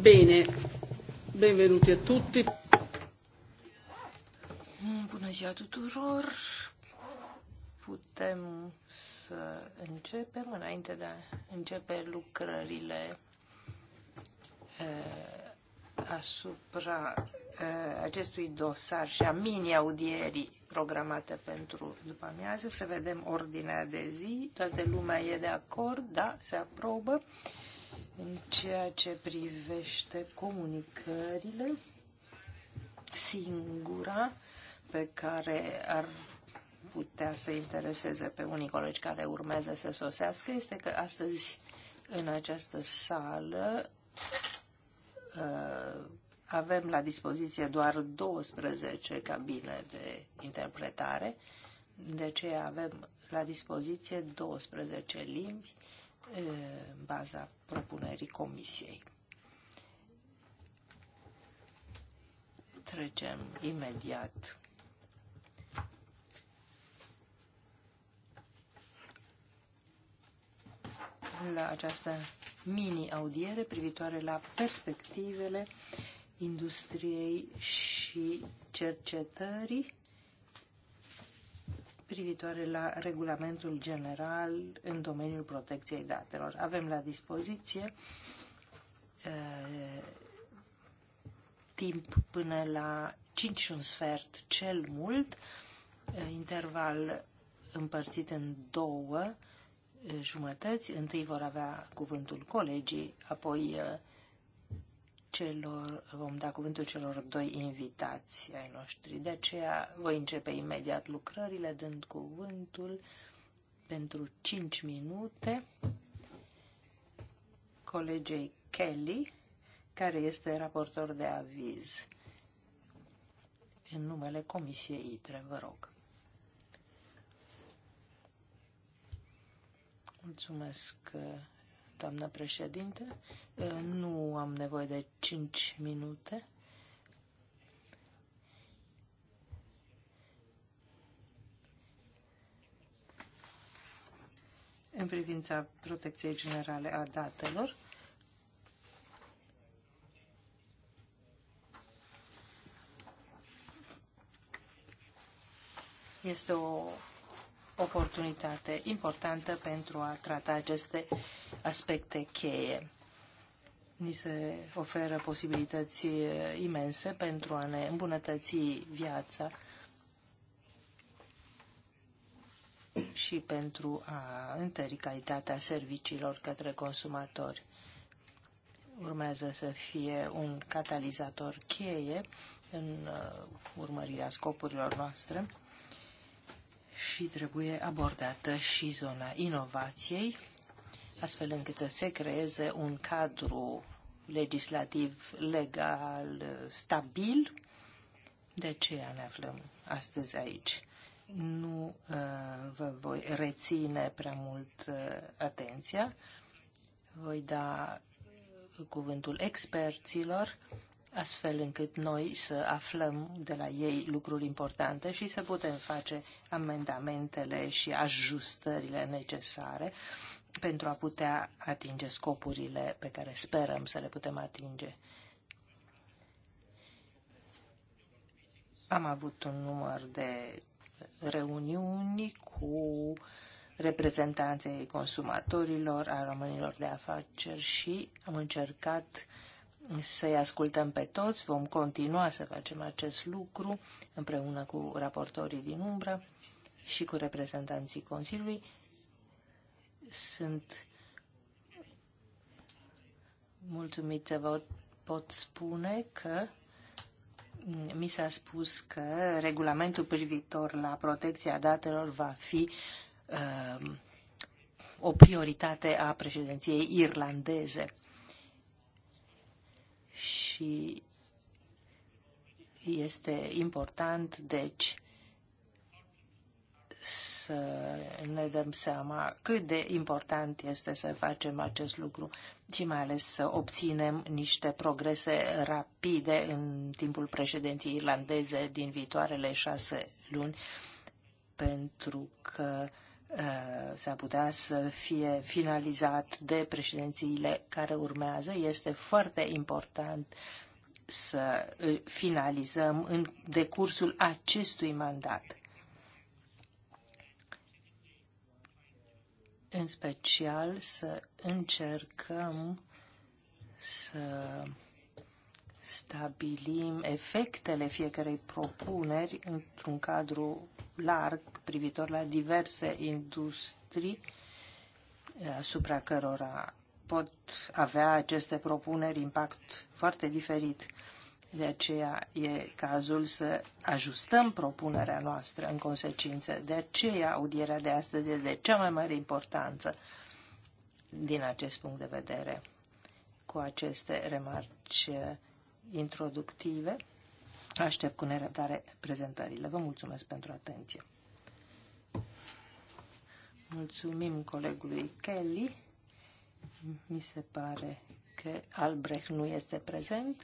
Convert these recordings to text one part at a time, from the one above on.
Bine, benvenuti a tutti. Bună ziua tuturor. Putem să începem înainte de a începe lucrările eh, asupra eh, acestui dosar și a mini-audierii programate pentru după amiază, să vedem ordinea de zi. Toată lumea e de acord, da, se aprobă. Uh, în ceea ce privește comunicările, singura pe care ar putea să intereseze pe unii colegi care urmează să sosească este că astăzi în această sală uh, avem la dispoziție doar 12 cabine de interpretare, de aceea avem la dispoziție 12 limbi în baza propunerii comisiei. Trecem imediat la această mini-audiere privitoare la perspectivele industriei și cercetării privitoare la regulamentul general în domeniul protecției datelor. Avem la dispoziție timp până la 5 și un sfert cel mult, interval împărțit în două uh, jumătăți. Întâi vor avea cuvântul colegii, apoi celor, vom da cuvântul celor doi invitați ai noștri. De aceea voi începe imediat lucrările, dând cuvântul pentru 5 minute colegei Kelly, care este raportor de aviz în numele Comisiei ITRE, vă rog. Mulțumesc, doamnă președinte. Nu am nevoie de 5 minute. În privința protecției generale a datelor, este o oportunitate importantă pentru a trata aceste aspecte cheie. Ni se oferă posibilități eh, imense pentru a ne îmbunătăți viața și pentru a întări calitatea serviciilor către consumatori. Urmează să fie un catalizator cheie în eh, urmărirea scopurilor noastre și trebuie abordată și zona inovației astfel încât să se creeze un cadru legislativ legal uh, stabil. De aceea ne aflăm astăzi aici. Nu uh, vă voi reține prea mult uh, atenția. Voi da uh, cuvântul experților, astfel încât noi să aflăm de la ei lucruri importante și să putem face amendamentele și ajustările necesare pentru a putea atinge scopurile pe care sperăm să le putem atinge. Am avut un număr de reuniuni cu reprezentanței consumatorilor, a românilor de afaceri și am încercat să-i ascultăm pe toți. Vom continua să facem acest lucru împreună cu raportorii din umbră și cu reprezentanții Consiliului sunt mulțumită, vă pot spune că mi s-a spus că regulamentul privitor la protecția datelor va fi uh, o prioritate a președinției irlandeze. Și este important, deci, să ne dăm seama cât de important este să facem acest lucru și mai ales să obținem niște progrese rapide în timpul președinției irlandeze din viitoarele șase luni, pentru că uh, s a putea să fie finalizat de președințiile care urmează. Este foarte important să uh, finalizăm în decursul acestui mandat. în special să încercăm să stabilim efectele fiecarei propuneri într-un cadru larg privitor la diverse industrii eh, asupra cărora pot avea aceste propuneri impact foarte diferit. De aceea e cazul să ajustăm propunerea noastră în consecință. De aceea audierea de astăzi e de cea mai mare importanță din acest punct de vedere. Cu aceste remarci uh, introductive, aștept cu nerăbdare prezentările. Vă mulțumesc pentru atenție. Mulțumim colegului Kelly. Mi se pare că Albrecht nu este prezent.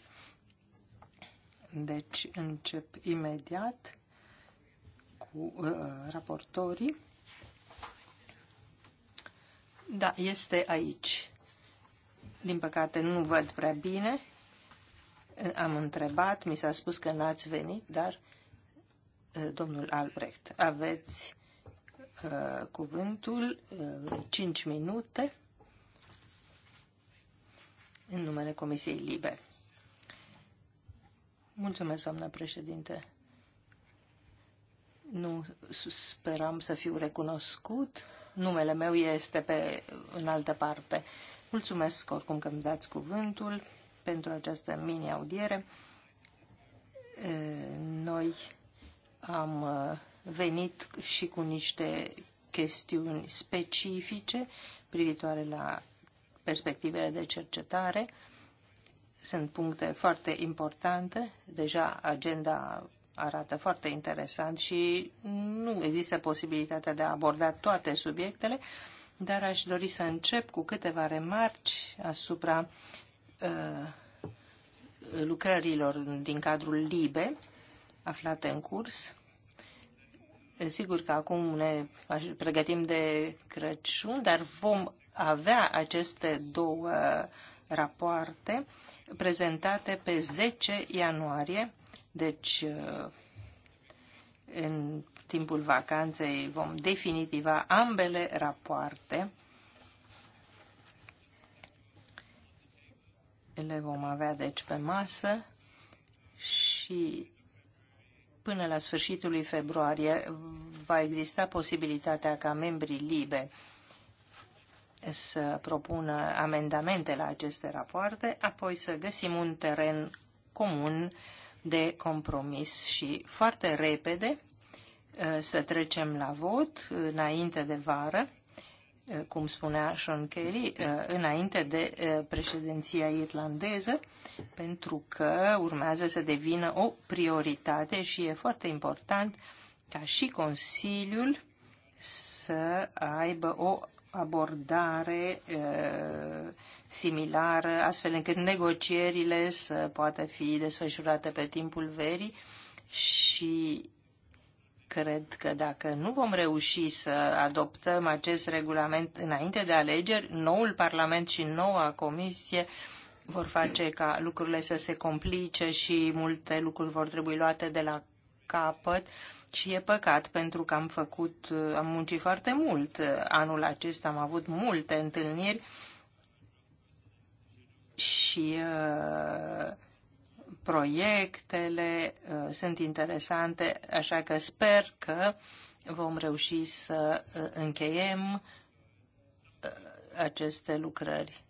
Deci încep imediat cu uh, raportorii. Da, este aici. Din păcate nu văd prea bine. Uh, am întrebat, mi s-a spus că n-ați venit, dar uh, domnul Albrecht, aveți uh, cuvântul, uh, 5 minute în numele Comisiei libere. Mulțumesc, doamnă președinte. Nu speram să fiu recunoscut. Numele meu este pe, în altă parte. Mulțumesc oricum că îmi dați cuvântul pentru această mini-audiere. Noi am venit și cu niște chestiuni specifice privitoare la perspectivele de cercetare sunt puncte foarte importante. Deja agenda arată foarte interesant și nu există posibilitatea de a aborda toate subiectele, dar aș dori să încep cu câteva remarci asupra uh, lucrărilor din cadrul LIBE aflate în curs. Sigur că acum ne pregătim de Crăciun, dar vom avea aceste două rapoarte prezentate pe 10 ianuarie, deci în timpul vacanței vom definitiva ambele rapoarte. Le vom avea deci pe masă și până la sfârșitul lui februarie va exista posibilitatea ca membrii libe să propună amendamente la aceste rapoarte, apoi să găsim un teren comun de compromis și foarte repede uh, să trecem la vot înainte de vară, uh, cum spunea Sean Kelly, uh, înainte de președinția irlandeză, pentru că urmează să devină o prioritate și e foarte important ca și Consiliul să aibă o abordare similară, astfel încât negocierile să poată fi desfășurate pe timpul verii și cred că dacă nu vom reuși să adoptăm acest regulament înainte de alegeri, noul Parlament și noua Comisie vor face ca lucrurile să se complice și multe lucruri vor trebui luate de la capăt și deci, e păcat pentru că am făcut, uh, am muncit foarte mult. Uh, anul acesta am avut multe întâlniri și uh, proiectele sunt interesante, așa că sper că vom reuși să încheiem aceste lucrări.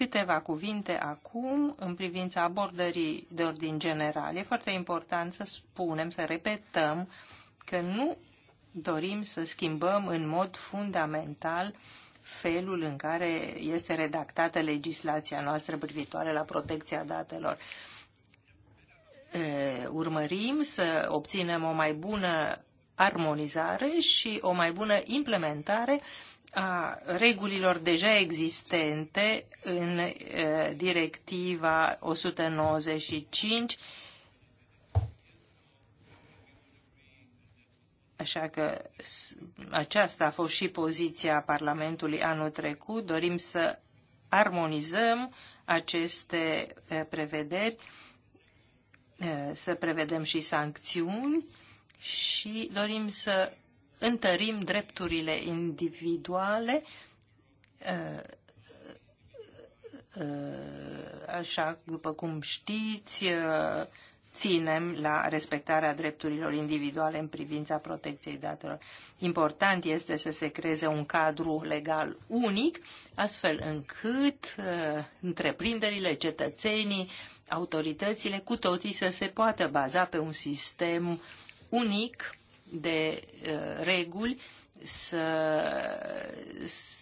Câteva cuvinte acum în privința abordării de ordin general. E foarte important să spunem, să repetăm că nu dorim să schimbăm în mod fundamental felul în care este redactată legislația noastră privitoare la protecția datelor. Urmărim să obținem o mai bună armonizare și o mai bună implementare a regulilor deja existente în directiva 195 Așa că aceasta a fost și poziția Parlamentului anul trecut. Dorim să armonizăm aceste prevederi, să prevedem și sancțiuni și dorim să întărim drepturile individuale, uh, uh, așa după cum știți, uh, ținem la respectarea drepturilor individuale în privința protecției datelor. Important este să se creeze un cadru legal unic, astfel încât uh, întreprinderile, cetățenii, autoritățile, cu toții să se poată baza pe un sistem unic de uh, reguli să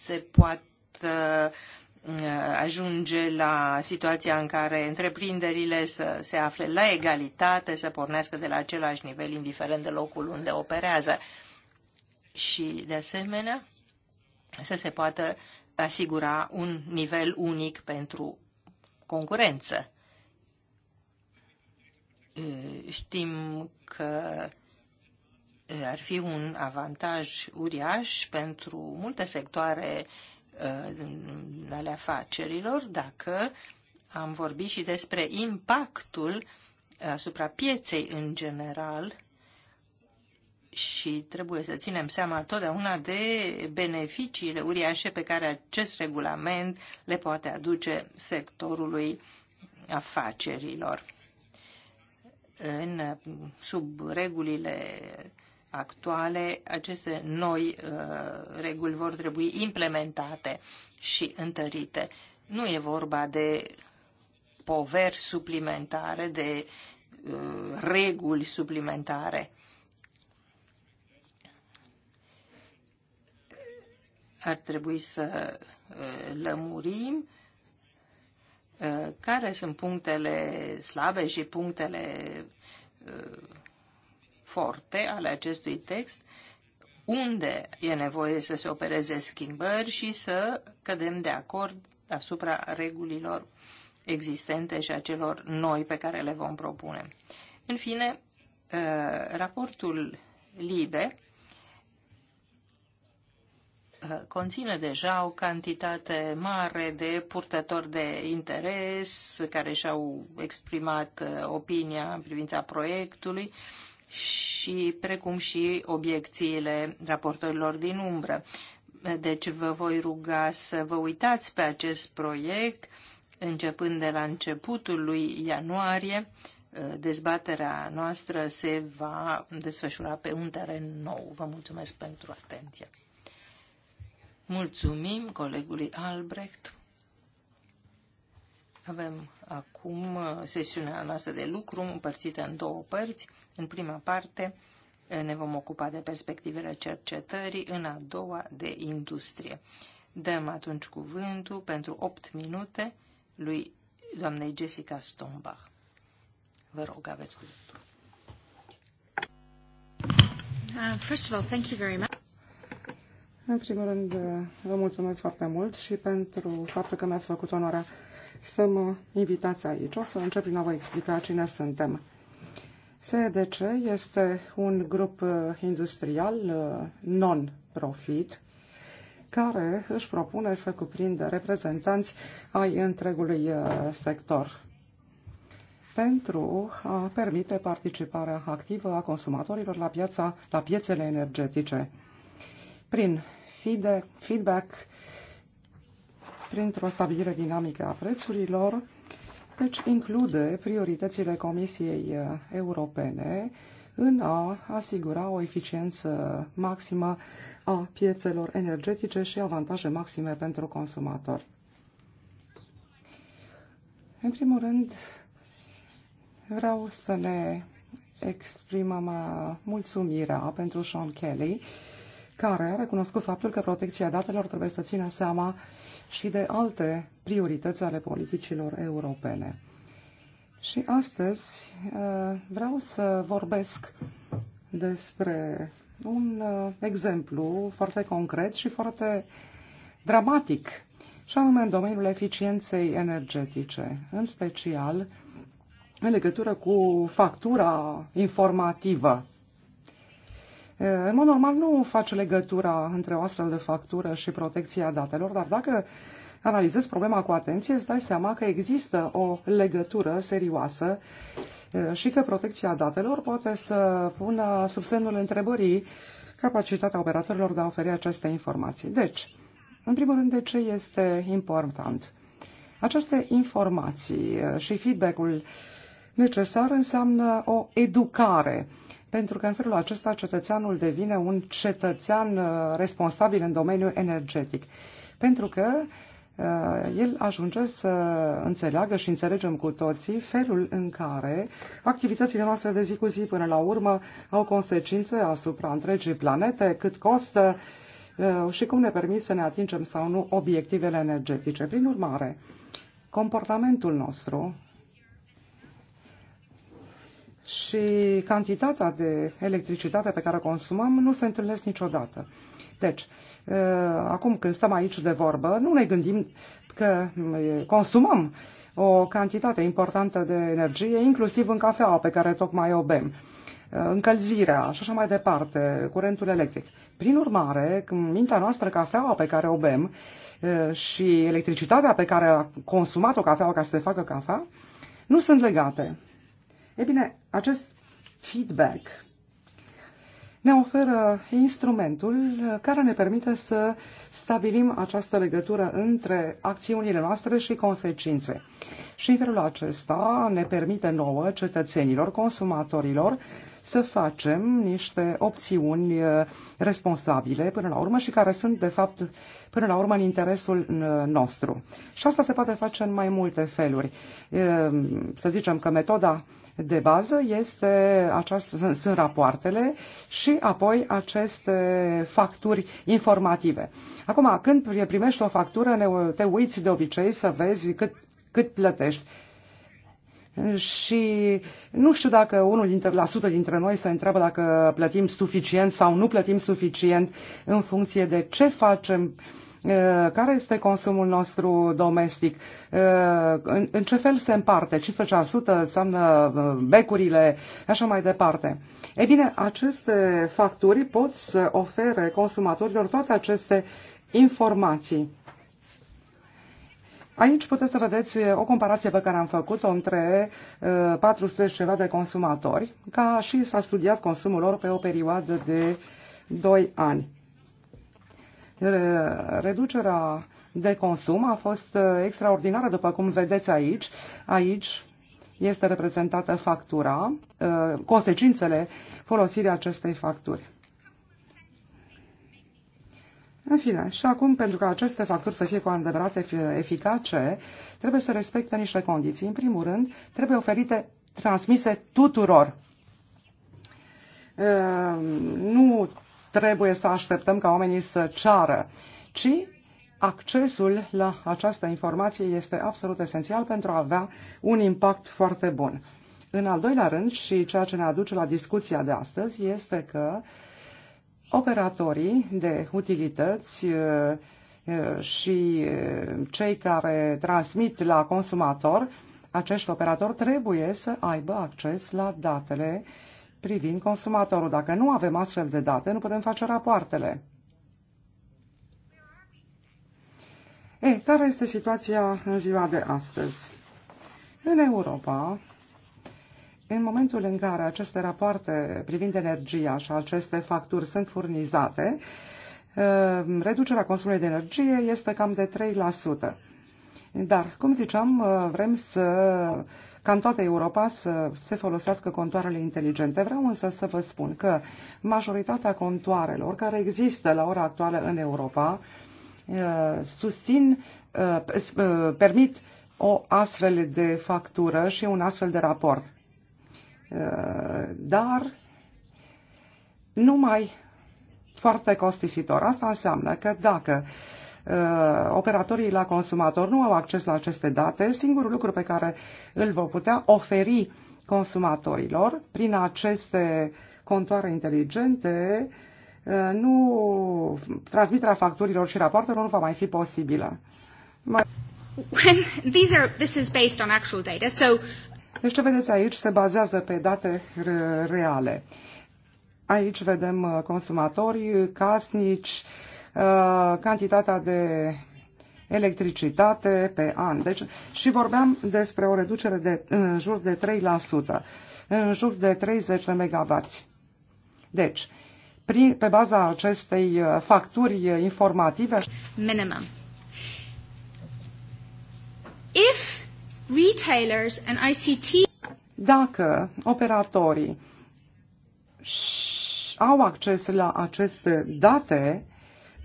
se poată uh, ajunge la situația în care întreprinderile să se afle la egalitate, să pornească de la același nivel, indiferent de locul unde operează. Și, de asemenea, să se poată asigura un nivel unic pentru concurență. Uh, știm că ar fi un avantaj uriaș pentru multe sectoare uh, ale afacerilor dacă am vorbit și despre impactul asupra pieței în general și trebuie să ținem seama totdeauna de beneficiile uriașe pe care acest regulament le poate aduce sectorului afacerilor. În, sub regulile actuale, aceste noi uh, reguli vor trebui implementate și întărite. Nu e vorba de poveri suplimentare, de uh, reguli suplimentare. Ar trebui să uh, lămurim uh, care sunt punctele slabe și punctele uh, forte ale acestui text, unde e nevoie să se opereze schimbări și să cădem de acord asupra regulilor existente și a celor noi pe care le vom propune. În fine, uh, raportul LIBE uh, conține deja o cantitate mare de purtători de interes care și-au exprimat uh, opinia în privința proiectului și precum și obiecțiile raportorilor din umbră. Deci vă voi ruga să vă uitați pe acest proiect începând de la începutul lui ianuarie. Dezbaterea noastră se va desfășura pe un teren nou. Vă mulțumesc pentru atenție. Mulțumim colegului Albrecht. Avem acum uh, sesiunea noastră de lucru împărțită în două părți. În prima parte ne vom ocupa de perspectivele cercetării, în a doua de industrie. Dăm atunci cuvântul pentru 8 minute lui doamnei Jessica Stombach. Vă rog, aveți cuvântul. Uh, first of all, thank you very much. În primul rând, uh, vă mulțumesc foarte mult și pentru faptul că mi-ați făcut onoarea să mă invitați aici. O să încep prin a vă explica cine suntem. SEDC este un grup uh, industrial uh, non-profit care își propune să cuprindă reprezentanți ai întregului uh, sector pentru a permite participarea activă a consumatorilor la, piața, la piețele energetice. Prin feedback, printr-o stabilire dinamică a prețurilor, deci include prioritățile Comisiei uh, Europene în a asigura o eficiență maximă a piețelor energetice și avantaje maxime pentru consumatori. În primul rând, vreau să ne exprimăm uh, mulțumirea pentru Sean Kelly care a recunoscut faptul că protecția datelor trebuie să țină seama și de alte priorități ale politicilor europene. Și astăzi uh, vreau să vorbesc despre un uh, exemplu foarte concret și foarte dramatic, și anume în domeniul eficienței energetice, în special în legătură cu factura informativă în mod normal nu face legătura între o astfel de factură și protecția datelor, dar dacă analizezi problema cu atenție, îți dai seama că există o legătură serioasă și că protecția datelor poate să pună sub semnul întrebării capacitatea operatorilor de a oferi aceste informații. Deci, în primul rând, de ce este important? Aceste informații și feedback-ul uh, necesar înseamnă o educare, pentru că în felul acesta cetățeanul devine un cetățean uh, responsabil în domeniul energetic, pentru că uh, el ajunge să înțeleagă și înțelegem cu toții felul în care activitățile noastre de zi cu zi până la urmă au consecințe asupra întregii planete, cât costă uh, și cum ne permit să ne atingem sau nu obiectivele energetice. Prin urmare, comportamentul nostru și cantitatea de electricitate pe care o consumăm nu se întâlnesc niciodată. Deci, ă, acum când stăm aici de vorbă, nu ne gândim că consumăm o cantitate importantă de energie, inclusiv în cafeaua pe care tocmai o bem, ă, încălzirea și așa mai departe, curentul electric. Prin urmare, când mintea noastră, cafeaua pe care o bem ă, și electricitatea pe care a consumat-o cafeaua ca să se facă cafea, nu sunt legate. E bine, acest feedback ne oferă instrumentul care ne permite să stabilim această legătură între acțiunile noastre și consecințe. Și în felul acesta ne permite nouă, cetățenilor, consumatorilor, să facem niște opțiuni eh, responsabile până la urmă și care sunt, de fapt, până la urmă în interesul nostru. Și asta se poate face în mai multe feluri. Eh, să zicem că metoda de bază este aceast, sunt rapoartele și apoi aceste facturi informative. Acum, când primești o factură, te uiți de obicei să vezi cât, cât plătești și nu știu dacă unul dintre, la sută dintre noi se întreabă dacă plătim suficient sau nu plătim suficient în funcție de ce facem, uh, care este consumul nostru domestic, uh, în ce fel se împarte, 15% înseamnă uh, becurile, așa mai departe. Ei bine, aceste facturi pot să ofere consumatorilor toate aceste informații. Aici puteți să vedeți o comparație pe care am făcut-o între 400 și ceva de consumatori, ca și s-a studiat consumul lor pe o perioadă de 2 ani. Reducerea de consum a fost extraordinară, după cum vedeți aici. Aici este reprezentată factura, consecințele folosirii acestei facturi. În fine, și acum, pentru ca aceste facturi să fie cu adevărat eficace, trebuie să respecte niște condiții. În primul rând, trebuie oferite, transmise tuturor. Ehm, nu trebuie să așteptăm ca oamenii să ceară, ci accesul la această informație este absolut esențial pentru a avea un impact foarte bun. În al doilea rând, și ceea ce ne aduce la discuția de astăzi, este că uh, Operatorii de utilități uh, uh, și uh, cei care transmit la consumator, acești operatori trebuie să aibă acces la datele privind consumatorul. Dacă nu avem astfel de date, nu putem face rapoartele. E, care este situația în ziua de astăzi? În Europa în momentul în care aceste rapoarte privind energia și aceste facturi sunt furnizate, uh, reducerea consumului de energie este cam de 3%. Dar, cum ziceam, uh, vrem să, ca în toată Europa, să se folosească contoarele inteligente. Vreau însă să vă spun că majoritatea contoarelor care există la ora actuală în Europa uh, susțin, permit o astfel de factură și un astfel de raport. Eh, dar numai foarte costisitor. Asta înseamnă că dacă eh, operatorii la consumator nu au acces la aceste date, singurul lucru pe care îl vor putea oferi consumatorilor prin aceste contoare inteligente, eh, nu transmiterea facturilor și rapoartelor nu va mai fi posibilă. Mai... When these are, this is based on actual data, so deci ce vedeți aici se bazează pe date reale. Aici vedem uh, consumatori, casnici, uh, cantitatea de electricitate pe an. Deci, și vorbeam despre o reducere de în jur de 3%, în jur de 30 de megavați. Deci, prin, pe baza acestei uh, facturi informative... Minimum. If retailers and ICT Dacă operatorii au acces la aceste date,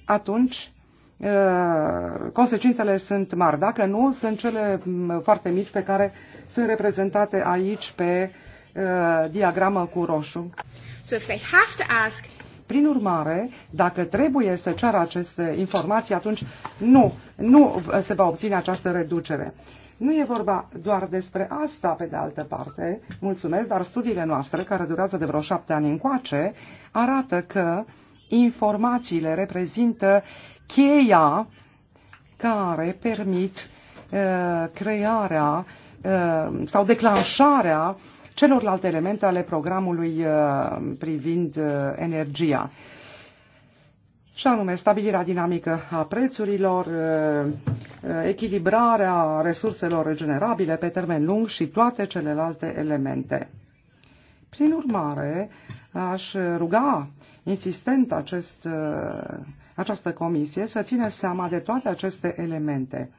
atunci uh, consecințele sunt mari. Dacă nu, sunt cele mm, foarte mici pe care sunt reprezentate aici pe uh, diagramă cu roșu. So if they have to ask... Prin urmare, dacă trebuie să ceară aceste informații, atunci nu, nu se va obține această reducere. Uh, nu e vorba doar despre asta, pe de altă parte, mulțumesc, dar studiile noastre, care durează de vreo șapte ani încoace, arată că informațiile reprezintă cheia care permit uh, crearea uh, sau declanșarea celorlalte elemente ale programului uh, privind uh, energia. Uh, și anume stabilirea dinamică a prețurilor, echilibrarea resurselor regenerabile pe termen lung și toate celelalte elemente. Prin urmare, aș ruga insistent acest, această comisie să ține seama de toate aceste elemente.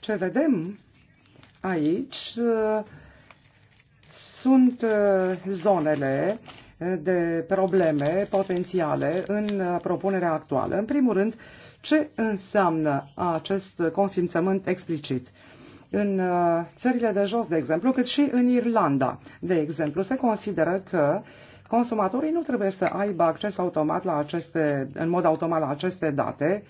Ce vedem aici sunt zonele de probleme potențiale în propunerea actuală. În primul rând, ce înseamnă acest consimțământ explicit? În uh, țările de jos, de exemplu, cât și în Irlanda, de exemplu, se consideră că consumatorii nu trebuie să aibă acces automat la aceste, în mod automat la aceste date,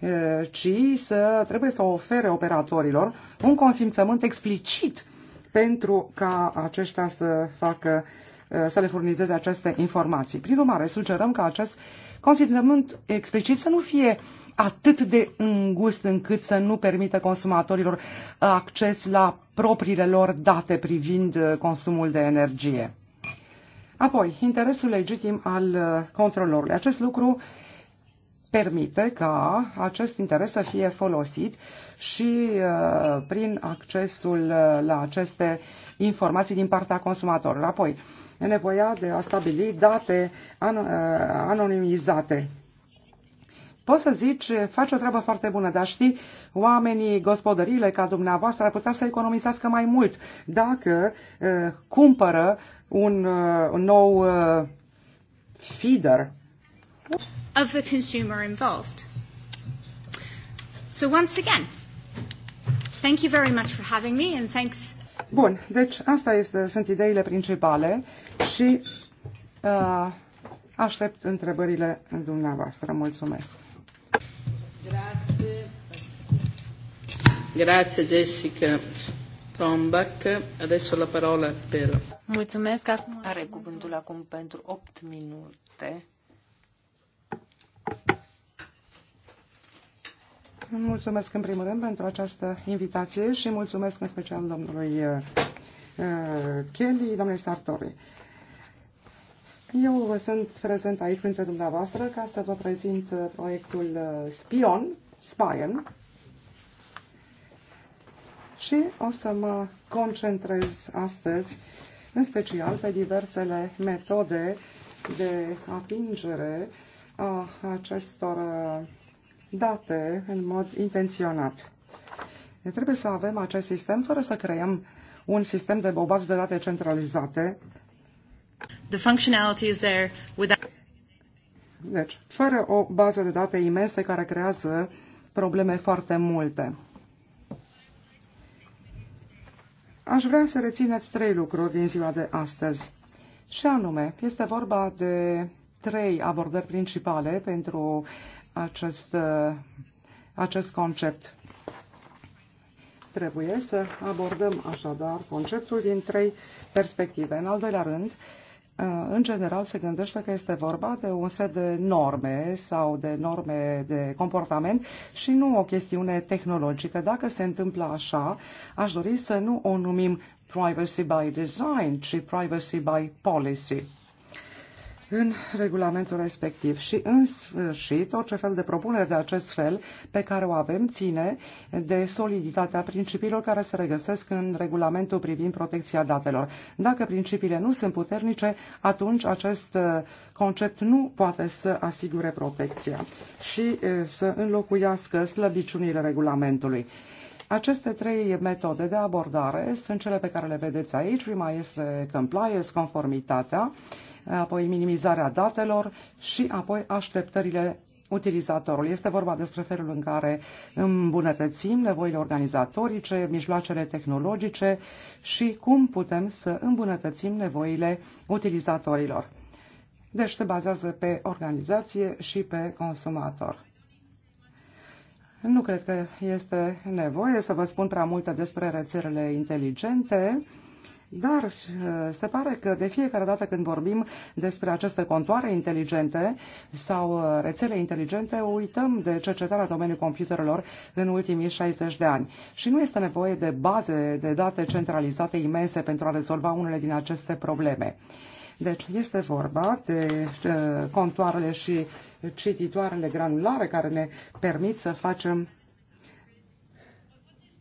uh, ci să trebuie să ofere operatorilor un consimțământ explicit pentru ca aceștia să facă uh, Uh, să le furnizeze aceste informații. Prin urmare, sugerăm că acest considerământ explicit să nu fie atât de îngust încât să nu permită consumatorilor uh, acces la propriile lor date privind uh, consumul de energie. Apoi, interesul legitim al controlorului. Acest lucru permite ca acest interes să fie folosit și uh, prin accesul la aceste informații din partea consumatorilor. Apoi, e nevoia de a stabili date an uh, anonimizate. Poți să zici, faci o treabă foarte bună, dar știi, oamenii, gospodăriile ca dumneavoastră ar putea să economisească mai mult dacă uh, cumpără un uh, nou uh, feeder. Of the consumer involved. So once again, thank you very much for having me and thanks Bun, deci asta este, sunt ideile principale și uh, aștept întrebările dumneavoastră. Mulțumesc! Grazie. Jessica Trombach. Adesso la parola per... Mulțumesc. Acum are cuvântul acum pentru 8 minute Mulțumesc în primul rând pentru această invitație și mulțumesc în special domnului uh, uh, Kelly, domnului Sartori. Eu sunt prezent aici printre dumneavoastră ca să vă prezint uh, proiectul Spion, Spion, și o să mă concentrez astăzi în special pe diversele metode de atingere a acestor date în mod intenționat. Ne Trebuie să avem acest sistem fără să creăm un sistem de bobați de date centralizate. The functionality is there without... Deci, fără o bază de date imense care creează probleme foarte multe. Aș vrea să rețineți trei lucruri din ziua de astăzi. Și anume, este vorba de trei abordări principale pentru acest, acest concept. Trebuie să abordăm așadar conceptul din trei perspective. În al doilea rând, în general se gândește că este vorba de un set de norme sau de norme de comportament și nu o chestiune tehnologică. Dacă se întâmplă așa, aș dori să nu o numim privacy by design, ci privacy by policy în regulamentul respectiv. Și, în sfârșit, orice fel de propunere de acest fel pe care o avem ține de soliditatea principiilor care se regăsesc în regulamentul privind protecția datelor. Dacă principiile nu sunt puternice, atunci acest uh, concept nu poate să asigure protecția și uh, să înlocuiască slăbiciunile regulamentului. Aceste trei metode de abordare sunt cele pe care le vedeți aici. Prima este compliance, conformitatea, apoi minimizarea datelor și apoi așteptările utilizatorului. Este vorba despre felul în care îmbunătățim nevoile organizatorice, mijloacele tehnologice și cum putem să îmbunătățim nevoile utilizatorilor. Deci se bazează pe organizație și pe consumator. Nu cred că este nevoie să vă spun prea multe despre rețelele inteligente. Dar uh, se pare că de fiecare dată când vorbim despre aceste contoare inteligente sau uh, rețele inteligente, uităm de cercetarea domeniului computerelor în ultimii 60 de ani. Și nu este nevoie de baze de date centralizate imense pentru a rezolva unele din aceste probleme. Deci este vorba de uh, contoarele și cititoarele granulare care ne permit să facem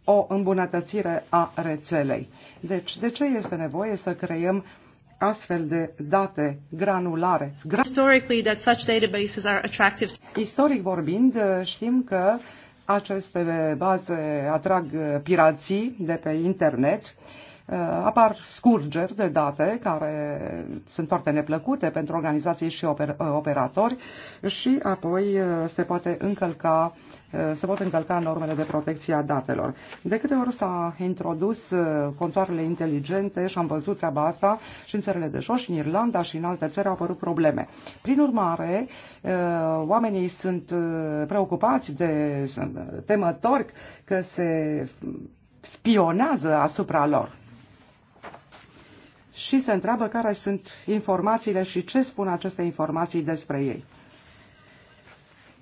o îmbunătățire a rețelei. Deci, de ce este nevoie să creăm astfel de date granulare? Historically, that such databases are attractive. Istoric vorbind, știm că aceste baze atrag pirații de pe internet Uh, apar scurgeri de date care sunt foarte neplăcute pentru organizații și uh, operatori și apoi uh, se poate încălca se pot încălca normele de protecție a datelor. De câte ori s-a introdus contoarele inteligente și am văzut treaba asta și în țările de jos și în Irlanda și în alte țări au apărut probleme. Prin urmare, oamenii sunt preocupați de, temători că se spionează asupra lor și se întreabă care sunt informațiile și ce spun aceste informații despre ei.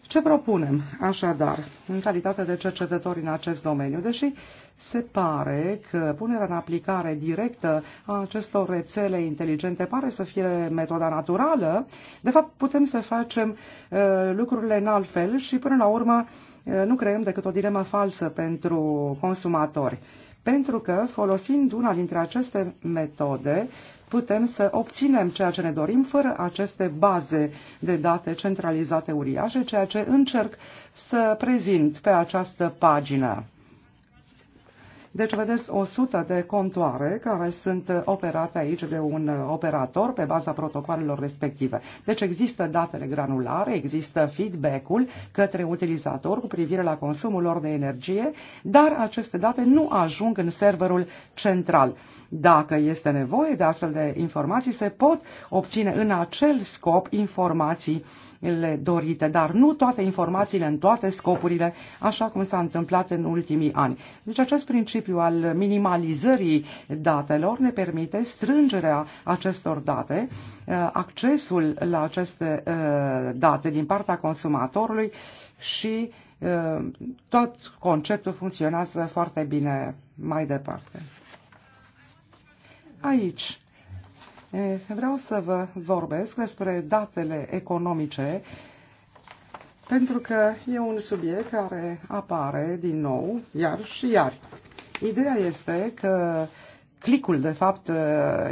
Ce propunem, așadar, în calitate de cercetători în acest domeniu? Deși se pare că punerea în aplicare directă a acestor rețele inteligente pare să fie metoda naturală, de fapt putem să facem uh, lucrurile în alt fel și până la urmă uh, nu creăm decât o dilemă falsă pentru consumatori. Uh, pentru că folosind una dintre aceste metode putem să obținem ceea ce ne dorim fără aceste baze de date centralizate uriașe, ceea ce încerc să prezint pe această pagină. Deci, vedeți, 100 de contoare care sunt uh, operate aici de un uh, operator pe baza protocoalelor respective. Deci există datele granulare, există feedback-ul către utilizator cu privire la consumul lor de energie, dar aceste date nu ajung în serverul central. Dacă este nevoie de astfel de informații, se pot obține în acel scop informații le dorite, dar nu toate informațiile în toate scopurile, așa cum s-a întâmplat în ultimii ani. Deci acest principiu principiu al minimalizării datelor ne permite strângerea acestor date, uh, accesul la aceste uh, date din partea consumatorului și uh, tot conceptul funcționează foarte bine mai departe. Aici eh, vreau să vă vorbesc despre datele economice pentru că e un subiect care apare din nou, iar și iar. Ideea este că clicul, de fapt,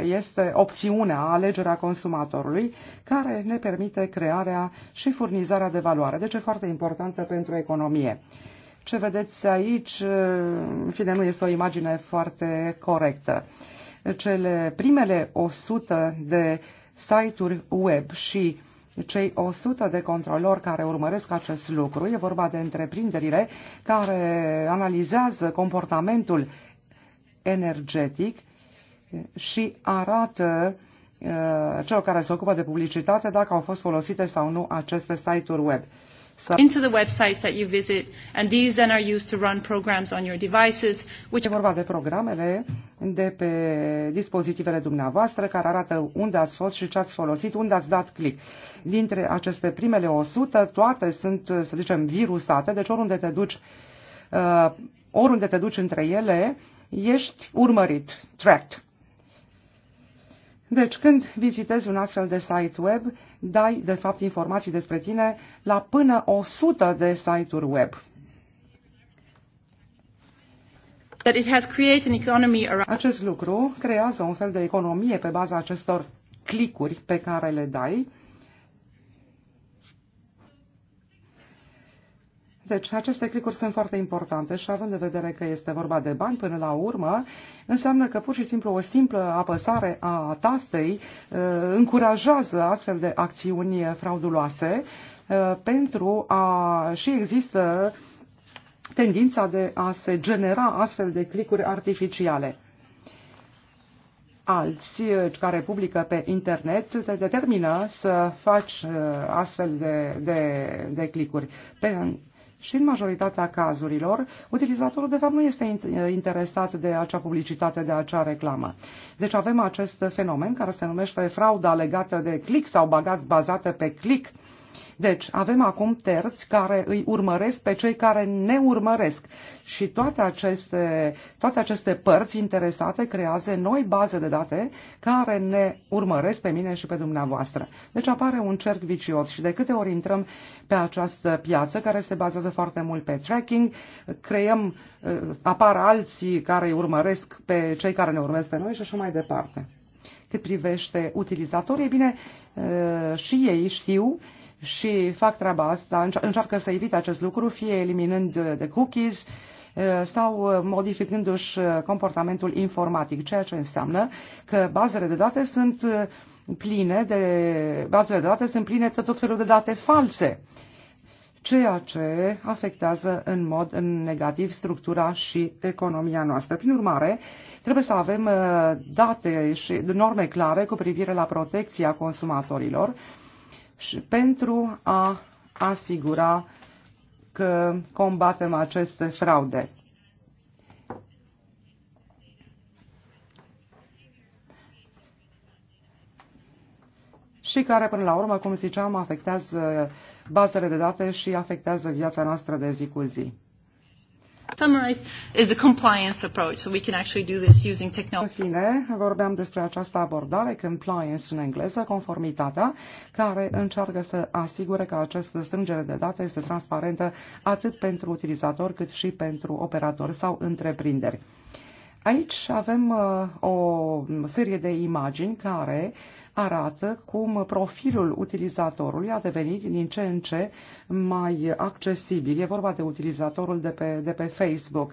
este opțiunea, alegerea consumatorului, care ne permite crearea și furnizarea de valoare. Deci e foarte importantă pentru economie. Ce vedeți aici, în fine, nu este o imagine foarte corectă. Cele primele 100 de site-uri web și uh, cei 100 de controlori care urmăresc acest lucru. E vorba de întreprinderile care analizează comportamentul energetic și arată uh, celor care se ocupă de publicitate dacă au fost folosite sau nu aceste site-uri web into the websites that you visit and these then are used to run programs on your devices which vorba de programele de pe dispozitivele dumneavoastră care arată unde ați fost și ce ați folosit, unde ați dat click. Dintre aceste primele 100, toate sunt, să zicem, virusate, deci oriunde te duci uh, oriunde te duci între ele, ești urmărit, tracked. Deci, când vizitezi un astfel de site web, dai, de fapt, informații despre tine la până 100 de site-uri web. That it has created an economy around... Acest lucru creează un fel de economie pe baza acestor clicuri pe care le dai, Deci aceste clicuri sunt foarte importante și având în vedere că este vorba de bani până la urmă, înseamnă că pur și simplu o simplă apăsare a tastei uh, încurajează astfel de acțiuni frauduloase uh, pentru a și există tendința de a se genera astfel de clicuri artificiale alți uh, care publică pe internet te determină să faci astfel de, de, de clicuri. Pe, și în majoritatea cazurilor, utilizatorul de fapt nu este ă, interesat de acea publicitate, de acea reclamă. Deci avem acest fenomen care se numește frauda legată de click sau bagați bazate pe click deci, avem acum terți care îi urmăresc pe cei care ne urmăresc și toate aceste, toate aceste părți interesate creează noi baze de date care ne urmăresc pe mine și pe dumneavoastră. Deci apare un cerc vicios și de câte ori intrăm pe această piață care se bazează foarte mult pe tracking, creăm, uh, apar alții care îi urmăresc pe cei care ne urmăresc pe noi și așa mai departe. Cât privește utilizatorii, bine, uh, și ei știu și fac treaba asta, încearcă să evite acest lucru, fie eliminând uh, de cookies uh, sau uh, modificându-și comportamentul informatic, ceea ce înseamnă că bazele de date sunt pline de bazele de date sunt pline de tot felul de date false, ceea ce afectează în mod negativ structura și economia noastră. Prin urmare, trebuie să avem date și norme clare cu privire la protecția consumatorilor, și pentru a asigura că combatem aceste fraude. și care, până la urmă, cum ziceam, afectează bazele de date și afectează viața noastră de zi cu zi summarize is a compliance approach. So we can actually do this using technology. În fine, vorbeam despre această abordare, compliance în engleză, conformitatea, care încearcă să asigure că această strângere de date este transparentă atât pentru utilizator cât și pentru operatori sau întreprinderi. Aici avem uh, o serie de imagini care uh, arată cum profilul utilizatorului a devenit din ce în ce mai accesibil. E vorba de utilizatorul de pe, de pe Facebook.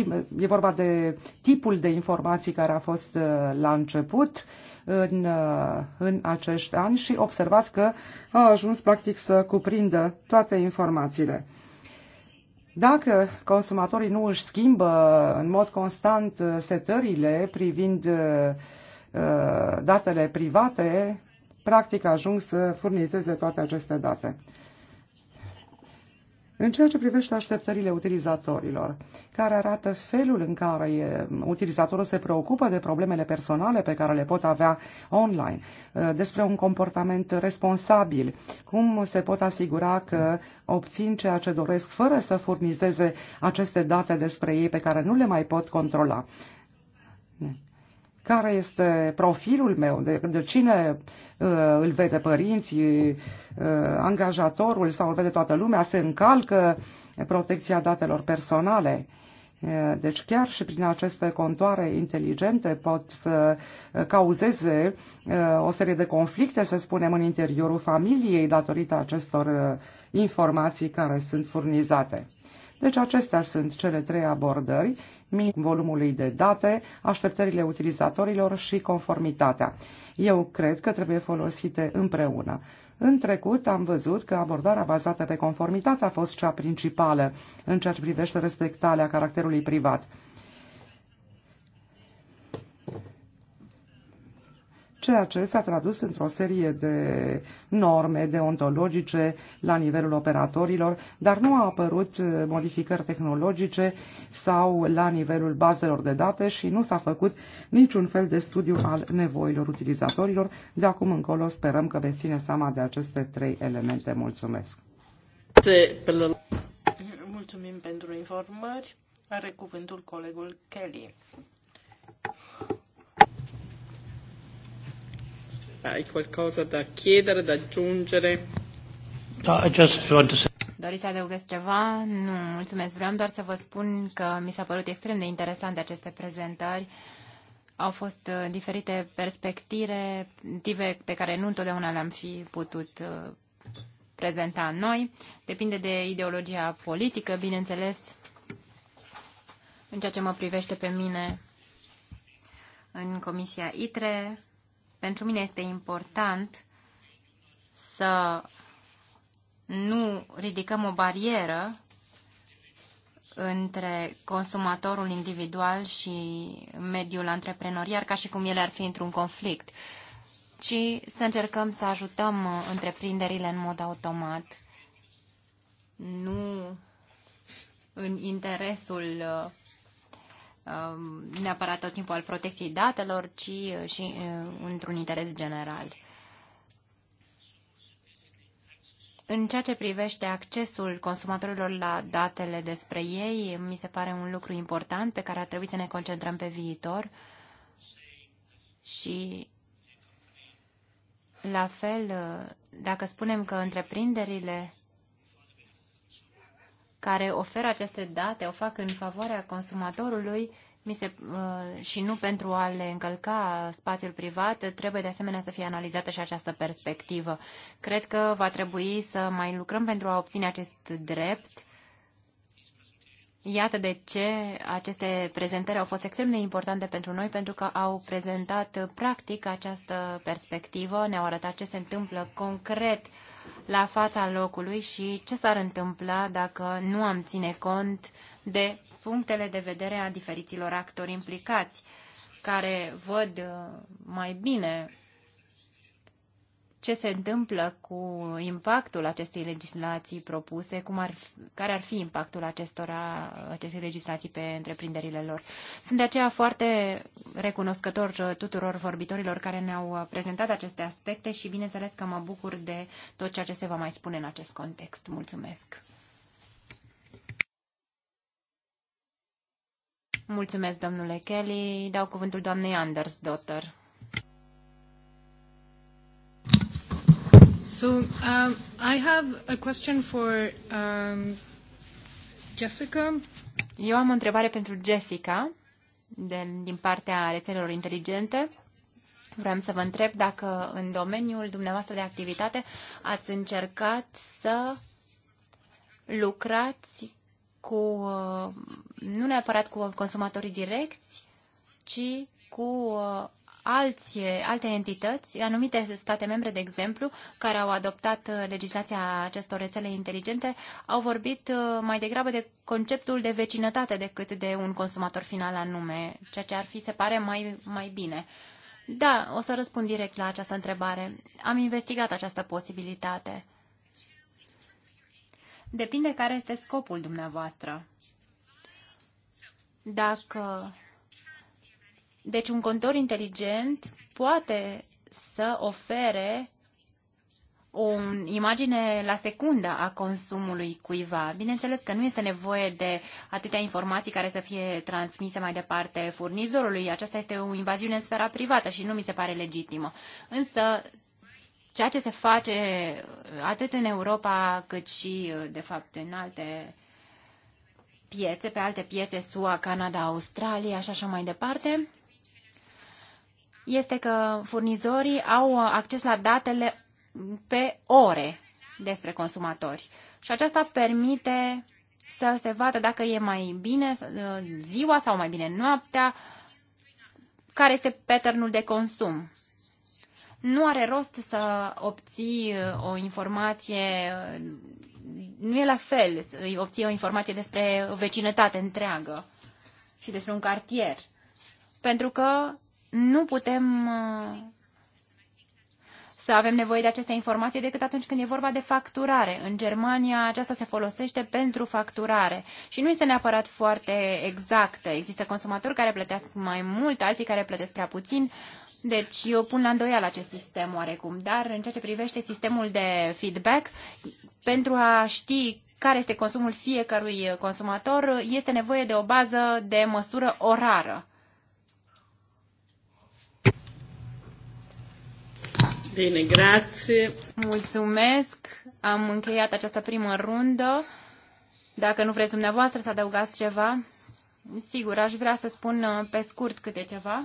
Uh, e vorba de tipul de informații care a fost uh, la început în, uh, în acești ani și observați că a ajuns practic să cuprindă toate informațiile. Dacă consumatorii nu își schimbă în mod constant setările privind Uh, datele private, practic ajung să furnizeze toate aceste date. În ceea ce privește așteptările utilizatorilor, care arată felul în care utilizatorul se preocupă de problemele personale pe care le pot avea online, uh, despre un comportament responsabil, cum se pot asigura că obțin ceea ce doresc fără să furnizeze aceste date despre ei pe care nu le mai pot controla care este profilul meu, de, de cine uh, îl vede părinții, uh, angajatorul sau îl vede toată lumea, se încalcă protecția datelor personale. Uh, deci chiar și prin aceste contoare inteligente pot să uh, cauzeze uh, o serie de conflicte, să spunem, în interiorul familiei datorită acestor informații care sunt furnizate. Deci acestea sunt cele trei abordări minim volumului de date, așteptările utilizatorilor și conformitatea. Eu cred că trebuie folosite împreună. În trecut am văzut că abordarea bazată pe conformitate a fost cea principală în ceea ce privește respectarea caracterului privat. ceea ce s-a tradus într-o serie de norme deontologice la nivelul operatorilor, dar nu au apărut uh, modificări tehnologice sau la nivelul bazelor de date și nu s-a făcut niciun fel de studiu al nevoilor utilizatorilor. De acum încolo sperăm că veți ține seama de aceste trei elemente. Mulțumesc! Mulțumim pentru informări. Are cuvântul colegul Kelly hai qualcosa da chiedere, da aggiungere? No, da, I just want to say... Doriți să adăugați ceva? Nu, mulțumesc. Vreau doar să vă spun că mi s-a părut extrem de interesante aceste prezentări. Au fost uh, diferite perspective pe care nu întotdeauna le-am fi putut uh, prezenta noi. Depinde de ideologia politică, bineînțeles, în ceea ce mă privește pe mine în Comisia ITRE. Pentru mine este important să nu ridicăm o barieră între consumatorul individual și mediul antreprenorial, ca și cum ele ar fi într-un conflict, ci să încercăm să ajutăm întreprinderile în mod automat, nu în interesul Um, neapărat tot timpul al protecției datelor, ci uh, și uh, într-un interes general. În ceea ce privește accesul consumatorilor la datele despre ei, mi se pare un lucru important pe care ar trebui să ne concentrăm pe viitor și la fel, uh, dacă spunem că întreprinderile care oferă aceste date o fac în favoarea consumatorului mi se, uh, și nu pentru a le încălca spațiul privat, trebuie de asemenea să fie analizată și această perspectivă. Cred că va trebui să mai lucrăm pentru a obține acest drept. Iată de ce aceste prezentări au fost extrem de importante pentru noi, pentru că au prezentat uh, practic această perspectivă, ne-au arătat ce se întâmplă concret uh, la fața locului și ce s-ar întâmpla dacă nu am ține cont de punctele de vedere a diferiților actori implicați, care văd uh, mai bine ce se întâmplă cu impactul acestei legislații propuse, cum ar, fi, care ar fi impactul acestora, acestei legislații pe întreprinderile lor. Sunt de aceea foarte recunoscător tuturor vorbitorilor care ne-au prezentat aceste aspecte și bineînțeles că mă bucur de tot ceea ce se va mai spune în acest context. Mulțumesc! Mulțumesc, domnule Kelly. Dau cuvântul doamnei Anders, dotter. So um, I have a question for um, Jessica. Eu am o întrebare pentru Jessica de, din partea rețelelor inteligente. Vreau să vă întreb dacă în domeniul dumneavoastră de activitate ați încercat să lucrați cu, uh, nu neapărat cu consumatorii direcți, ci cu uh, alți, alte entități, anumite state membre, de exemplu, care au adoptat uh, legislația acestor rețele inteligente, au vorbit uh, mai degrabă de conceptul de vecinătate decât de un consumator final anume, ceea ce ar fi, se pare, mai, mai bine. Da, o să răspund direct la această întrebare. Am investigat această posibilitate. Depinde care este scopul dumneavoastră. Dacă deci un contor inteligent poate să ofere o imagine la secundă a consumului cuiva. Bineînțeles că nu este nevoie de atâtea informații care să fie transmise mai departe furnizorului. Aceasta este o invaziune în sfera privată și nu mi se pare legitimă. Însă, ceea ce se face atât în Europa cât și, de fapt, în alte piețe, pe alte piețe, SUA, Canada, Australia și așa mai departe, este că furnizorii au uh, acces la datele pe ore despre consumatori. Și aceasta permite să se vadă dacă e mai bine uh, ziua sau mai bine noaptea, care este patternul de consum. Nu are rost să obții uh, o informație, nu e la fel să obții o informație despre o vecinătate întreagă și despre un cartier. Pentru că nu putem uh, să avem nevoie de aceste informații decât atunci când e vorba de facturare. În Germania aceasta se folosește pentru facturare și nu este neapărat foarte exactă. Există consumatori care plătesc mai mult, alții care plătesc prea puțin. Deci eu pun la îndoială acest sistem oarecum, dar în ceea ce privește sistemul de feedback, pentru a ști care este consumul fiecărui consumator, este nevoie de o bază de măsură orară. Bine, grație. Mulțumesc. Am încheiat această primă rundă. Dacă nu vreți dumneavoastră să adăugați ceva, sigur, aș vrea să spun uh, pe scurt câte ceva.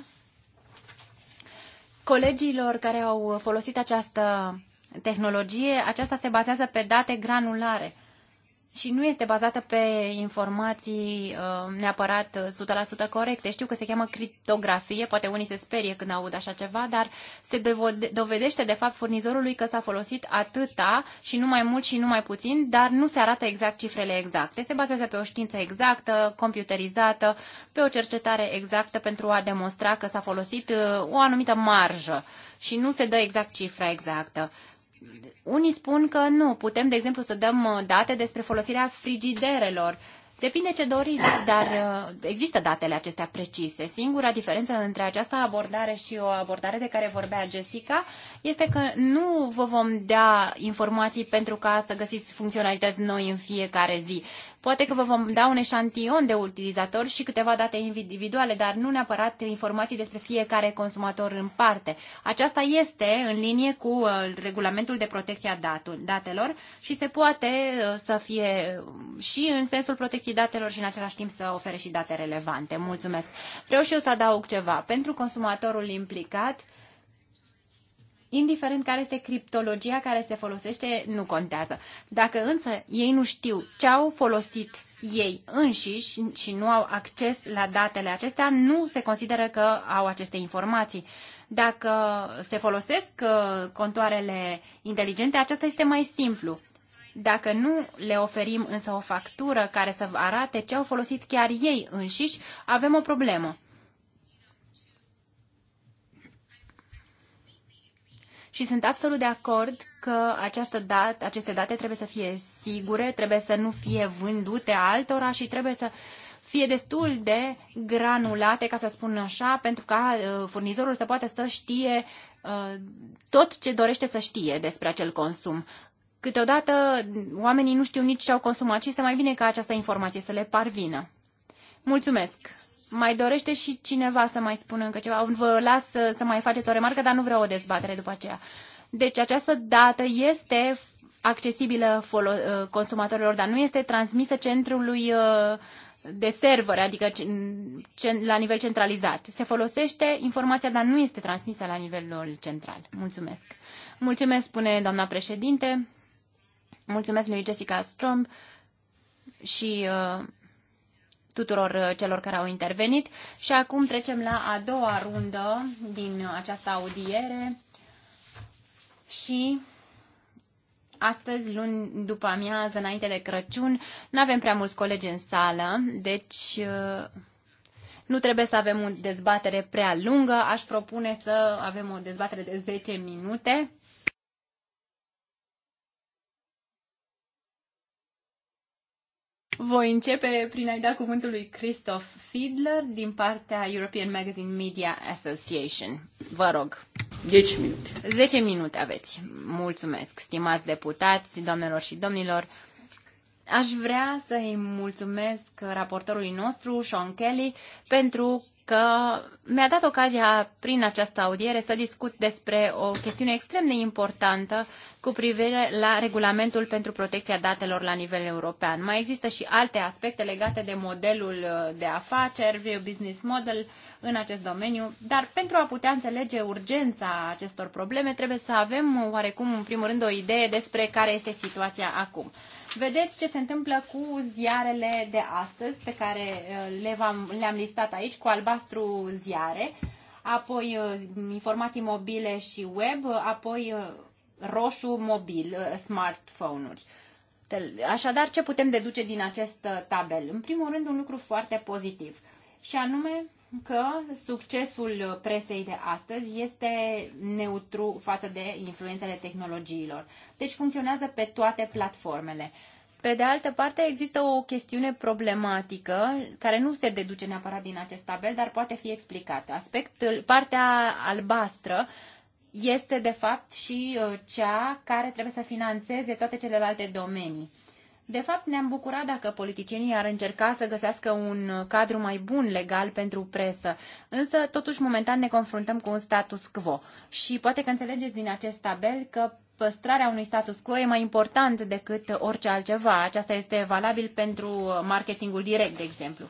Colegilor care au folosit această tehnologie, aceasta se bazează pe date granulare și nu este bazată pe informații uh, neapărat uh, 100% corecte. Știu că se cheamă criptografie, poate unii se sperie când aud așa ceva, dar se dovedește de fapt furnizorului că s-a folosit atâta și nu mai mult și nu mai puțin, dar nu se arată exact cifrele exacte. Se bazează pe o știință exactă, computerizată, pe o cercetare exactă pentru a demonstra că s-a folosit uh, o anumită marjă și nu se dă exact cifra exactă. Unii spun că nu, putem, de exemplu, să dăm uh, date despre folosirea frigiderelor. Depinde ce doriți, dar uh, există datele acestea precise. Singura diferență între această abordare și o abordare de care vorbea Jessica este că nu vă vom da informații pentru ca să găsiți funcționalități noi în fiecare zi, Poate că vă vom da un eșantion de utilizatori și câteva date individuale, dar nu neapărat informații despre fiecare consumator în parte. Aceasta este în linie cu uh, regulamentul de protecție a datelor și se poate uh, să fie um, și în sensul protecției datelor și în același timp să ofere și date relevante. Mulțumesc. Vreau și eu să adaug ceva. Pentru consumatorul implicat, indiferent care este criptologia care se folosește, nu contează. Dacă însă ei nu știu ce au folosit ei înșiși și nu au acces la datele acestea, nu se consideră că au aceste informații. Dacă se folosesc uh, contoarele inteligente, aceasta este mai simplu. Dacă nu le oferim însă o factură care să arate ce au folosit chiar ei înșiși, avem o problemă. și sunt absolut de acord că această dat, aceste date trebuie să fie sigure, trebuie să nu fie vândute altora și trebuie să fie destul de granulate, ca să spun așa, pentru ca uh, furnizorul să poată să știe uh, tot ce dorește să știe despre acel consum. Câteodată oamenii nu știu nici ce au consumat și este mai bine ca această informație să le parvină. Mulțumesc! Mai dorește și cineva să mai spună încă ceva? Vă las să, să mai faceți o remarcă, dar nu vreau o dezbatere după aceea. Deci această dată este accesibilă uh, consumatorilor, dar nu este transmisă centrului uh, de server, adică la nivel centralizat. Se folosește informația, dar nu este transmisă la nivelul central. Mulțumesc. Mulțumesc, spune doamna președinte. Mulțumesc lui Jessica Strom și uh, tuturor uh, celor care au intervenit și acum trecem la a doua rundă din această audiere și astăzi, luni după amiază, înainte de Crăciun, nu avem prea mulți colegi în sală, deci uh, nu trebuie să avem o dezbatere prea lungă, aș propune să avem o dezbatere de 10 minute Voi începe prin a-i da cuvântul lui Christoph Fiedler din partea European Magazine Media Association. Vă rog. 10 deci, minute. 10 minute aveți. Mulțumesc, stimați deputați, doamnelor și domnilor. Aș vrea să-i mulțumesc raportorului nostru, Sean Kelly, pentru că mi-a dat ocazia prin această audiere să discut despre o chestiune extrem de importantă cu privire la regulamentul pentru protecția datelor la nivel european. Mai există și alte aspecte legate de modelul de afaceri, business model în acest domeniu, dar pentru a putea înțelege urgența acestor probleme trebuie să avem oarecum în primul rând o idee despre care este situația acum. Vedeți ce se întâmplă cu ziarele de astăzi, pe care uh, le -am, le listat aici, cu albastru ziare, apoi uh, informații mobile și web, apoi uh, roșu mobil, smartphone-uri. Așadar, ce putem deduce din acest tabel? În primul rând, un lucru foarte pozitiv, și anume că succesul presei de astăzi este neutru față de influențele tehnologiilor. Deci funcționează pe toate platformele. Pe de altă parte, există o chestiune problematică care nu se deduce neapărat din acest tabel, dar poate fi explicată. Aspectul, partea albastră este de fapt și uh, cea care trebuie să financeze toate celelalte domenii. De fapt, ne-am bucurat dacă politicienii ar încerca să găsească un cadru mai bun legal pentru presă, însă totuși momentan ne confruntăm cu un status quo și poate că înțelegeți din acest tabel că păstrarea unui status quo e mai important decât orice altceva. Aceasta este valabil pentru marketingul direct, de exemplu.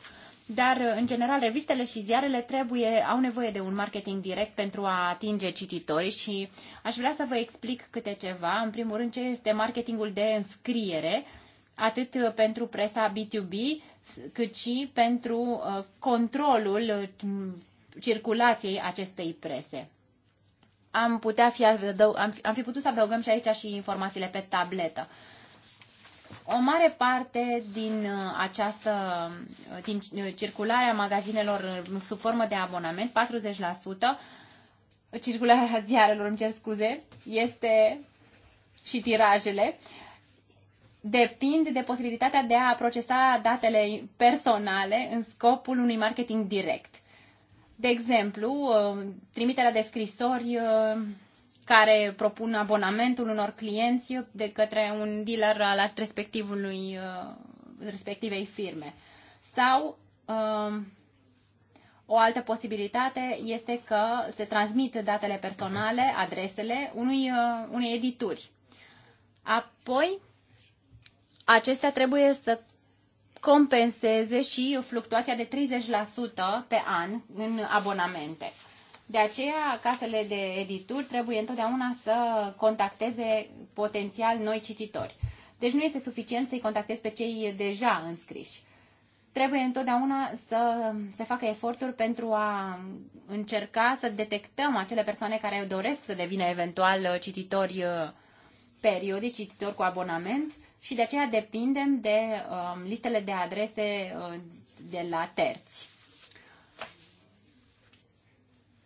Dar, în general, revistele și ziarele trebuie, au nevoie de un marketing direct pentru a atinge cititorii și aș vrea să vă explic câte ceva. În primul rând, ce este marketingul de înscriere atât uh, pentru presa B2B, cât și pentru uh, controlul uh, circulației acestei prese. Am, putea fi adăug, am, fi, am fi putut să adăugăm și aici și informațiile pe tabletă. O mare parte din această din circularea magazinelor sub formă de abonament, 40%, circularea ziarelor, îmi cer scuze, este și tirajele, depind de posibilitatea de a procesa datele personale în scopul unui marketing direct. De exemplu, uh, trimiterea de scrisori uh, care propun abonamentul unor clienți de către un dealer al respectivului, uh, respectivei firme. Sau o altă posibilitate este că se transmit datele personale, adresele unui, unei edituri. Apoi, acestea trebuie să compenseze și fluctuația de 30% pe an în abonamente. De aceea, casele de edituri trebuie întotdeauna să contacteze potențial noi cititori. Deci nu este suficient să-i contactezi pe cei deja înscriși. Trebuie întotdeauna să se facă eforturi pentru a încerca să detectăm acele persoane care doresc să devină eventual cititori uh, periodici, cititori cu abonament, și de aceea depindem de um, listele de adrese uh, de la terți.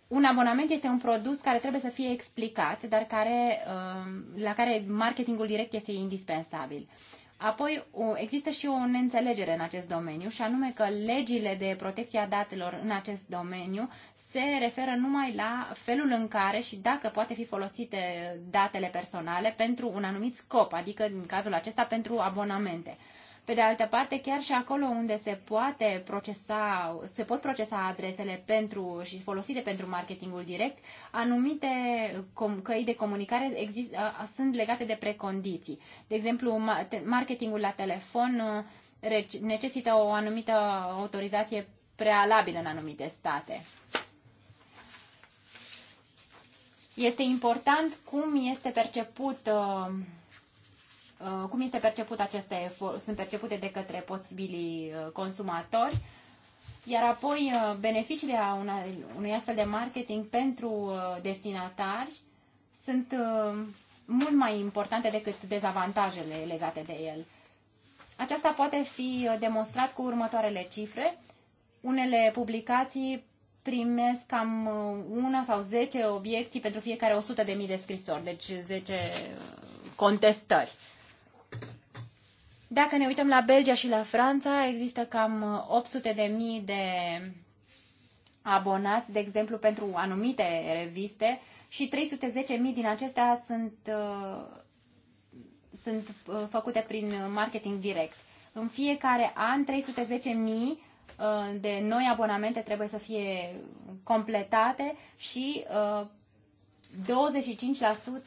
Un abonament este un produs care trebuie să fie explicat, dar care, um, la care marketingul direct este indispensabil. Apoi există și o neînțelegere în acest domeniu și anume că legile de protecție a datelor în acest domeniu se referă numai la felul în care și dacă poate fi folosite datele personale pentru un anumit scop, adică în cazul acesta pentru abonamente. Pe de altă parte, chiar și acolo unde se poate procesa, se pot procesa adresele pentru și folosite pentru marketingul direct, anumite căi de comunicare exist, sunt legate de precondiții. De exemplu, marketingul la telefon necesită o anumită autorizație prealabilă în anumite state. Este important cum este perceput uh, uh, cum este perceput aceste sunt percepute de către posibilii uh, consumatori, iar apoi beneficiile a unui astfel de marketing pentru destinatari sunt mult mai importante decât dezavantajele legate de el. Aceasta poate fi demonstrat cu următoarele cifre. Unele publicații primesc cam uh, una sau 10 obiecții pentru fiecare 100.000 de, de scrisori, deci 10 uh, contestări. Dacă ne uităm la Belgia și la Franța, există cam 800.000 uh, de, de abonați, de exemplu, pentru anumite reviste și 310.000 din acestea sunt, sunt făcute prin marketing direct. În fiecare an, 310.000 Uh, de noi abonamente trebuie să fie completate și 25% uh, uh,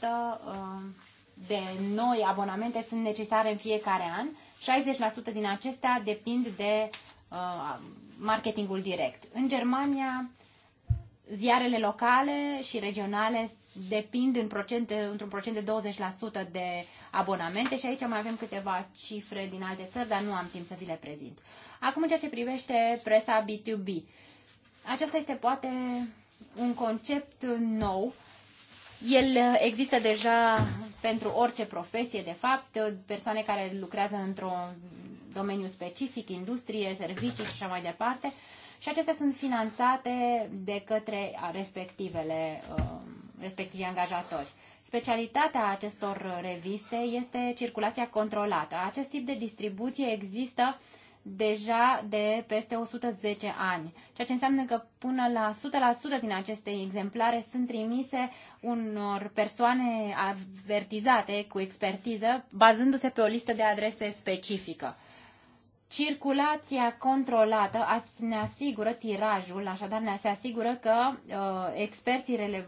de noi abonamente sunt necesare în fiecare an. 60% din acestea depind de marketingul direct. În Germania, ziarele locale și regionale depind în procent, într-un procent de 20% de abonamente și aici mai avem câteva cifre din alte țări, dar nu am timp să vi le prezint. Acum, în ceea ce privește presa B2B, aceasta este poate un concept nou. El există deja pentru orice profesie, de fapt, persoane care lucrează într-un domeniu specific, industrie, servicii și așa mai departe. Și acestea sunt finanțate de către respectivele, uh, respectivii angajatori. Specialitatea acestor reviste este circulația controlată. Acest tip de distribuție există deja de peste 110 ani, ceea ce înseamnă că până la 100% din aceste exemplare sunt trimise unor persoane avertizate cu expertiză, bazându-se pe o listă de adrese specifică. Circulația controlată ne asigură tirajul, așadar ne se asigură că uh, experții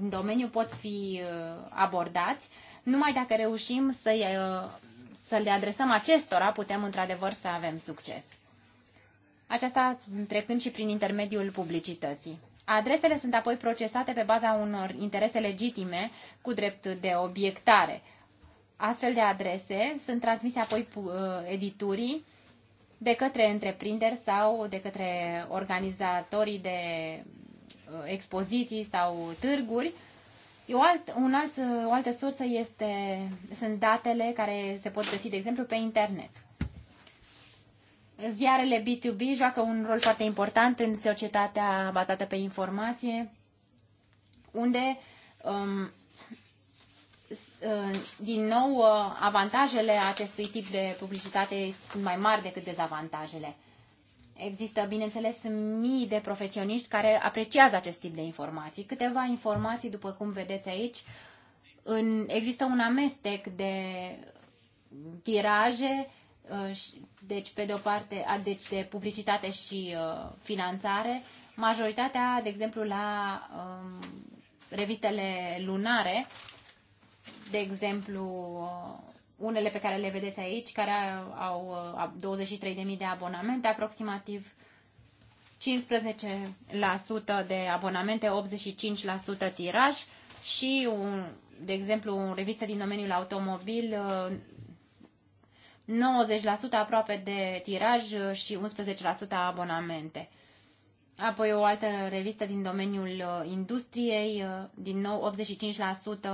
în domeniu pot fi uh, abordați. Numai dacă reușim să, uh, să le adresăm acestora, putem într-adevăr să avem succes. Aceasta trecând și prin intermediul publicității. Adresele sunt apoi procesate pe baza unor interese legitime cu drept de obiectare. Astfel de adrese sunt transmise apoi uh, editurii de către întreprinderi sau de către organizatorii de uh, expoziții sau târguri. o, alt, un alt, uh, o altă sursă este, sunt datele care se pot găsi, de exemplu, pe internet. Ziarele B2B joacă un rol foarte important în societatea bazată pe informație, unde um, Uh, din nou, uh, avantajele acestui tip de publicitate sunt mai mari decât dezavantajele. Există, bineînțeles, mii de profesioniști care apreciază acest tip de informații. Câteva informații, după cum vedeți aici, în, există un amestec de tiraje, uh, deci pe de o parte, deci de publicitate și finanțare. Majoritatea, de exemplu, la um, revistele lunare, de exemplu, unele pe care le vedeți aici, care au 23.000 de abonamente, aproximativ 15% de abonamente, 85% tiraj și, un, de exemplu, o revistă din domeniul automobil, 90% aproape de tiraj și 11% abonamente. Apoi o altă revistă din domeniul uh, industriei, uh, din nou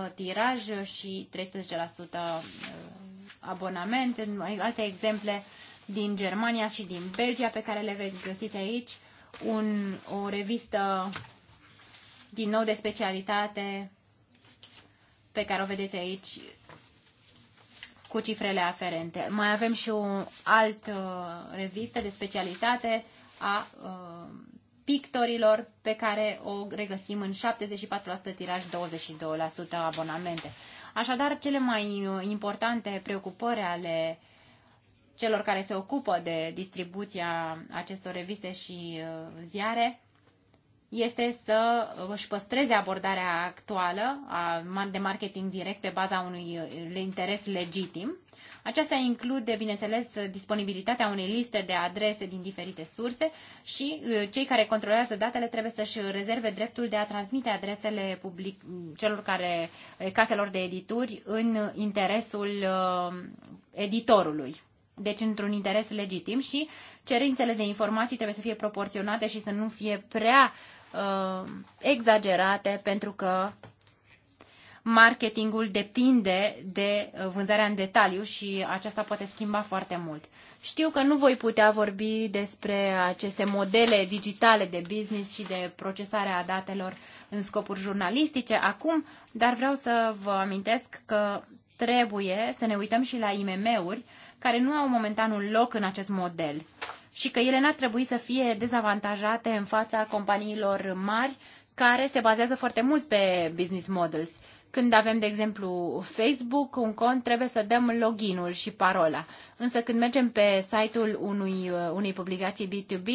85% tiraj și 13% uh, abonament. Alte exemple din Germania și din Belgia pe care le veți găsi aici. Un, o revistă din nou de specialitate pe care o vedeți aici cu cifrele aferente. Mai avem și o altă revistă de specialitate a uh, pictorilor pe care o regăsim în 74% tiraj, 22% abonamente. Așadar, cele mai uh, importante preocupări ale celor care se ocupă de distribuția acestor reviste și uh, ziare este să își păstreze abordarea actuală de marketing direct pe baza unui uh, interes legitim aceasta include, bineînțeles, disponibilitatea unei liste de adrese din diferite surse și uh, cei care controlează datele trebuie să-și rezerve dreptul de a transmite adresele public, celor care, eh, caselor de edituri în interesul eh, editorului deci într-un interes legitim și cerințele de informații trebuie să fie proporționate și să nu fie prea uh, exagerate pentru că marketingul depinde de uh, vânzarea în detaliu și aceasta poate schimba foarte mult. Știu că nu voi putea vorbi despre aceste modele digitale de business și de procesare a datelor în scopuri jurnalistice acum, dar vreau să vă amintesc că trebuie să ne uităm și la IMM-uri care nu au momentan un loc în acest model și că ele n-ar trebui să fie dezavantajate în fața companiilor mari care se bazează foarte mult pe business models când avem, de exemplu, Facebook, un cont, trebuie să dăm loginul și parola. Însă când mergem pe site-ul unui, uh, unei publicații B2B,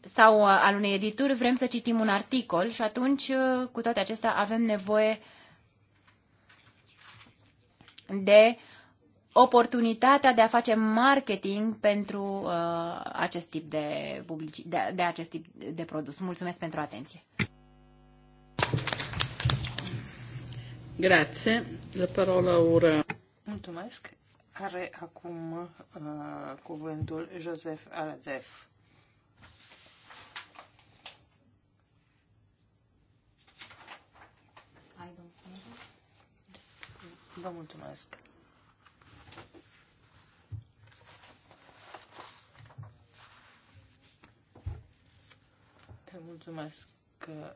sau uh, al unei edituri, vrem să citim un articol și atunci, uh, cu toate acestea, avem nevoie de oportunitatea de a face marketing pentru uh, acest tip de, publici- de, de acest tip de produs. Mulțumesc pentru atenție. Grazie. La parola ora. Mulțumesc. Are acum uh, cuvântul Joseph Aradef. Vă mulțumesc. Mulțumesc uh,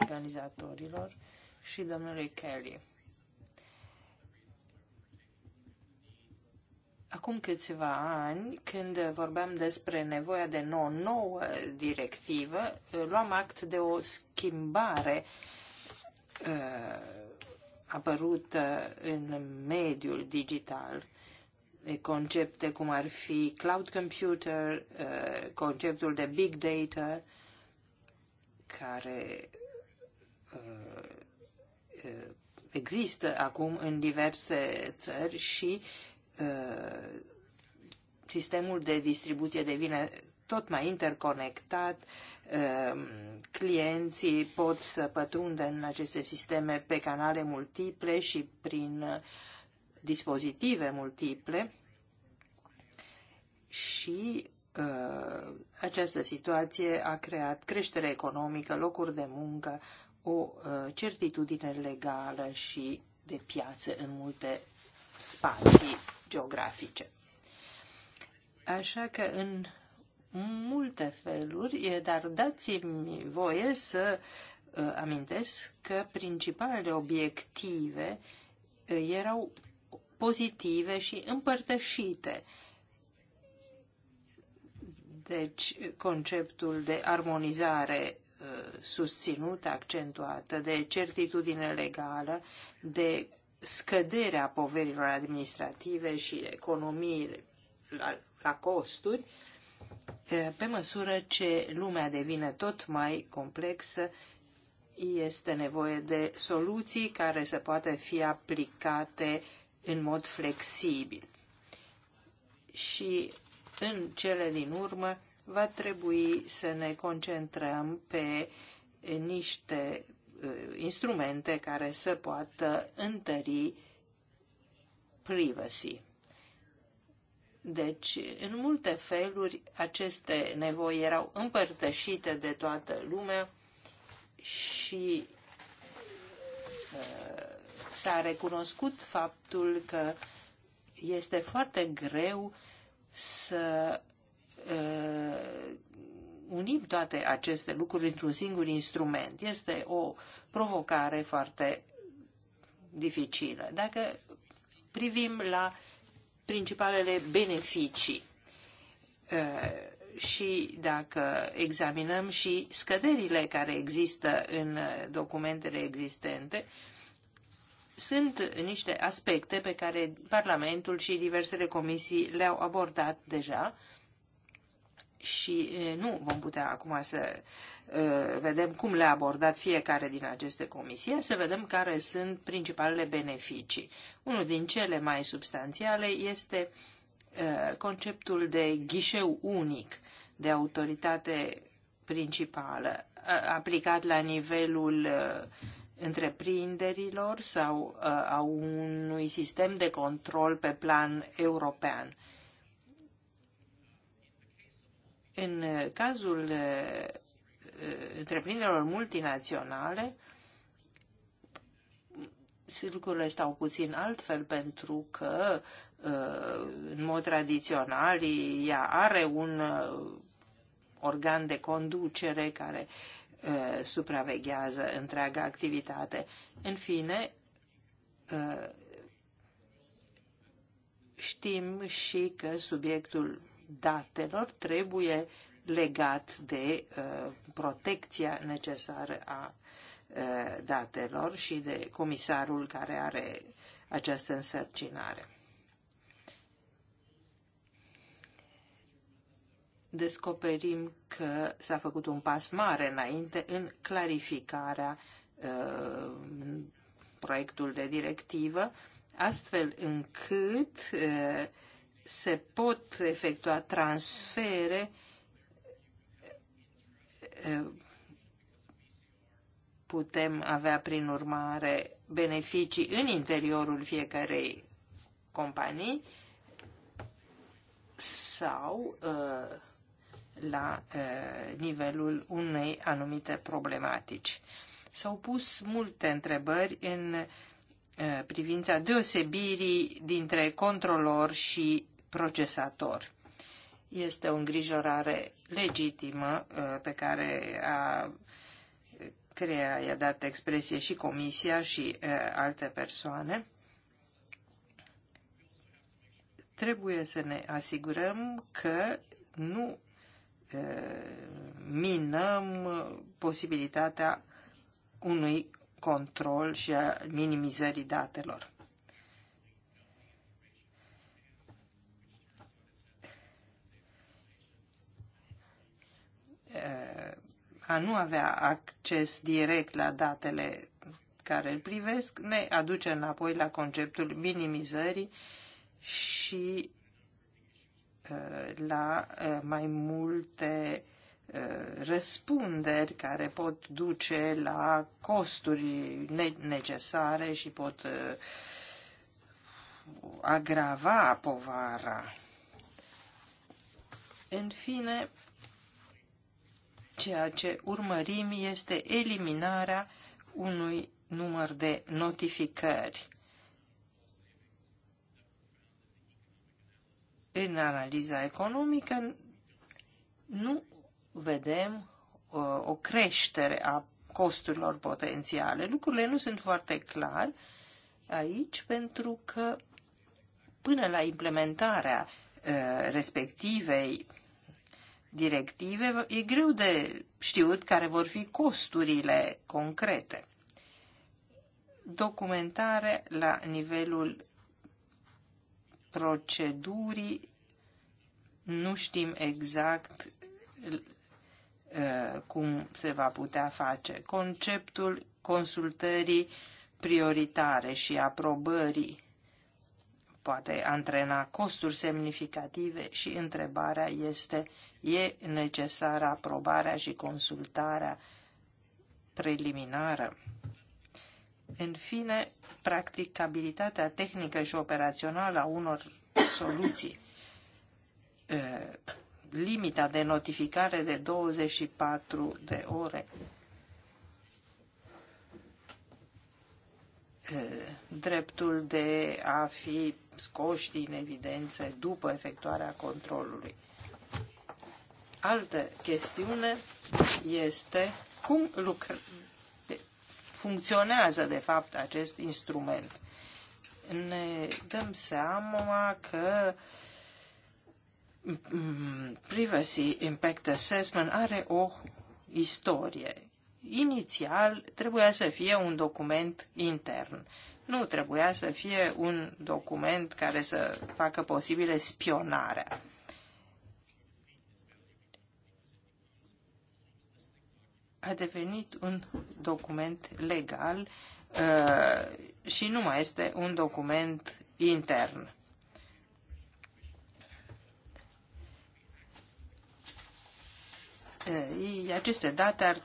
organizatorilor și domnului Kelly. Acum câțiva ani, când vorbeam despre nevoia de nouă, nouă directivă, luam act de o schimbare uh, apărută în mediul digital. Concepte cum ar fi cloud computer, uh, conceptul de big data, care Uh, există acum în diverse țări și uh, sistemul de distribuție devine tot mai interconectat, uh, clienții pot să pătrundă în aceste sisteme pe canale multiple și prin dispozitive multiple și această situație a creat creștere economică, locuri de muncă, o uh, certitudine legală și de piață în multe spații geografice. Așa că în multe feluri, dar dați-mi voie să uh, amintesc că principalele obiective uh, erau pozitive și împărtășite. Deci, conceptul de armonizare susținută, accentuată, de certitudine legală, de scăderea poverilor administrative și economii la, la costuri, pe măsură ce lumea devine tot mai complexă, este nevoie de soluții care să poată fi aplicate în mod flexibil. Și în cele din urmă va trebui să ne concentrăm pe eh, niște eh, instrumente care să poată întări privacy. Deci, în multe feluri, aceste nevoi erau împărtășite de toată lumea și uh, s-a recunoscut faptul că este foarte greu să Uh, unim toate aceste lucruri într-un singur instrument. Este o provocare foarte dificilă. Dacă privim la principalele beneficii uh, și dacă examinăm și scăderile care există în documentele existente, sunt niște aspecte pe care Parlamentul și diversele comisii le-au abordat deja și nu vom putea acum să vedem cum le-a abordat fiecare din aceste comisii, să vedem care sunt principalele beneficii. Unul din cele mai substanțiale este conceptul de ghișeu unic, de autoritate principală, aplicat la nivelul întreprinderilor sau a unui sistem de control pe plan european în cazul întreprinderilor multinaționale, lucrurile stau puțin altfel pentru că în mod tradițional ea are un organ de conducere care supraveghează întreaga activitate. În fine, știm și că subiectul datelor trebuie legat de uh, protecția necesară a uh, datelor și de comisarul care are această însărcinare. Descoperim că s-a făcut un pas mare înainte în clarificarea uh, proiectul de directivă, astfel încât uh, se pot efectua transfere putem avea prin urmare beneficii în interiorul fiecarei companii sau la nivelul unei anumite problematici. S-au pus multe întrebări în privința deosebirii dintre controlor și procesator, Este o îngrijorare legitimă uh, pe care a crea, i-a dat expresie și comisia și uh, alte persoane. Trebuie să ne asigurăm că nu uh, minăm posibilitatea unui control și a minimizării datelor. Eh, a nu avea acces direct la datele care îl privesc, ne aduce înapoi la conceptul minimizării și eh, la eh, mai multe răspunderi care pot duce la costuri necesare și pot agrava povara. În fine, Ceea ce urmărim este eliminarea unui număr de notificări. În analiza economică nu vedem uh, o creștere a costurilor potențiale. Lucrurile nu sunt foarte clare aici pentru că până la implementarea uh, respectivei directive, e greu de știut care vor fi costurile concrete. Documentare la nivelul procedurii, nu știm exact uh, cum se va putea face. Conceptul consultării prioritare și aprobării poate antrena costuri semnificative și întrebarea este, e necesară aprobarea și consultarea preliminară? În fine, practicabilitatea tehnică și operațională a unor soluții. Limita de notificare de 24 de ore. Dreptul de a fi scoștii în evidență după efectuarea controlului. Altă chestiune este cum lucr- funcționează, de fapt, acest instrument. Ne dăm seama că mm, mm, Privacy Impact Assessment are o istorie. Inițial, trebuia să fie un document intern nu trebuia să fie un document care să facă posibile spionarea. A devenit un document legal uh, și nu mai este un document intern. Uh, aceste date ar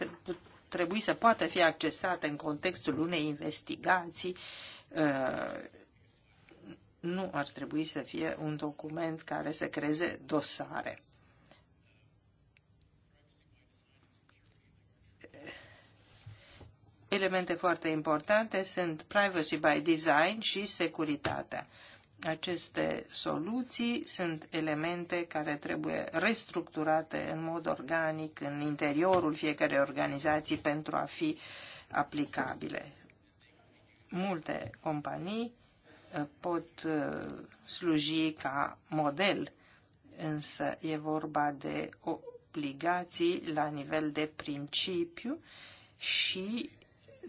trebui să poată fi accesată în contextul unei investigații uh, nu ar trebui să fie un document care să creeze dosare. Elemente foarte importante sunt privacy by design și securitatea. Aceste soluții sunt elemente care trebuie restructurate în mod organic în interiorul fiecarei organizații pentru a fi aplicabile. Multe companii uh, pot uh, sluji ca model, însă e vorba de obligații la nivel de principiu și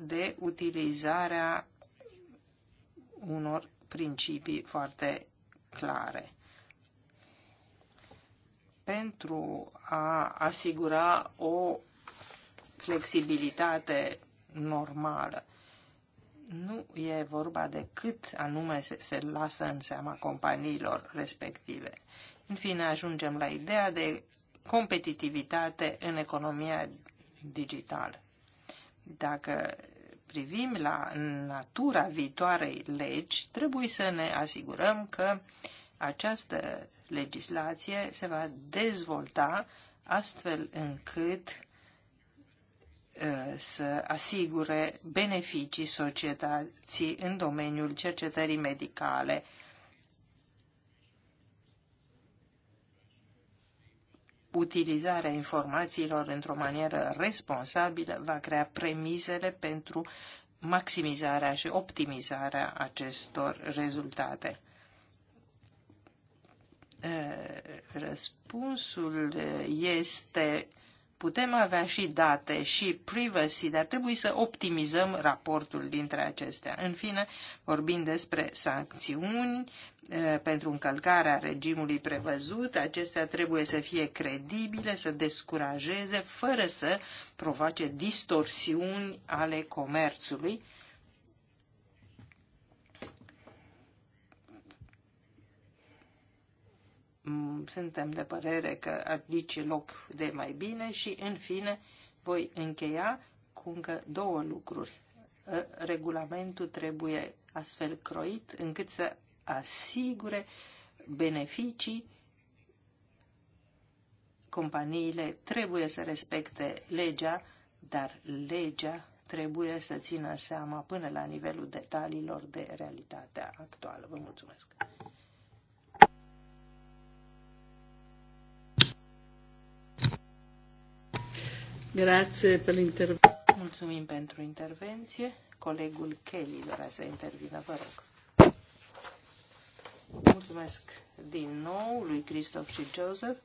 de utilizarea unor principii foarte clare. Pentru a asigura o flexibilitate normală, nu e vorba de cât anume se, se lasă în seama companiilor respective. În fine, ajungem la ideea de competitivitate în economia digitală. Dacă privim la natura viitoarei legi, trebuie să ne asigurăm că această legislație se va dezvolta astfel încât uh, să asigure beneficii societății în domeniul cercetării medicale utilizarea informațiilor într-o manieră responsabilă va crea premisele pentru maximizarea și optimizarea acestor rezultate. Eh, răspunsul este Putem avea și date și privacy, dar trebuie să optimizăm raportul dintre acestea. În fine, vorbim despre sancțiuni eh, pentru încălcarea regimului prevăzut. Acestea trebuie să fie credibile, să descurajeze, fără să provoace distorsiuni ale comerțului Mm, suntem de părere că aici e loc de mai bine și, în fine, voi încheia cu încă două lucruri. Ă, regulamentul trebuie astfel croit încât să asigure beneficii companiile trebuie să respecte legea, dar legea trebuie să țină seama până la nivelul detaliilor de realitatea actuală. Vă mulțumesc! Grazie per l'intervento. Mulțumim pentru intervenție. Colegul Kelly dorea să intervină, vă rog. Mulțumesc din nou lui Christoph și Joseph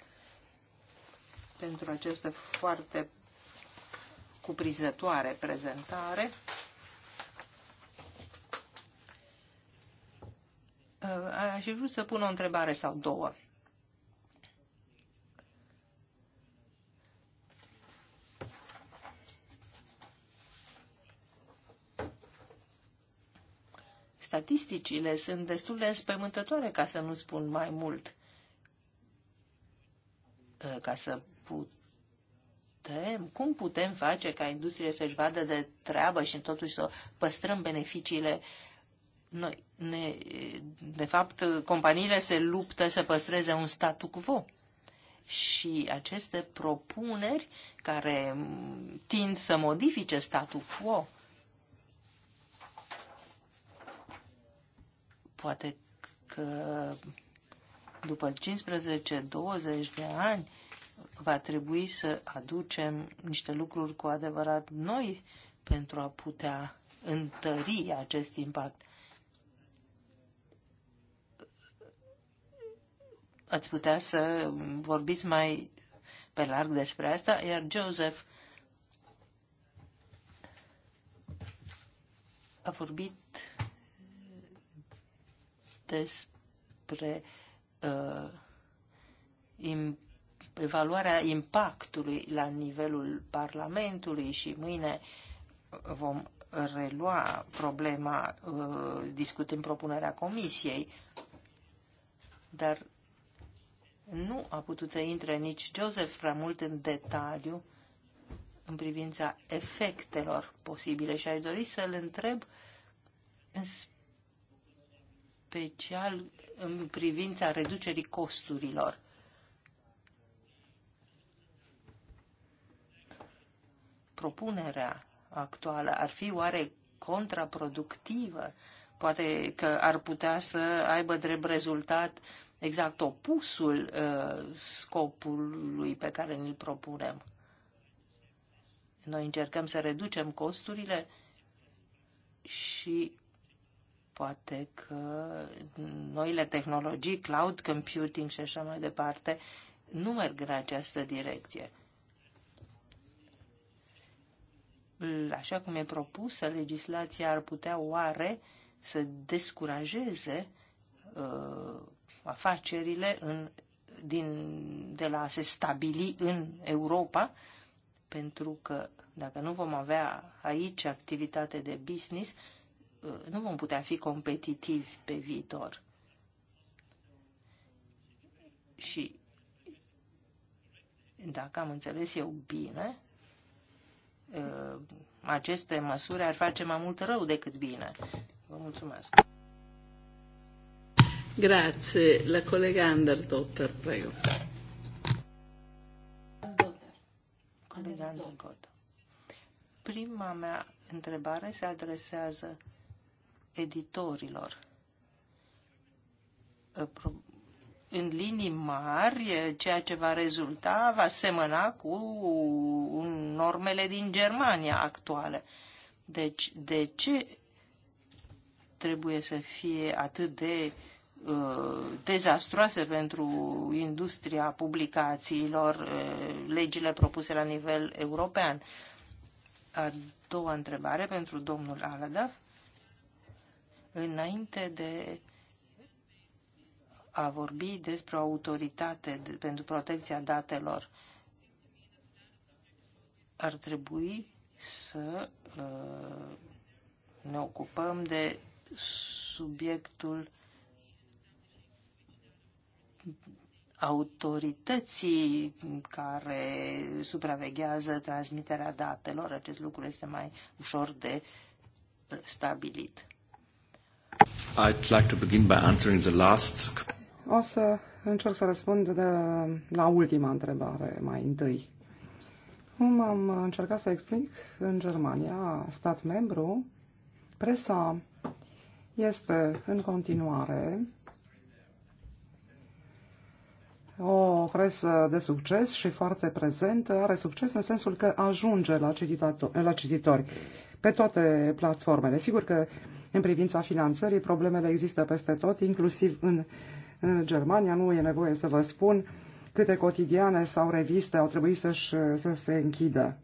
pentru această foarte cuprinzătoare prezentare. Aș vrea să pun o întrebare sau două. statisticile sunt destul de înspăimântătoare, ca să nu spun mai mult. Ă, ca să putem, cum putem face ca industrie să-și vadă de treabă și totuși să păstrăm beneficiile noi, ne, de fapt, companiile se luptă să păstreze un statu quo. Și aceste propuneri care tind să modifice statul quo Poate că după 15-20 de ani va trebui să aducem niște lucruri cu adevărat noi pentru a putea întări acest impact. Ați putea să vorbiți mai pe larg despre asta, iar Joseph a vorbit despre uh, im, evaluarea impactului la nivelul Parlamentului și mâine vom relua problema uh, discutând propunerea Comisiei. Dar nu a putut să intre nici Joseph prea mult în detaliu în privința efectelor posibile și aș dori să-l întreb special în privința reducerii costurilor. Propunerea actuală ar fi oare contraproductivă? Poate că ar putea să aibă drept rezultat exact opusul uh, scopului pe care ni-l propunem. Noi încercăm să reducem costurile și Poate că noile tehnologii, cloud computing și așa mai departe, nu merg în această direcție. Așa cum e propusă, legislația ar putea oare să descurajeze uh, afacerile în, din, de la a se stabili în Europa, pentru că dacă nu vom avea aici activitate de business, Uh, nu vom putea fi competitivi pe viitor. Și dacă am înțeles eu bine, uh, aceste măsuri ar face mai mult rău decât bine. Vă mulțumesc. Grazie. La colega Anderdotter, prego. Colega Anderdotter. Prima mea întrebare se adresează editorilor. Ă, în linii mari, ceea ce va rezulta va semăna cu normele din Germania actuală. Deci, de ce trebuie să fie atât de ă, dezastroase pentru industria publicațiilor ă, legile propuse la nivel european. A doua întrebare pentru domnul Aladaf. Înainte de a vorbi despre o autoritate pentru protecția datelor, ar trebui să uh, ne ocupăm de subiectul autorității care supraveghează transmiterea datelor. Acest lucru este mai ușor de stabilit. I'd like to begin by answering the last... O să încerc să răspund de la ultima întrebare mai întâi. Cum am încercat să explic, în Germania, stat membru, presa este în continuare o presă de succes și foarte prezentă, are succes în sensul că ajunge la, cititator, la cititori pe toate platformele. Sigur că uh, în privința finanțării, problemele există peste tot, inclusiv în, în Germania. Nu e nevoie să vă spun câte cotidiane sau reviste au trebuit să, să se închidă.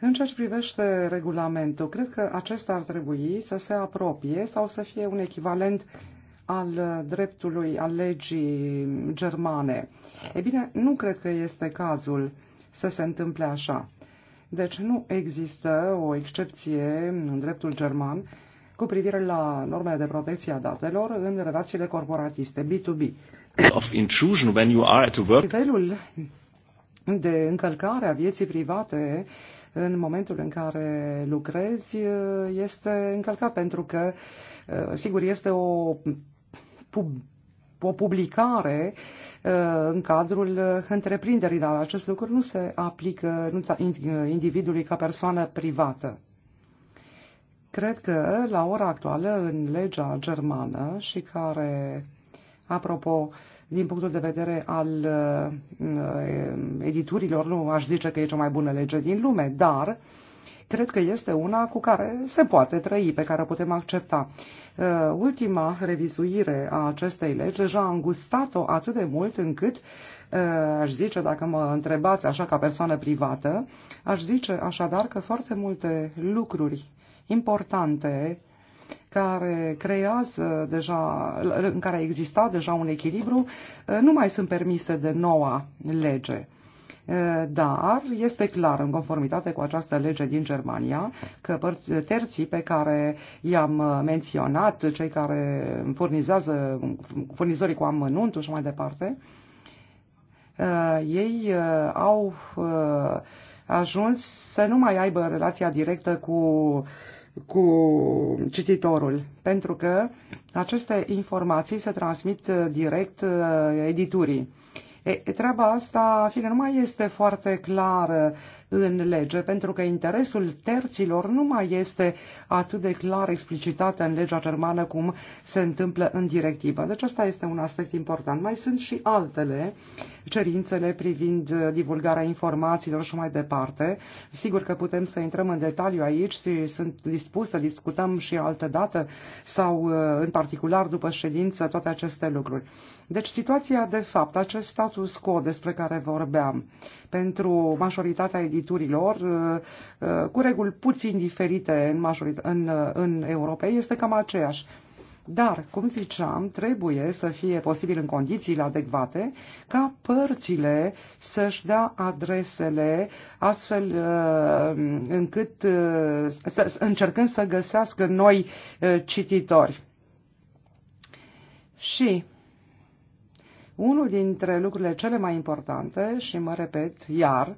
În ceea ce privește regulamentul, cred că acesta ar trebui să se apropie sau să fie un echivalent al dreptului, al legii germane. E bine, nu cred că este cazul să se întâmple așa. Deci nu există o excepție în dreptul german cu privire la normele de protecție a datelor în relațiile corporatiste B2B. Of intrusion when you are at work. Nivelul de încălcare a vieții private în momentul în care lucrezi este încălcat pentru că, uh, sigur, este o, o publicare uh, în cadrul întreprinderii, dar acest lucru nu se aplică nu individului ca persoană privată. Cred că la ora actuală în legea germană și care, apropo, din punctul de vedere al uh, editurilor, nu aș zice că e cea mai bună lege din lume, dar cred că este una cu care se poate trăi, pe care o putem accepta. Uh, ultima revizuire a acestei legi deja a îngustat-o atât de mult încât, uh, aș zice, dacă mă întrebați așa ca persoană privată, aș zice așadar că foarte multe lucruri importante care creează deja, în care exista deja un echilibru, nu mai sunt permise de noua lege. Dar este clar, în conformitate cu această lege din Germania, că terții pe care i-am menționat, cei care furnizează, furnizorii cu amănuntul și mai departe, ei uh, au uh, ajuns să nu mai aibă relația directă cu, cu cititorul, pentru că aceste informații se transmit uh, direct uh, editurii. E, treaba asta, fine, nu mai este foarte clară în lege, pentru că interesul terților nu mai este atât de clar explicitat în legea germană cum se întâmplă în directivă. Deci asta este un aspect important. Mai sunt și altele, cerințele privind divulgarea informațiilor și mai departe. Sigur că putem să intrăm în detaliu aici și sunt dispus să discutăm și altă dată sau uh, în particular după ședință toate aceste lucruri. Deci situația de fapt, acest status quo despre care vorbeam, pentru majoritatea editurilor, uh, uh, cu reguli puțin diferite în, majorit- în, uh, în Europa, este cam aceeași. Dar, cum ziceam, trebuie să fie posibil în condițiile adecvate ca părțile să-și dea adresele astfel încât să, încercând să găsească noi cititori. Și unul dintre lucrurile cele mai importante, și mă repet iar,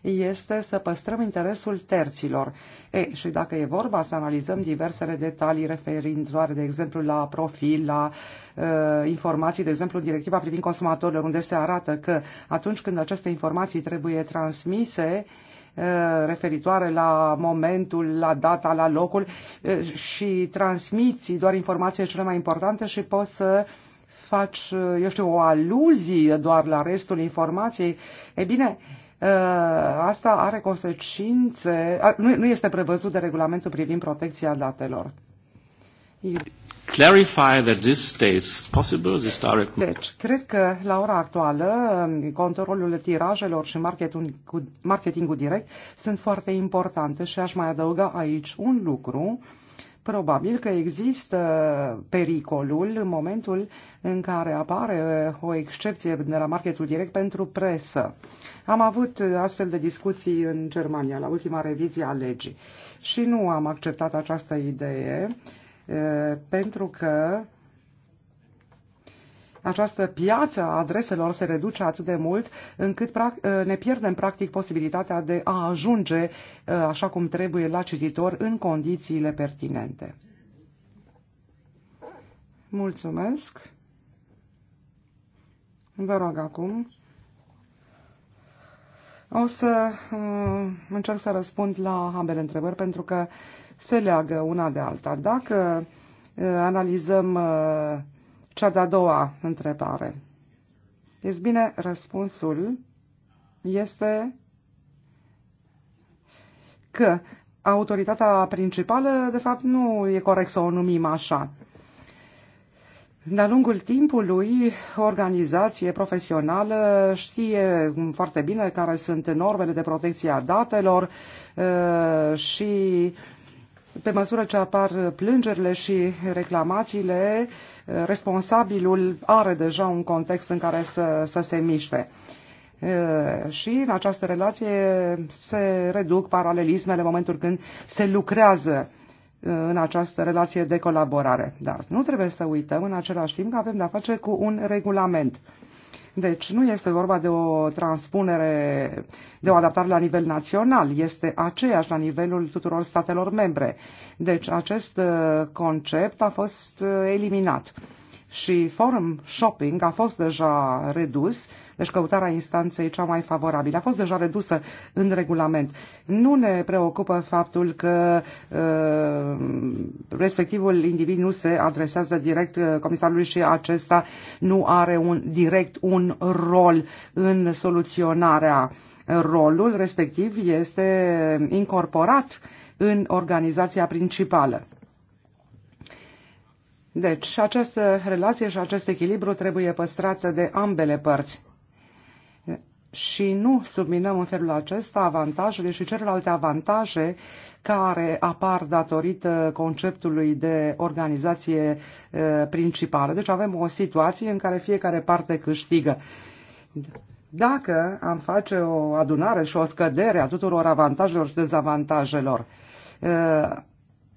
este să păstrăm interesul terților. E, și dacă e vorba să analizăm diversele detalii referindoare, de exemplu, la profil, la uh, informații, de exemplu, directiva privind consumatorilor, unde se arată că atunci când aceste informații trebuie transmise, ă, referitoare la momentul, la data, la locul ă, și transmiți doar informațiile cele mai importante și poți să uh, faci, eh, eu știu, o aluzie doar la restul informației, e bine, eh, asta are consecințe, nu, nu este prevăzut de regulamentul privind protecția datelor. Clarify that this stays possible, this direct... Deci, cred că la ora actuală eh, controlul tirajelor și marketingul, marketingul direct sunt foarte importante și aș mai adăuga aici un lucru uh, Probabil că există pericolul în momentul în care apare o excepție de la marketul direct pentru presă. Am avut astfel de discuții în Germania la ultima revizie a legii și nu am acceptat această idee eh, pentru că această piață a adreselor se reduce atât de mult încât uh, ne pierdem practic posibilitatea de a ajunge uh, așa cum trebuie la cititor în condițiile pertinente. Mulțumesc. Vă rog acum. O să uh, încerc să răspund la ambele întrebări pentru că se leagă una de alta. Dacă analizăm uh, cea de-a doua întrebare. Ești bine, răspunsul este că autoritatea principală, de fapt, nu e corect să o numim așa. De-a lungul timpului, o organizație profesională știe foarte bine care sunt normele de protecție a datelor uh, și pe măsură ce apar plângerile și reclamațiile, responsabilul are deja un context în care să, să se miște. Și în această relație se reduc paralelismele în momentul când se lucrează în această relație de colaborare. Dar nu trebuie să uităm în același timp că avem de-a face cu un regulament deci nu este vorba de o transpunere, de o adaptare la nivel național, este aceeași la nivelul tuturor statelor membre. Deci acest uh, concept a fost uh, eliminat și forum shopping a fost deja redus deci căutarea instanței cea mai favorabilă a fost deja redusă în regulament. Nu ne preocupă faptul că uh, respectivul individ nu se adresează direct uh, comisarului și acesta nu are un, direct un rol în soluționarea rolul respectiv este incorporat în organizația principală. Deci, această relație și acest echilibru trebuie păstrat de ambele părți și nu subminăm în felul acesta avantajele și celelalte avantaje care apar datorită conceptului de organizație principală. Deci avem o situație în care fiecare parte câștigă. Dacă am face o adunare și o scădere a tuturor avantajelor și dezavantajelor,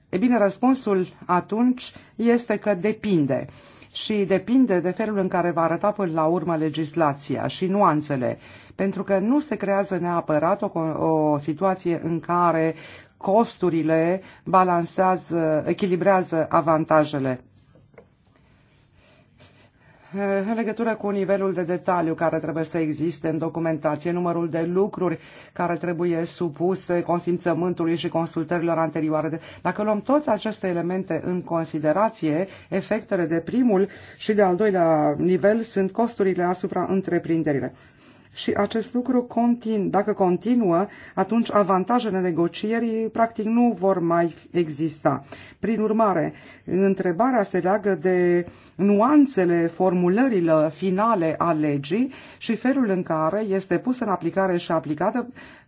e bine, răspunsul atunci este că depinde și depinde de felul în care va arăta până la urmă legislația și nuanțele pentru că nu se creează neapărat o, o situație în care costurile balansează, echilibrează avantajele. Eh, în legătură cu nivelul de detaliu care trebuie să existe în documentație, numărul de lucruri care trebuie supuse consimțământului și consultărilor anterioare. Dacă luăm toți aceste elemente în considerație, efectele de primul și de al doilea nivel sunt costurile asupra întreprinderilor și acest lucru continu, dacă continuă, atunci avantajele negocierii practic nu vor mai exista. Prin urmare, întrebarea se leagă de nuanțele formulărilor finale a legii și felul în care este pusă în aplicare și aplicată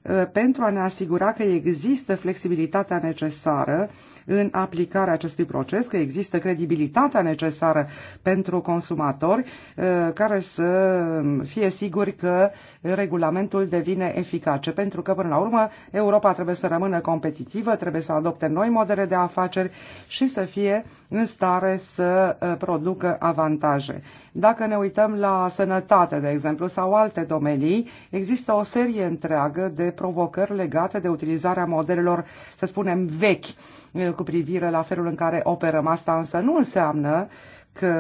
Uh, pentru a ne asigura că există flexibilitatea necesară în aplicarea acestui proces, că există credibilitatea necesară pentru consumatori uh, care să fie siguri că regulamentul devine eficace. Pentru că, până la urmă, Europa trebuie să rămână competitivă, trebuie să adopte noi modele de afaceri și să fie în stare să uh, producă avantaje. Dacă ne uităm la sănătate, de exemplu, sau alte domenii, există o serie întreagă de provocări legate de utilizarea modelelor, să spunem, vechi eh, cu privire la felul în care operăm. Asta însă nu înseamnă că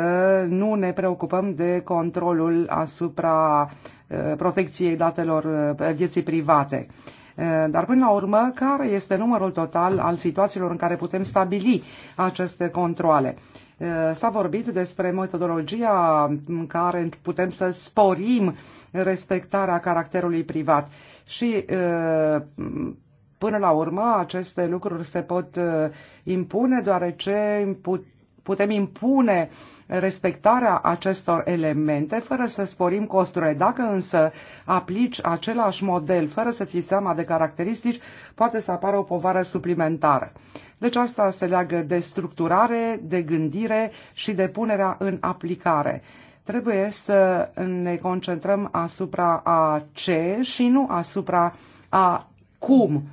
nu ne preocupăm de controlul asupra eh, protecției datelor eh, vieții private. Eh, dar până la urmă, care este numărul total al situațiilor în care putem stabili aceste controle? Eh, s-a vorbit despre metodologia în care putem să sporim respectarea caracterului privat și eh, până la urmă aceste lucruri se pot impune deoarece put, putem impune respectarea acestor elemente fără să sporim costurile. Dacă însă aplici același model fără să ți seama de caracteristici, poate să apară o povară suplimentară. Deci asta se leagă de structurare, de gândire și de punerea în aplicare. Trebuie să ne concentrăm asupra a ce și nu asupra a cum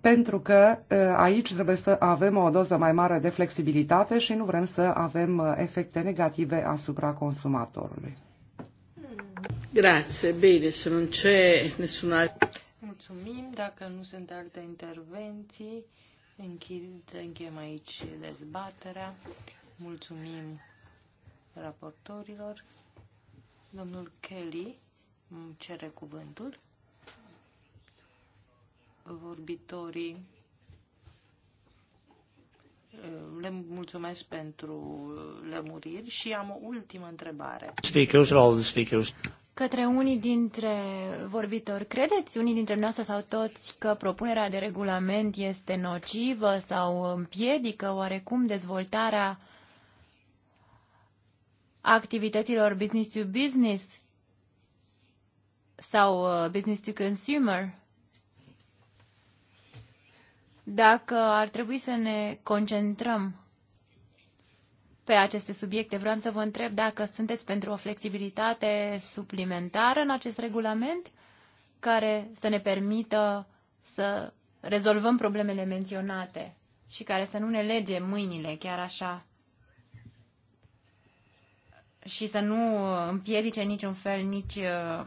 pentru că ă, aici trebuie să avem o doză mai mare de flexibilitate și nu vrem să avem ă, efecte negative asupra consumatorului. Grazie, bine, să nu ce nessun alt... Mulțumim, dacă nu sunt alte intervenții, închid, închem aici dezbaterea. Mulțumim raportorilor. Domnul Kelly cere cuvântul vorbitorii. Le mulțumesc pentru lămuriri și am o ultimă întrebare. Speakers, all the speakers. Către unii dintre vorbitori, credeți, unii dintre noastre sau toți, că propunerea de regulament este nocivă sau împiedică oarecum dezvoltarea activităților business to business sau uh, business to consumer? dacă ar trebui să ne concentrăm pe aceste subiecte. Vreau să vă întreb dacă sunteți pentru o flexibilitate suplimentară în acest regulament care să ne permită să rezolvăm problemele menționate și care să nu ne lege mâinile chiar așa și să nu împiedice niciun fel nici uh,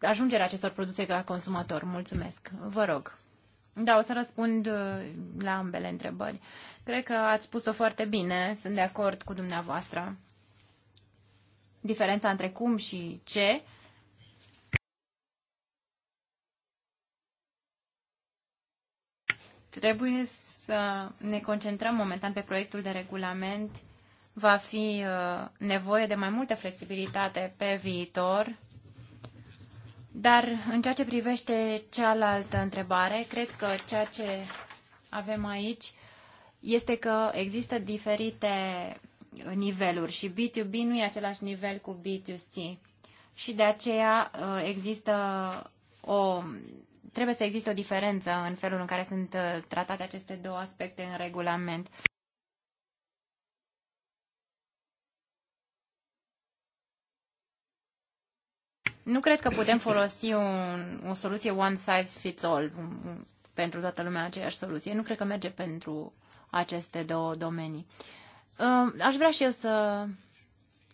ajungerea acestor produse la consumator? Mulțumesc. Vă rog. Da, o să răspund uh, la ambele întrebări. Cred că ați spus-o foarte bine, sunt de acord cu dumneavoastră. Diferența între cum și ce trebuie să ne concentrăm momentan pe proiectul de regulament. Va fi uh, nevoie de mai multă flexibilitate pe viitor dar în ceea ce privește cealaltă întrebare, cred că ceea ce avem aici este că există diferite niveluri și B2B nu e același nivel cu B2C. Și de aceea uh, există o trebuie să existe o diferență în felul în care sunt uh, tratate aceste două aspecte în regulament. Nu cred că putem folosi un, o soluție one size fits all um, um, pentru toată lumea aceeași soluție. Nu cred că merge pentru aceste două domenii. Uh, aș vrea și eu să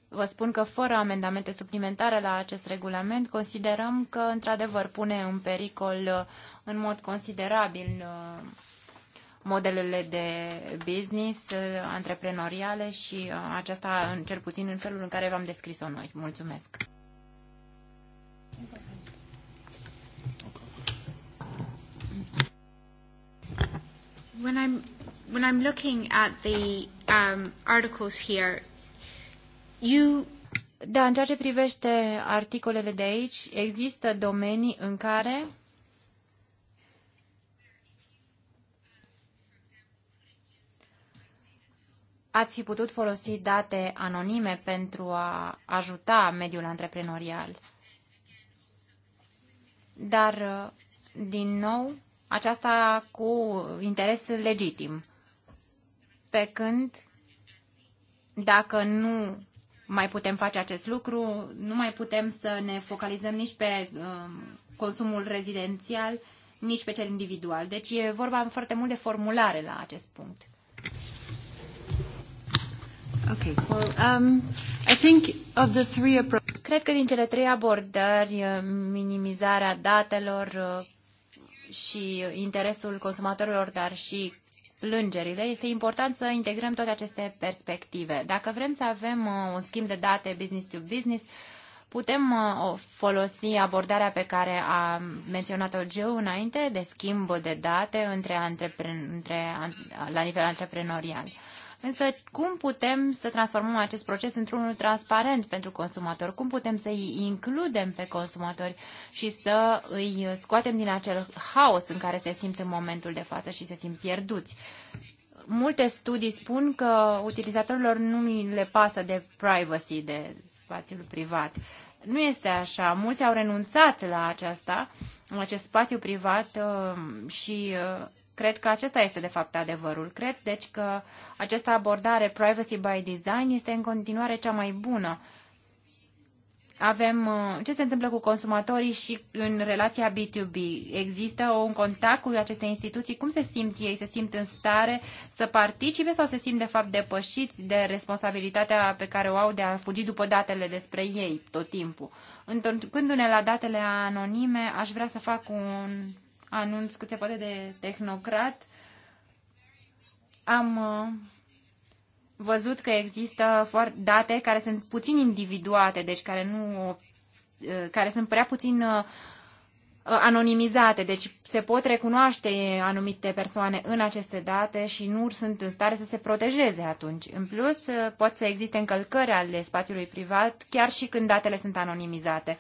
vă spun că fără amendamente suplimentare la acest regulament, considerăm că într-adevăr pune în pericol uh, în mod considerabil uh, modelele de business antreprenoriale și aceasta în cel puțin în felul în care v-am descris-o noi. Mulțumesc! When I'm when I'm looking at the um, articles here, you da, în ceea ce privește articolele de aici, există domenii în care ați fi putut folosi date anonime pentru a ajuta mediul antreprenorial dar din nou aceasta cu interes legitim. Pe când dacă nu mai putem face acest lucru, nu mai putem să ne focalizăm nici pe um, consumul rezidențial, nici pe cel individual. Deci e vorba foarte mult de formulare la acest punct. Okay. Well, um, I think of the three Cred că din cele trei abordări, uh, minimizarea datelor uh, și interesul consumatorilor, dar și plângerile, este important să integrăm toate aceste perspective. Dacă vrem să avem uh, un schimb de date business to business, putem folosi abordarea pe care a menționat-o Joe înainte de schimb de date între, între la nivel antreprenorial. Însă cum putem să transformăm acest proces într-unul transparent pentru consumatori? Cum putem să îi includem pe consumatori și să îi scoatem din acel haos în care se simt în momentul de față și se simt pierduți? Multe studii spun că utilizatorilor nu le pasă de privacy, de spațiul privat. Nu este așa. Mulți au renunțat la aceasta, la acest spațiu privat uh, și uh, Cred că acesta este de fapt adevărul. Cred deci că această abordare privacy by design este în continuare cea mai bună. Avem uh, ce se întâmplă cu consumatorii și în relația B2B. Există un contact cu aceste instituții? Cum se simt ei? Se simt în stare să participe sau se simt de fapt depășiți de responsabilitatea pe care o au de a fugi după datele despre ei tot timpul? Întorcându-ne la datele anonime, aș vrea să fac un anunț cât se poate de tehnocrat, am uh, văzut că există date care sunt puțin individuate, deci care nu uh, care sunt prea puțin uh, anonimizate, deci se pot recunoaște anumite persoane în aceste date și nu sunt în stare să se protejeze atunci. În plus, pot să existe încălcări ale spațiului privat chiar și când datele sunt anonimizate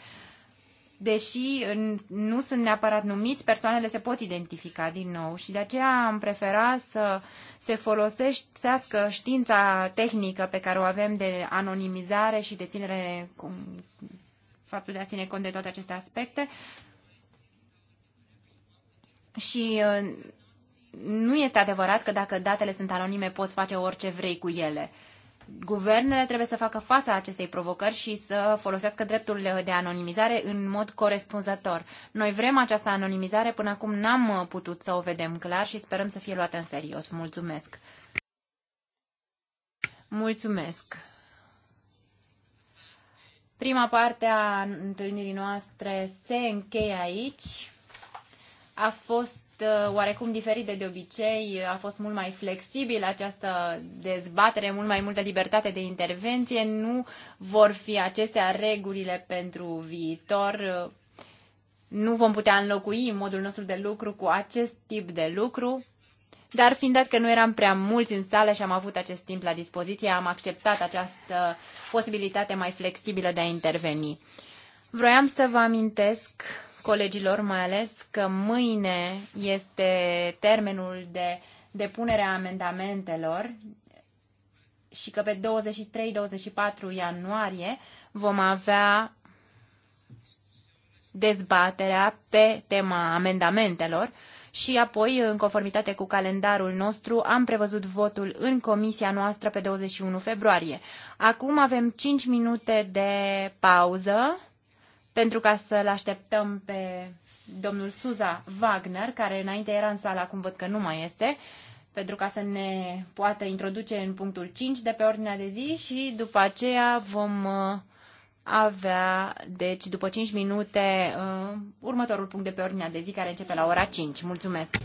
deși nu sunt neapărat numiți, persoanele se pot identifica din nou și de aceea am prefera să se folosească știința tehnică pe care o avem de anonimizare și de ținere, faptul de a ține cont de toate aceste aspecte. Și uh, nu este adevărat că dacă datele sunt anonime poți face orice vrei cu ele. Uh, Guvernele trebuie să facă fața acestei provocări și să folosească dreptul de anonimizare în mod corespunzător. Noi vrem această anonimizare, până acum n-am uh, putut să o vedem clar și sperăm să fie luată în serios. Mulțumesc! Mulțumesc! Prima parte a întâlnirii noastre se încheie aici. A fost Uh, oarecum diferit de de obicei, a fost mult mai flexibil această dezbatere, mult mai multă libertate de intervenție. Nu vor fi acestea regulile pentru viitor. Nu vom putea înlocui modul nostru de lucru cu acest tip de lucru. Dar fiind dat că nu eram prea mulți în sală și am avut acest timp la dispoziție, am acceptat această posibilitate mai flexibilă de a interveni. Vroiam să vă amintesc colegilor, mai ales că mâine este termenul de depunere a amendamentelor și că pe 23-24 ianuarie vom avea dezbaterea pe tema amendamentelor și apoi, în conformitate cu calendarul nostru, am prevăzut votul în comisia noastră pe 21 februarie. Acum avem 5 minute de pauză pentru ca să-l așteptăm pe domnul Suza Wagner, care înainte era în sala, acum văd că nu mai este, pentru ca să ne poată introduce în punctul 5 de pe ordinea de zi și după aceea vom uh, avea, deci după 5 minute, uh, următorul punct de pe ordinea de zi care începe la ora 5. Mulțumesc!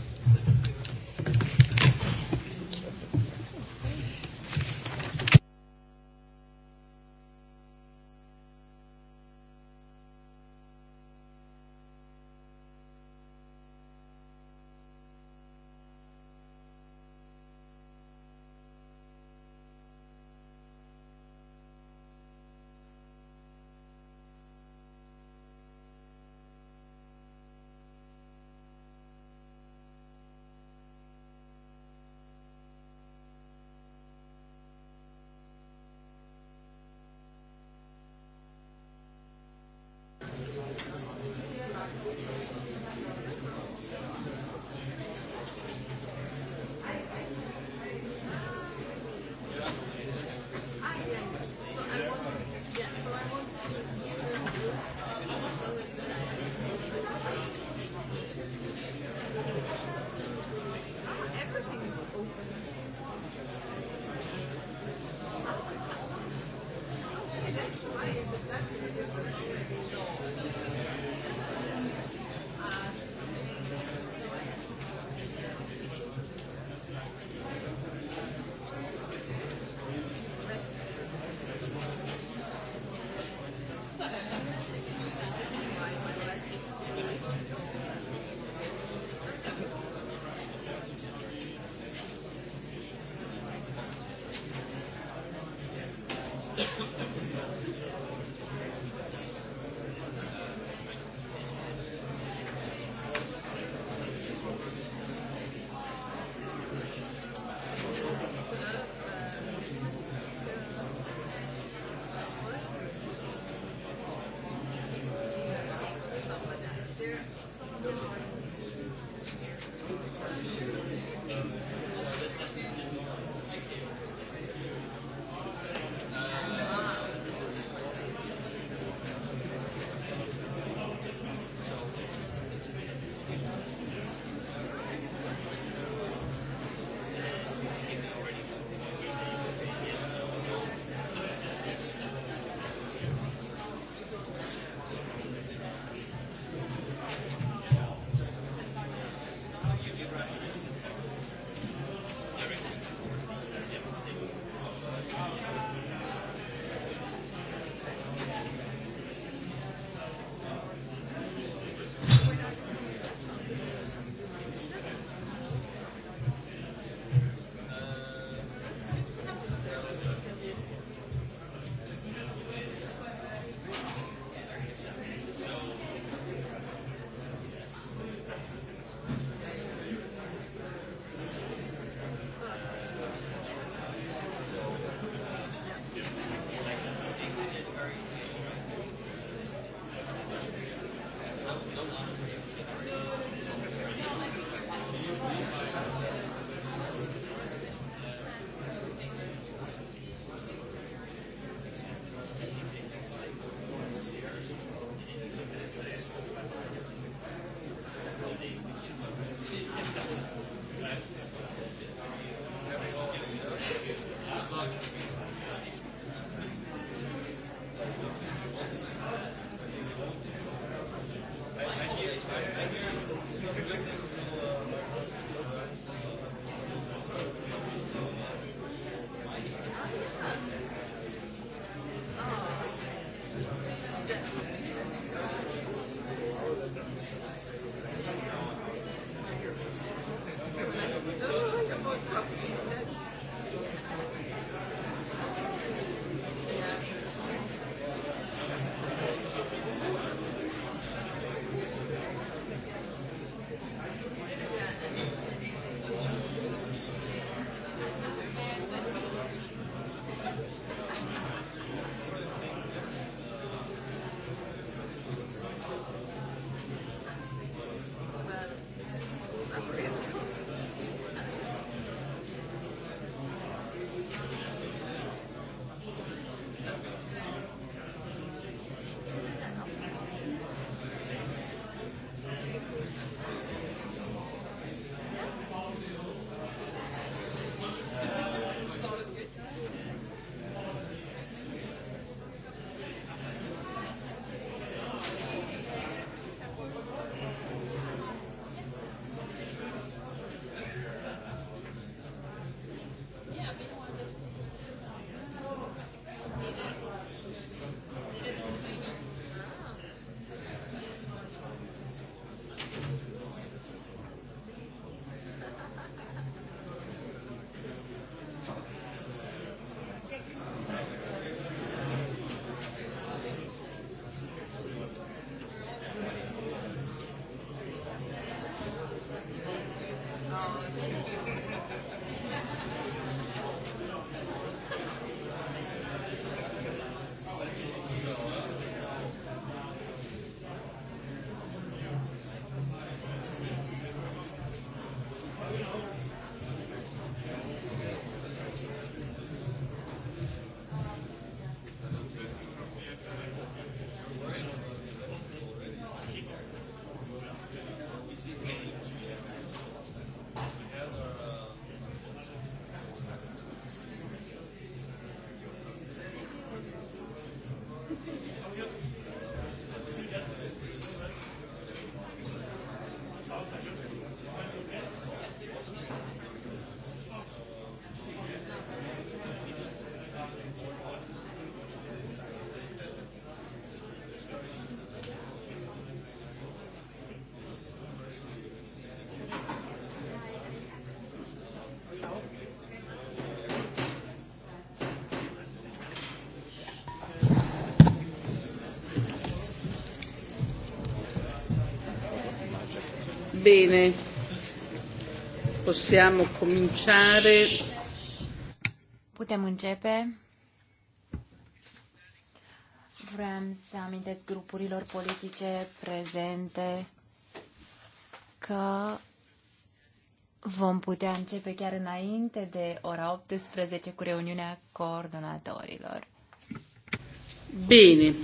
Bene, possiamo cominciare. Putem începe. Vreau să amintesc grupurilor politice prezente că vom putea începe chiar înainte de ora 18 cu reuniunea coordonatorilor. Bine,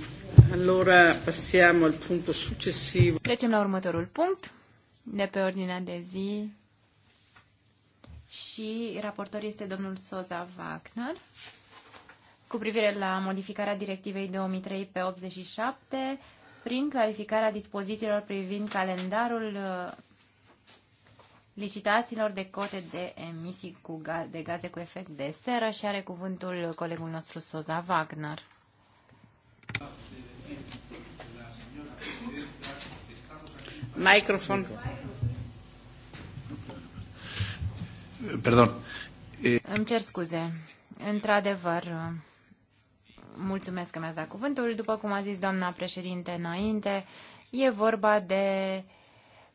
allora passiamo al punto successivo. Trecem la următorul punct de pe ordinea de zi și raportor este domnul Soza Wagner cu privire la modificarea directivei 2003 pe 87 prin clarificarea dispozițiilor privind calendarul uh, licitațiilor de cote de emisii cu ga- de gaze cu efect de seră și are cuvântul colegul nostru Soza Wagner. Microfon. Perdon. Îmi cer scuze. Într-adevăr, mulțumesc că mi-ați dat cuvântul. După cum a zis doamna președinte înainte, e vorba de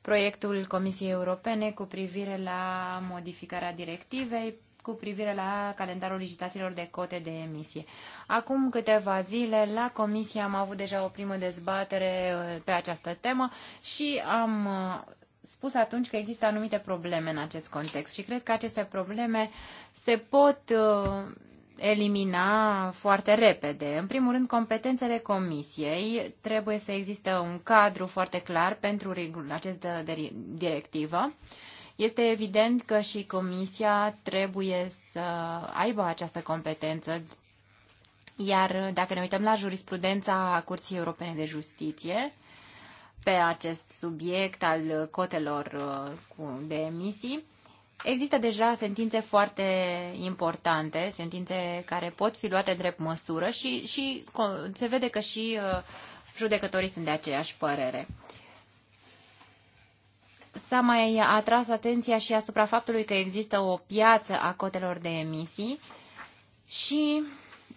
proiectul Comisiei Europene cu privire la modificarea directivei cu privire la calendarul licitațiilor de cote de emisie. Acum câteva zile, la comisie am avut deja o primă dezbatere uh, pe această temă și am uh, spus atunci că există anumite probleme în acest context și cred că aceste probleme se pot uh, elimina foarte repede. În primul rând, competențele comisiei. Trebuie să existe un cadru foarte clar pentru această directivă. Este evident că și comisia trebuie să aibă această competență iar dacă ne uităm la jurisprudența Curții Europene de Justiție, pe acest subiect al cotelor uh, de emisii. Există deja sentințe foarte importante, sentințe care pot fi luate drept măsură și, și se vede că și uh, judecătorii sunt de aceeași părere. S-a mai atras atenția și asupra faptului că există o piață a cotelor de emisii și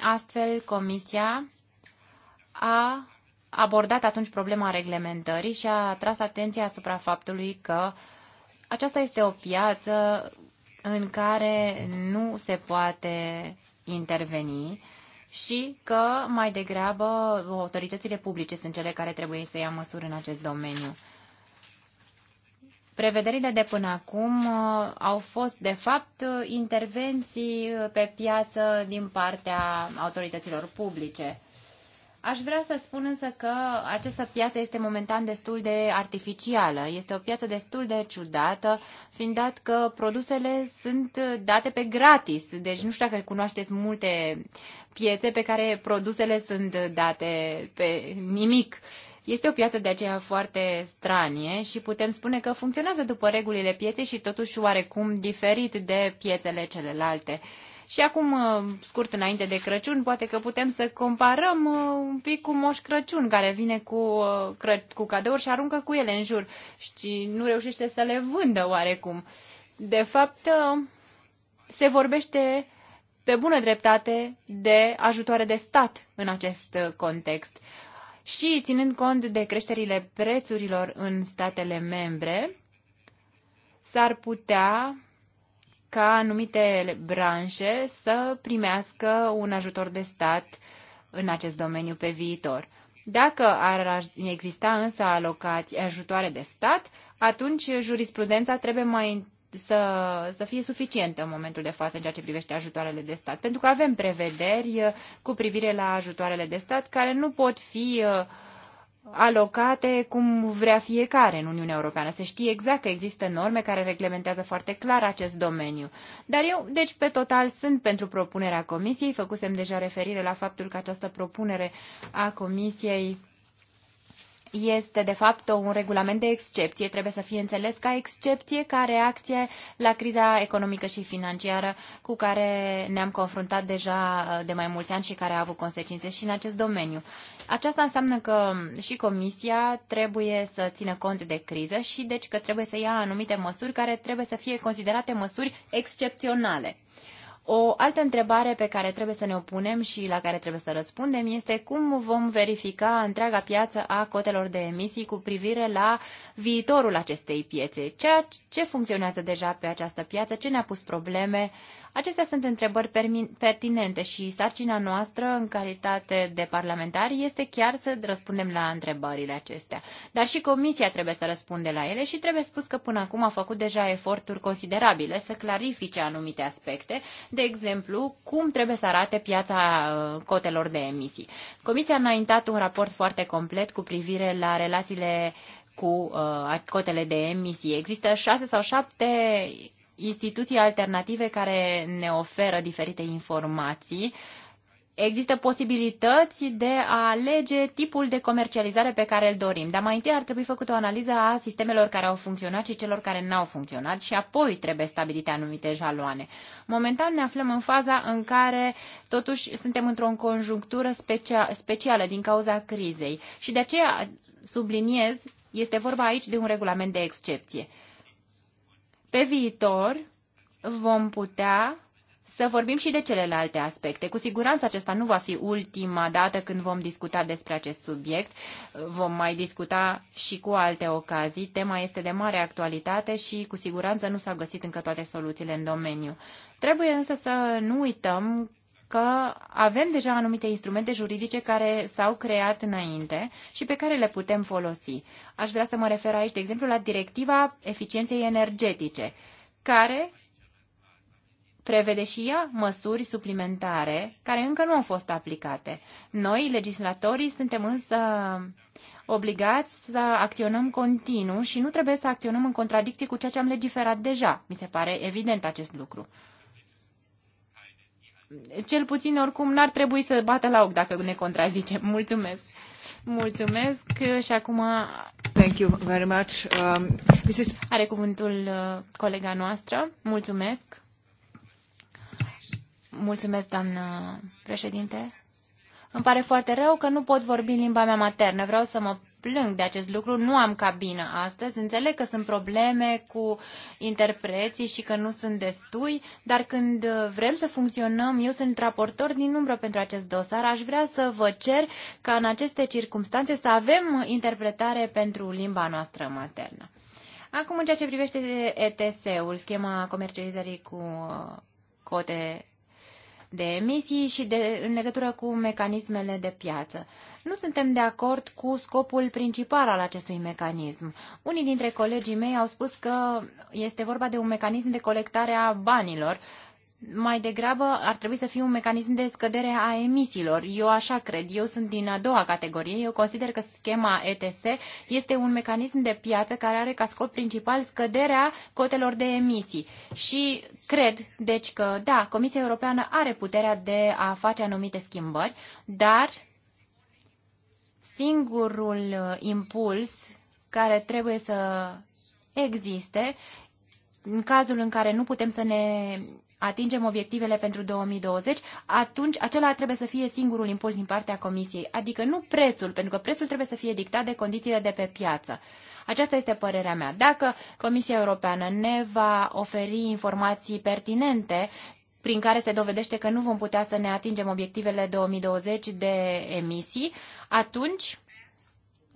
astfel Comisia a abordat atunci problema reglementării și a tras atenția asupra faptului că aceasta este o piață în care nu se poate interveni și că mai degrabă autoritățile publice sunt cele care trebuie să ia măsuri în acest domeniu. Prevederile de până acum uh, au fost, de fapt, uh, intervenții uh, pe piață din partea autorităților publice. Aș vrea să spun însă că această piață este momentan destul de artificială. Este o piață destul de ciudată, fiind dat că produsele sunt date pe gratis. Deci nu știu dacă cunoașteți multe piețe pe care produsele sunt date pe nimic. Este o piață de aceea foarte stranie și putem spune că funcționează după regulile pieței și totuși oarecum diferit de piețele celelalte. Uh, și acum, uh, scurt înainte de Crăciun, poate că putem să comparăm uh, un pic cu Moș Crăciun, care vine cu, uh, cu cadouri și aruncă cu ele în jur și nu reușește să le vândă oarecum. De fapt, se vorbește pe bună dreptate de ajutoare de stat în acest context. Și ținând cont de creșterile prețurilor în statele membre, s-ar putea ca anumite branșe să primească un ajutor de stat în acest domeniu pe viitor. Dacă ar exista însă alocați ajutoare de stat, atunci jurisprudența trebuie mai să, să fie suficientă în momentul de față în ceea ce privește ajutoarele de stat, pentru că avem prevederi cu privire la ajutoarele de stat care nu pot fi uh, alocate cum vrea fiecare în Uniunea Europeană. Se știe exact că există norme care reglementează foarte clar acest domeniu. Dar eu, deci, pe total, sunt pentru propunerea Comisiei. Făcusem deja referire la faptul că această propunere a Comisiei este de fapt un regulament de excepție, trebuie să fie înțeles ca excepție, ca reacție la criza economică și financiară cu care ne-am confruntat deja uh, de mai mulți ani și care a avut consecințe și în acest domeniu. Aceasta înseamnă că și Comisia trebuie să țină cont de criză și deci că trebuie să ia anumite măsuri care trebuie să fie considerate măsuri excepționale. O altă întrebare pe care trebuie să ne opunem și la care trebuie să răspundem este cum vom verifica întreaga piață a cotelor de emisii cu privire la viitorul acestei piețe. Ceea ce funcționează deja pe această piață, ce ne-a pus probleme, Acestea sunt întrebări pertinente și sarcina noastră în calitate de parlamentari este chiar să răspundem la întrebările acestea. Dar și Comisia trebuie să răspunde la ele și trebuie spus că până acum a făcut deja eforturi considerabile să clarifice anumite aspecte, de exemplu, cum trebuie să arate piața uh, cotelor de emisii. Comisia a înaintat un raport foarte complet cu privire la relațiile cu uh, cotele de emisii. Există șase sau șapte instituții alternative care ne oferă diferite informații. Există posibilități de a alege tipul de comercializare pe care îl dorim, dar mai întâi ar trebui făcută o analiză a sistemelor care au funcționat și celor care n-au funcționat și apoi trebuie stabilite anumite jaloane. Momentan ne aflăm în faza în care totuși suntem într-o conjunctură specia- specială din cauza crizei și de aceea subliniez, este vorba aici de un regulament de excepție. Pe viitor vom putea să vorbim și de celelalte aspecte. Cu siguranță acesta nu va fi ultima dată când vom discuta despre acest subiect. Vom mai discuta și cu alte ocazii. Tema este de mare actualitate și cu siguranță nu s-au găsit încă toate soluțiile în domeniu. Trebuie însă să nu uităm că avem deja anumite instrumente juridice care s-au creat înainte și pe care le putem folosi. Aș vrea să mă refer aici, de exemplu, la directiva eficienței energetice, care prevede și ea măsuri suplimentare care încă nu au fost aplicate. Noi, legislatorii, suntem însă obligați să acționăm continuu și nu trebuie să acționăm în contradicție cu ceea ce am legiferat deja. Mi se pare evident acest lucru cel puțin oricum n-ar trebui să bată la ochi dacă ne contrazice. Mulțumesc! Mulțumesc și acum Thank you very much. Um, this is... are cuvântul uh, colega noastră. Mulțumesc! Mulțumesc, doamnă președinte! Îmi pare foarte rău că nu pot vorbi în limba mea maternă. Vreau să mă plâng de acest lucru. Nu am cabină astăzi. Înțeleg că sunt probleme cu interpreții și că nu sunt destui, dar când vrem să funcționăm, eu sunt raportor din umbră pentru acest dosar. Aș vrea să vă cer ca în aceste circunstanțe să avem interpretare pentru limba noastră maternă. Acum, în ceea ce privește ETS-ul, schema comercializării cu cote de emisii și de, în legătură cu mecanismele de piață. Nu suntem de acord cu scopul principal al acestui mecanism. Unii dintre colegii mei au spus că este vorba de un mecanism de colectare a banilor mai degrabă ar trebui să fie un mecanism de scădere a emisiilor. Eu așa cred. Eu sunt din a doua categorie. Eu consider că schema ETS este un mecanism de piață care are ca scop principal scăderea cotelor de emisii. Și cred, deci, că da, Comisia Europeană are puterea de a face anumite schimbări, dar singurul uh, impuls care trebuie să existe în cazul în care nu putem să ne atingem obiectivele pentru 2020, atunci acela trebuie să fie singurul impuls din partea Comisiei, adică nu prețul, pentru că prețul trebuie să fie dictat de condițiile de pe piață. Aceasta este părerea mea. Dacă Comisia Europeană ne va oferi informații pertinente prin care se dovedește că nu vom putea să ne atingem obiectivele 2020 de emisii, atunci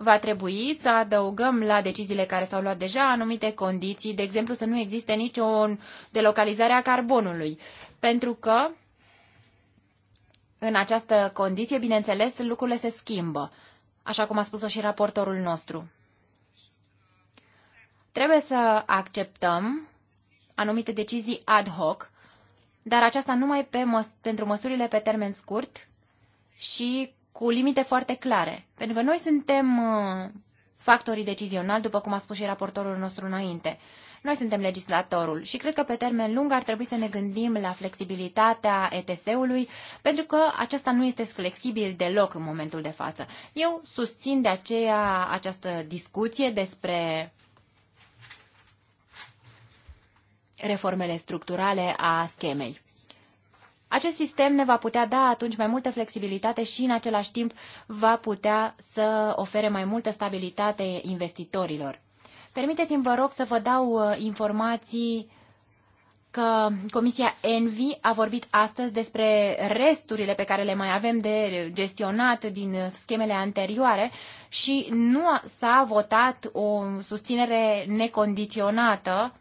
va trebui să adăugăm la deciziile care s-au luat deja anumite condiții, de exemplu să nu existe nicio delocalizare a carbonului, pentru că în această condiție, bineînțeles, lucrurile se schimbă, așa cum a spus-o și raportorul nostru. Trebuie să acceptăm anumite decizii ad hoc, dar aceasta numai pe măs- pentru măsurile pe termen scurt și cu limite foarte clare. Pentru că noi suntem uh, factorii decizionali, după cum a spus și raportorul nostru înainte. Noi suntem legislatorul și cred că pe termen lung ar trebui să ne gândim la flexibilitatea ETS-ului, pentru că acesta nu este flexibil deloc în momentul de față. Eu susțin de aceea această discuție despre reformele structurale a schemei. Acest sistem ne va putea da atunci mai multă flexibilitate și în același timp va putea să ofere mai multă stabilitate investitorilor. Permiteți-mi, vă rog, să vă dau uh, informații că Comisia Envi a vorbit astăzi despre resturile pe care le mai avem de gestionat din schemele anterioare și nu s-a votat o susținere necondiționată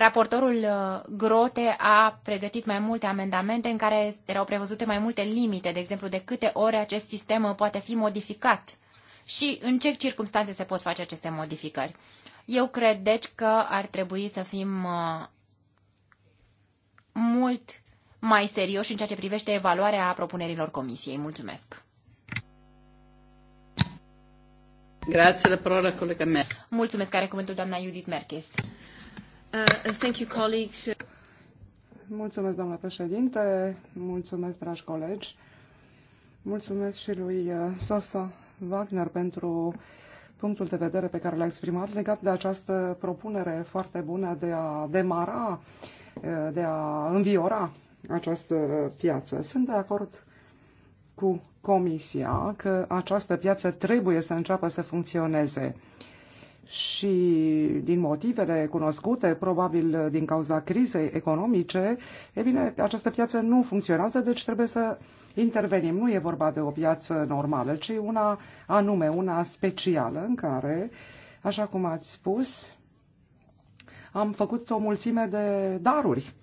Raportorul uh, Grote a pregătit mai multe amendamente în care erau prevăzute mai multe limite, de exemplu de câte ore acest sistem uh, poate fi modificat și în ce circunstanțe se pot face aceste modificări. Eu cred, deci, că ar trebui să fim uh, mult mai serioși în ceea ce privește evaluarea propunerilor Comisiei. Mulțumesc! Grazie, la parola colega mea. Mulțumesc, are cuvântul doamna Judith Merkies. Uh, mulțumesc, doamnă președinte, mulțumesc, dragi colegi, mulțumesc și lui uh, Sosa Wagner pentru punctul de vedere pe care l-a exprimat legat de această propunere foarte bună de a demara, uh, de a înviora această piață. Sunt de acord cu Comisia că această piață trebuie să înceapă să funcționeze și din motivele cunoscute, probabil din cauza crizei economice, e bine, această piață nu funcționează, deci trebuie să intervenim. Nu e vorba de o piață normală, ci una anume, una specială în care, așa cum ați spus, am făcut o mulțime de daruri,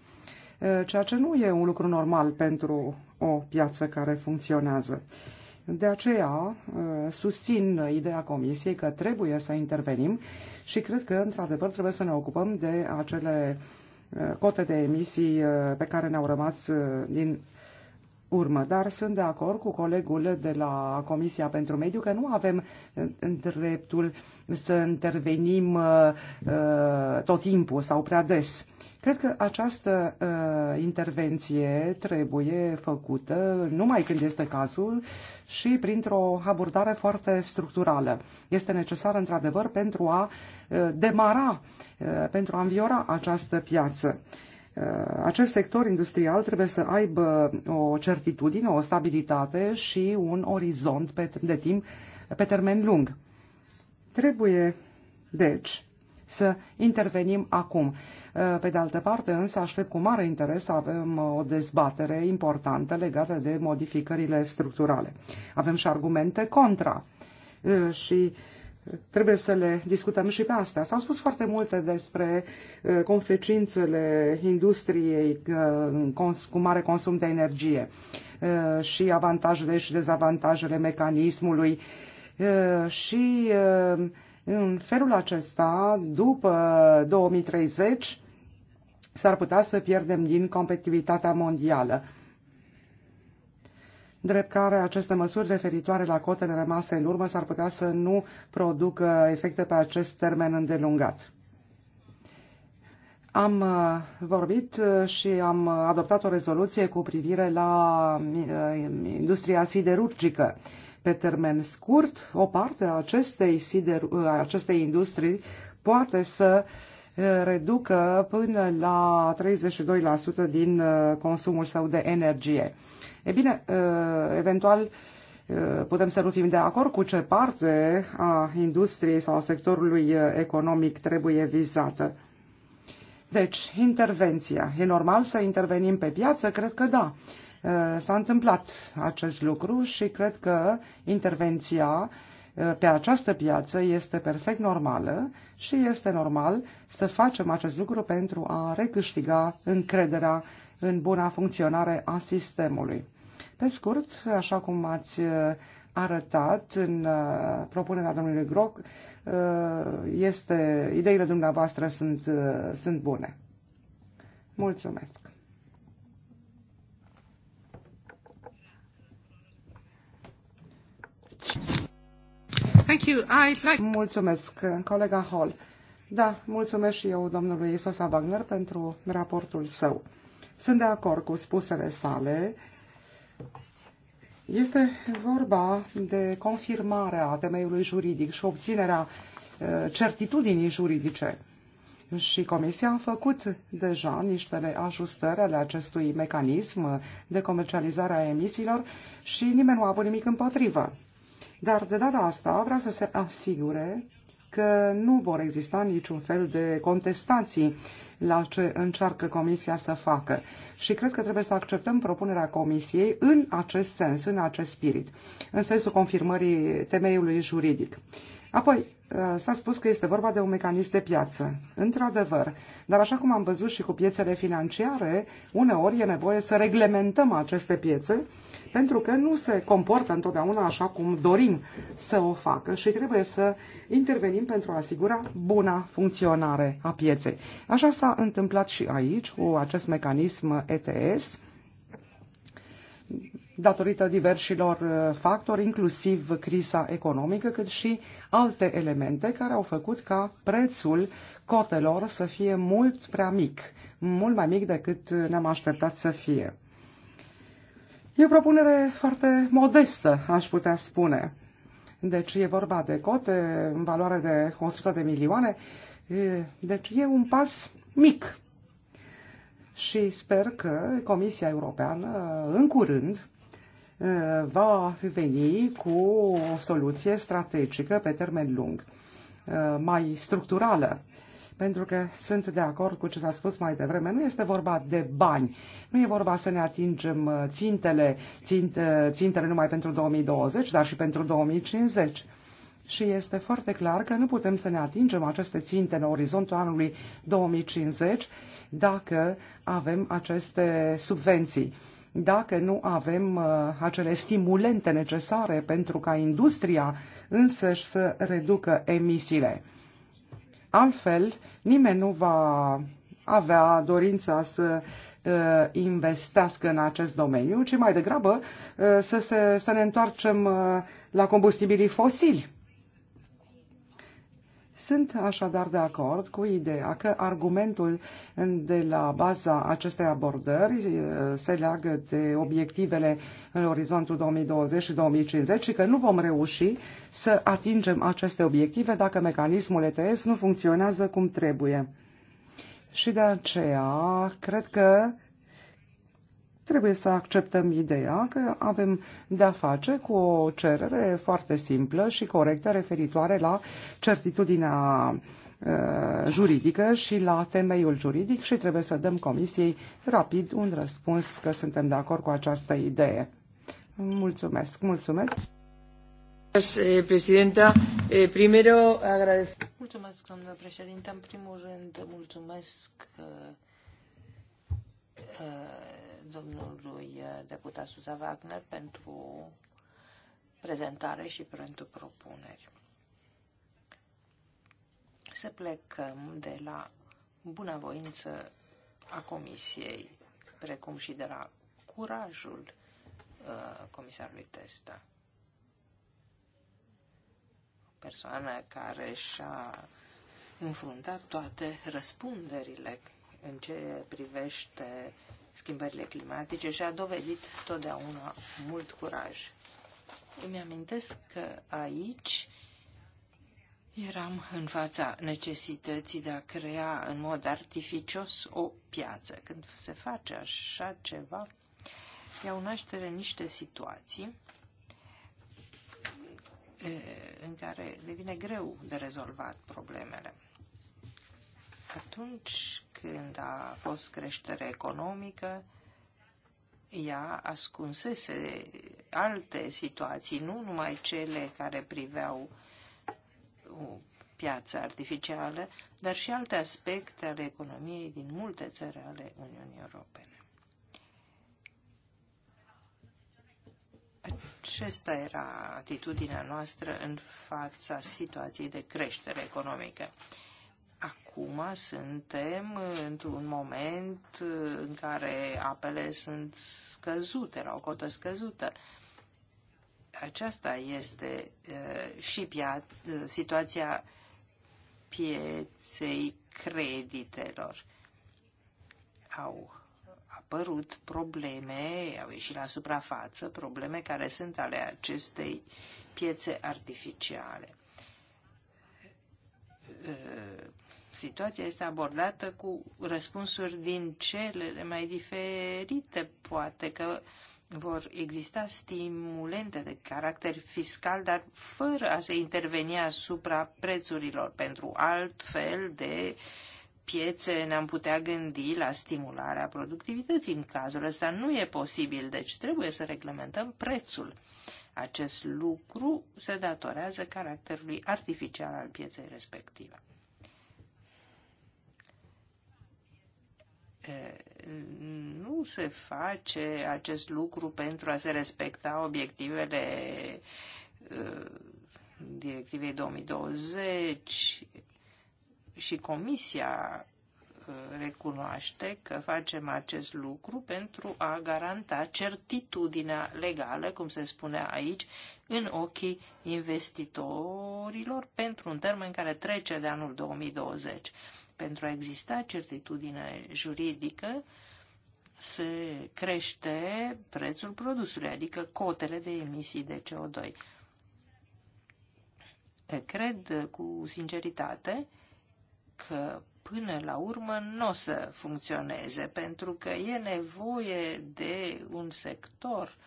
ceea ce nu e un lucru normal pentru o piață care funcționează. De aceea uh, susțin ideea Comisiei că trebuie să intervenim și cred că, într-adevăr, trebuie să ne ocupăm de acele uh, cote de emisii uh, pe care ne-au rămas din urmă, dar sunt de acord cu colegul de la Comisia pentru Mediu că nu avem dreptul să intervenim uh, uh, tot timpul sau prea des. Cred că această uh, intervenție trebuie făcută numai când este cazul și printr-o abordare foarte structurală. Este necesar, într-adevăr, pentru a uh, demara, uh, pentru a înviora această piață. Uh, Uh, acest sector industrial trebuie să aibă o certitudine, o stabilitate și un orizont de timp pe termen lung. Trebuie, deci, să intervenim acum. Uh, pe de altă parte, însă, aștept cu mare interes să avem o dezbatere importantă legată de modificările structurale. Avem și argumente contra uh, și uh, trebuie să le discutăm și pe astea. S-au spus foarte multe despre uh, consecințele industriei uh, cu mare consum de energie uh, și avantajele și dezavantajele mecanismului și în felul acesta, după 2030, s-ar putea să pierdem din competitivitatea mondială drept care aceste măsuri referitoare la cotele rămase în urmă s-ar putea să nu producă efecte pe acest termen îndelungat. Am uh, vorbit uh, și am adoptat o rezoluție cu privire la uh, industria siderurgică. Pe termen scurt, o parte a acestei, sider, acestei industrii poate să reducă până la 32% din consumul său de energie. E bine, uh, eventual uh, putem să nu fim de acord cu ce parte a industriei sau a sectorului uh, economic trebuie vizată. Deci, intervenția. E normal să intervenim pe piață? Cred că da. S-a întâmplat acest lucru și cred că intervenția pe această piață este perfect normală și este normal să facem acest lucru pentru a recâștiga încrederea în buna funcționare a sistemului. Pe scurt, așa cum ați uh, arătat în uh, propunerea domnului Groc, uh, este, ideile dumneavoastră sunt, sunt bune. Mulțumesc! Thank you. I'd like... Mulțumesc, colega Hall. Da, mulțumesc și eu domnului Sosa Wagner pentru raportul său. Sunt de acord cu spusele sale uh, este vorba de confirmarea temeiului juridic și obținerea certitudinii juridice. Și Comisia a făcut deja niște ajustări ale acestui mecanism de comercializare a emisiilor și nimeni nu a avut nimic împotrivă. Dar de data asta vrea să se asigure că nu vor exista niciun fel de contestații la ce încearcă Comisia să facă. Și cred că trebuie să acceptăm propunerea Comisiei în acest sens, în acest spirit, în sensul confirmării temeiului juridic. Apoi, uh, s-a spus că este vorba de un mecanism de piață. Într-adevăr, dar așa cum am văzut și cu piețele financiare, uneori e nevoie să reglementăm aceste piețe pentru că nu se comportă întotdeauna așa cum dorim să o facă și trebuie să intervenim pentru a asigura buna funcționare a pieței. Așa s-a întâmplat și aici cu acest mecanism ETS, datorită diversilor uh, factori, inclusiv criza economică, cât și alte elemente care au făcut ca prețul cotelor să fie mult prea mic, mult mai mic decât ne-am așteptat să fie. E o propunere foarte modestă, aș putea spune. Deci e vorba de cote în valoare de 100 de milioane, deci e un pas mic și sper că Comisia Europeană în curând Eh, va veni cu o soluție strategică pe termen lung, eh, mai structurală. Pentru că sunt de acord cu ce s-a spus mai devreme. Nu este vorba de bani. Nu e vorba să ne atingem eh, țintele, țint, țintele numai pentru 2020, dar și pentru 2050 și este foarte clar că nu putem să ne atingem aceste ținte în orizontul anului 2050 dacă avem aceste subvenții dacă nu avem uh, acele stimulente necesare pentru ca industria însăși să reducă emisiile. Altfel, nimeni nu va avea dorința să uh, investească în acest domeniu, ci mai degrabă uh, să, se, să ne întoarcem la combustibilii fosili. Sunt așadar de acord cu ideea că argumentul de la baza acestei abordări se leagă de obiectivele în orizontul 2020 și 2050 și că nu vom reuși să atingem aceste obiective dacă mecanismul ETS nu funcționează cum trebuie. Și de aceea cred că trebuie să acceptăm ideea că avem de-a face cu o cerere foarte simplă și corectă referitoare la certitudinea uh, juridică și la temeiul juridic și trebuie să dăm comisiei rapid un răspuns că suntem de acord cu această idee. Mulțumesc, mulțumesc. Eh, presidenta, eh, primero agradezco. Mulțumesc, domnule președinte. În primul rând, mulțumesc uh, domnului eh, deputat Suza Wagner pentru prezentare și pentru propuneri. Să plecăm de la bunăvoință a Comisiei, precum și de la curajul uh, comisarului Testa. O persoană care și-a înfruntat toate răspunderile în ce privește schimbările climatice și a dovedit totdeauna mult curaj. Îmi amintesc că aici eram în fața necesității de a crea în mod artificios o piață. Când se face așa ceva, iau naștere niște situații în care devine greu de rezolvat problemele. Atunci când a fost creștere economică, ea ascunsese alte situații, nu numai cele care priveau piața artificială, dar și alte aspecte ale economiei din multe țări ale Uniunii Europene. Acesta era atitudinea noastră în fața situației de creștere economică. Acum suntem într-un moment în care apele sunt scăzute, la o cotă scăzută. Aceasta este eh, și eh, situația pieței creditelor. Au apărut probleme, au ieșit la suprafață probleme care sunt ale acestei piețe artificiale. Eh, situația este abordată cu răspunsuri din cele mai diferite, poate că vor exista stimulente de caracter fiscal, dar fără a se interveni asupra prețurilor, pentru altfel de piețe ne-am putea gândi la stimularea productivității. În cazul ăsta nu e posibil, deci trebuie să reglementăm prețul. Acest lucru se datorează caracterului artificial al pieței respective. Mm, nu se face acest lucru pentru a se respecta obiectivele uh, Directivei 2020 și Comisia uh, recunoaște că facem acest lucru pentru a garanta certitudinea legală, cum se spune aici, în ochii investitorilor pentru un termen care trece de anul 2020 pentru a exista certitudine juridică, se crește prețul produsului, adică cotele de emisii de CO2. Cred cu sinceritate că până la urmă nu o să funcționeze, pentru că e nevoie de un sector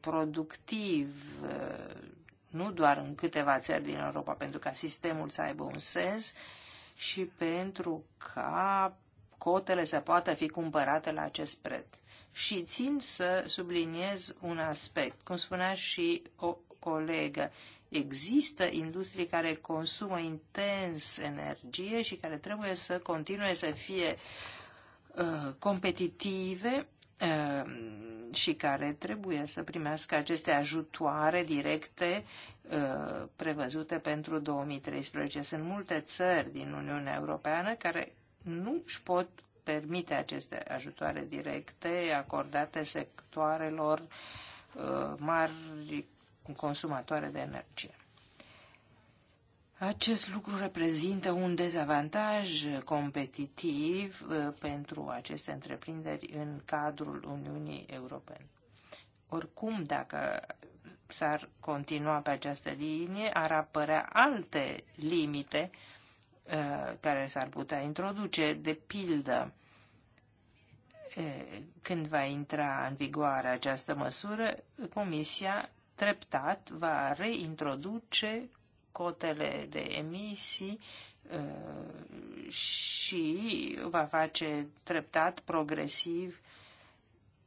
productiv, nu doar în câteva țări din Europa, pentru ca sistemul să aibă un sens, și pentru ca cotele să poată fi cumpărate la acest preț. Și țin să subliniez un aspect. Cum spunea și o colegă, există industrii care consumă intens energie și care trebuie să continue să fie uh, competitive Ehm, și care trebuie să primească aceste ajutoare directe ehm, prevăzute pentru 2013. Sunt multe țări din Uniunea Europeană care nu își pot permite aceste ajutoare directe acordate sectoarelor ehm, mari consumatoare de energie. Acest lucru reprezintă un dezavantaj competitiv uh, pentru aceste întreprinderi în cadrul Uniunii Europene. Oricum, dacă s-ar continua pe această linie, ar apărea alte limite uh, care s-ar putea introduce, de pildă, uh, când va intra în vigoare această măsură, Comisia treptat va reintroduce cotele de emisii uh, și va face treptat, progresiv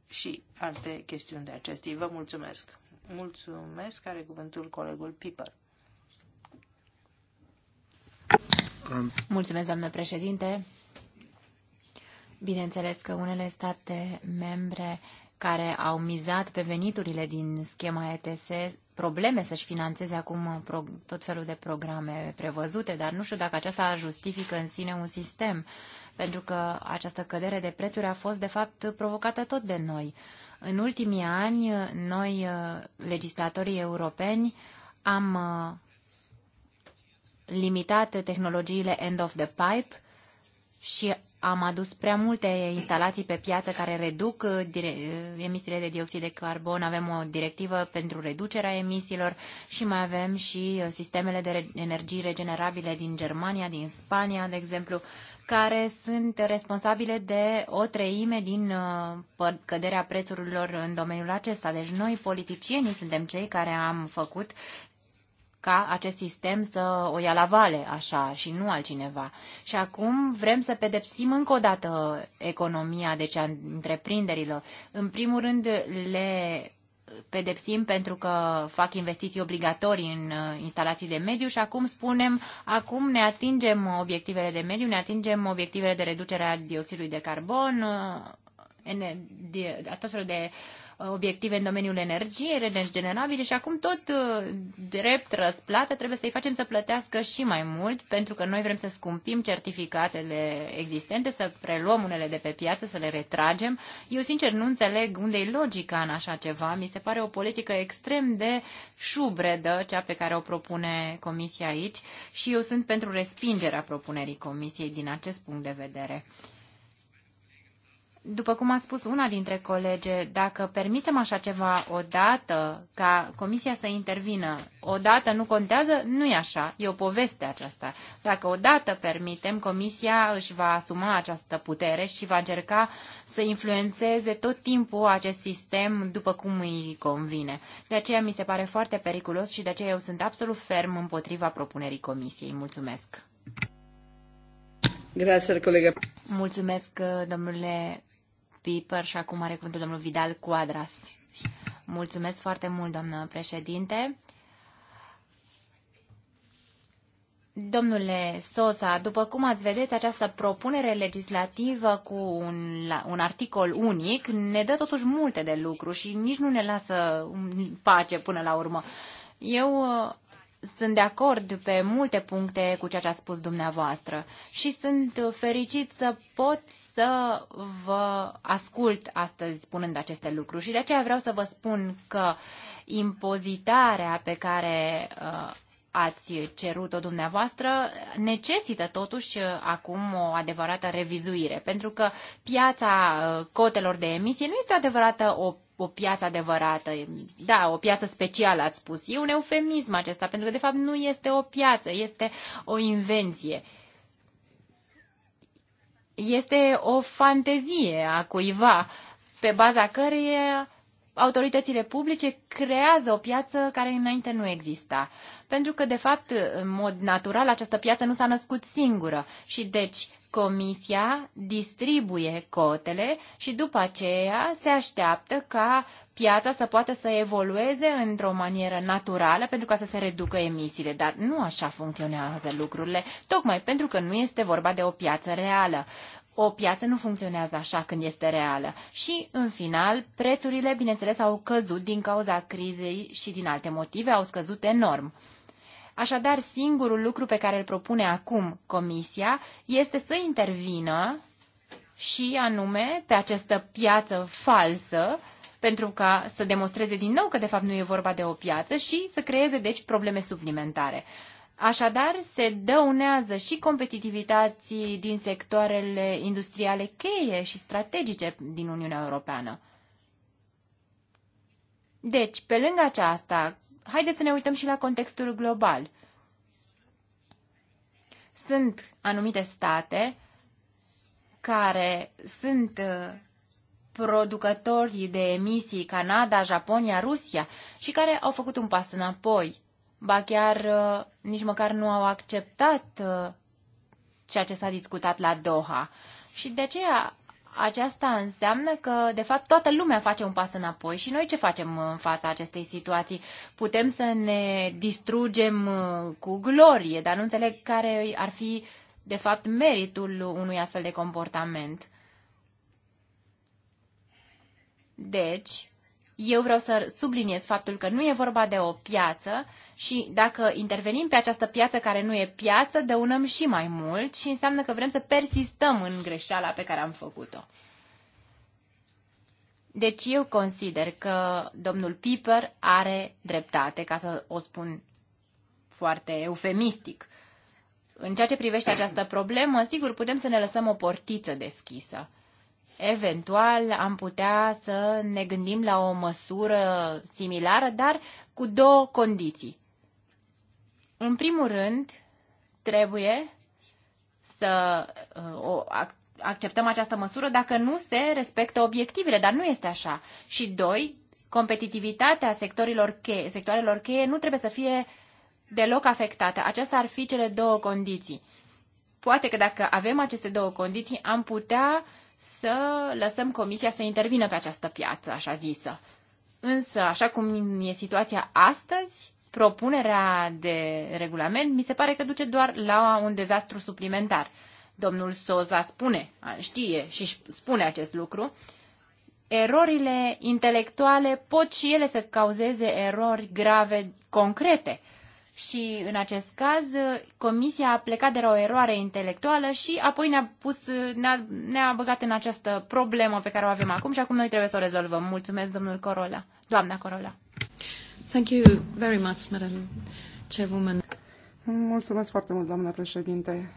și alte chestiuni de acest tip. Vă mulțumesc! Mulțumesc, are cuvântul colegul Piper. Um. Mulțumesc, doamnă președinte. Bineînțeles că unele state membre care au mizat pe veniturile din schema ETS probleme să-și financeze acum uh, tot felul de programe prevăzute, dar nu știu dacă aceasta justifică în sine un sistem, pentru că această cădere de prețuri a fost, de fapt, provocată tot de noi. În ultimii ani, uh, noi, uh, legislatorii europeni, am limitat tehnologiile end of the pipe și am adus prea multe instalații pe piață care reduc uh, uh, emisiile de dioxid de carbon, avem o directivă pentru reducerea emisiilor și mai avem și uh, sistemele de energii regenerabile din Germania, din Spania, de exemplu, care sunt responsabile de o treime din căderea prețurilor în domeniul acesta. Deci noi, politicienii, suntem cei care am făcut ca acest sistem să o ia la vale, așa, și nu altcineva. Și acum vrem să pedepsim încă o dată economia, deci a întreprinderilor. În primul rând le pedepsim pentru că fac investiții obligatorii în uh, instalații de mediu și acum spunem, acum ne atingem obiectivele de mediu, ne atingem obiectivele de reducere a dioxidului de carbon, uh, de, de, de de obiective în domeniul energiei regenerabile și acum tot uh, drept răsplată trebuie să-i facem să plătească și mai mult pentru că noi vrem să scumpim certificatele existente, să preluăm unele de pe piață, să le retragem. Eu sincer nu înțeleg unde e logica în așa ceva. Mi se pare o politică extrem de șubredă cea pe care o propune Comisia aici și eu sunt pentru respingerea propunerii Comisiei din acest punct de vedere. După cum a spus una dintre colege, dacă permitem așa ceva odată ca comisia să intervină, odată nu contează, nu e așa, e o poveste aceasta. Dacă odată permitem, comisia își va asuma această putere și va încerca să influențeze tot timpul acest sistem după cum îi convine. De aceea mi se pare foarte periculos și de aceea eu sunt absolut ferm împotriva propunerii comisiei. Mulțumesc! Grazie, colega. Mulțumesc, domnule Piper și acum are cuvântul domnul Vidal Cuadras. Mulțumesc foarte mult, doamnă președinte. Domnule Sosa, după cum ați vedeți, această propunere legislativă cu un, un articol unic ne dă totuși multe de lucru și nici nu ne lasă pace până la urmă. Eu sunt de acord pe multe puncte cu ceea ce a spus dumneavoastră și sunt fericit să pot să vă ascult astăzi spunând aceste lucruri și de aceea vreau să vă spun că impozitarea pe care uh, ați cerut-o dumneavoastră necesită totuși uh, acum o adevărată revizuire, pentru că piața uh, cotelor de emisie nu este o adevărată o o piață adevărată. Da, o piață specială, ați spus. E un eufemism acesta, pentru că, de fapt, nu este o piață, este o invenție. Este o fantezie a cuiva pe baza căreia autoritățile publice creează o piață care înainte nu exista. Pentru că, de fapt, în mod natural, această piață nu s-a născut singură și, deci, Comisia distribuie cotele și după aceea se așteaptă ca piața să poată să evolueze într-o manieră naturală pentru ca să se reducă emisiile, dar nu așa funcționează lucrurile, tocmai pentru că nu este vorba de o piață reală. O piață nu funcționează așa când este reală. Și, în final, prețurile, bineînțeles, au căzut din cauza crizei și din alte motive, au scăzut enorm. Așadar, singurul lucru pe care îl propune acum Comisia este să intervină și anume pe această piață falsă, pentru ca să demonstreze din nou că de fapt nu e vorba de o piață și să creeze deci probleme suplimentare. Așadar, se dăunează și competitivității din sectoarele industriale cheie și strategice din Uniunea Europeană. Deci, pe lângă aceasta, haideți să ne uităm și la contextul global. Sunt anumite state care sunt uh, producători de emisii, Canada, Japonia, Rusia, și care au făcut un pas înapoi. Ba chiar uh, nici măcar nu au acceptat uh, ceea ce s-a discutat la Doha. Și de aceea aceasta înseamnă că, de fapt, toată lumea face un pas înapoi și noi ce facem în fața acestei situații? Putem să ne distrugem uh, cu glorie, dar nu înțeleg care ar fi, de fapt, meritul unui astfel de comportament. Deci, eu vreau să subliniez faptul că nu e vorba de o piață și dacă intervenim pe această piață care nu e piață, dăunăm și mai mult și înseamnă că vrem să persistăm în greșeala pe care am făcut-o. Deci eu consider că domnul Piper are dreptate, ca să o spun foarte eufemistic. În ceea ce privește această problemă, sigur, putem să ne lăsăm o portiță deschisă eventual am putea să ne gândim la o măsură similară, dar cu două condiții. În primul rând, trebuie să uh, o acceptăm această măsură dacă nu se respectă obiectivele, dar nu este așa. Și doi, competitivitatea sectorilor cheie, sectoarelor cheie nu trebuie să fie deloc afectată. Acestea ar fi cele două condiții. Poate că dacă avem aceste două condiții, am putea uh, să lăsăm Comisia să intervină pe această piață, așa zisă. Însă, așa cum e situația astăzi, propunerea de regulament mi se pare că duce doar la un dezastru suplimentar. Domnul Soza spune, știe și spune acest lucru, erorile intelectuale pot și ele să cauzeze erori grave concrete și în acest caz comisia a plecat de la o eroare intelectuală și apoi ne-a pus, ne-a, ne-a băgat în această problemă pe care o avem acum și acum noi trebuie să o rezolvăm. Mulțumesc, domnul Corola. Doamna Corola. Thank you very much, Madam Chairwoman. Mulțumesc foarte mult, doamna președinte.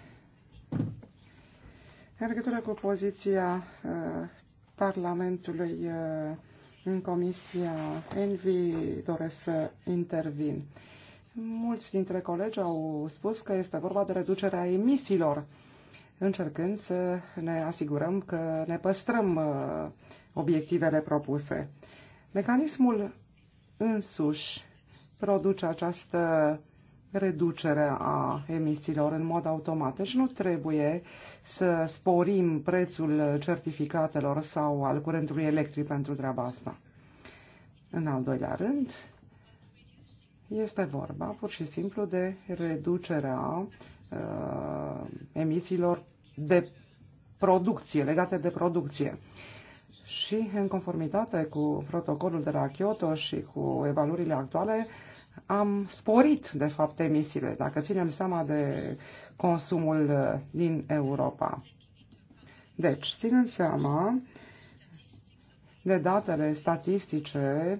În legătură cu poziția uh, Parlamentului uh, în Comisia Envi, doresc să intervin. Uh, Mulți dintre colegi au spus că este vorba de reducerea emisiilor, încercând să ne asigurăm că ne păstrăm uh, obiectivele propuse. Mecanismul însuși produce această reducere a emisiilor în mod automat. Deci nu trebuie să sporim prețul certificatelor sau al curentului electric pentru treaba asta. În al doilea rând, este vorba pur și simplu de reducerea uh, emisiilor de producție, legate de producție. Și în conformitate cu protocolul de la Kyoto și cu evaluările actuale, am sporit, de fapt, emisiile, dacă ținem seama de consumul uh, din Europa. Deci, ținând seama de datele statistice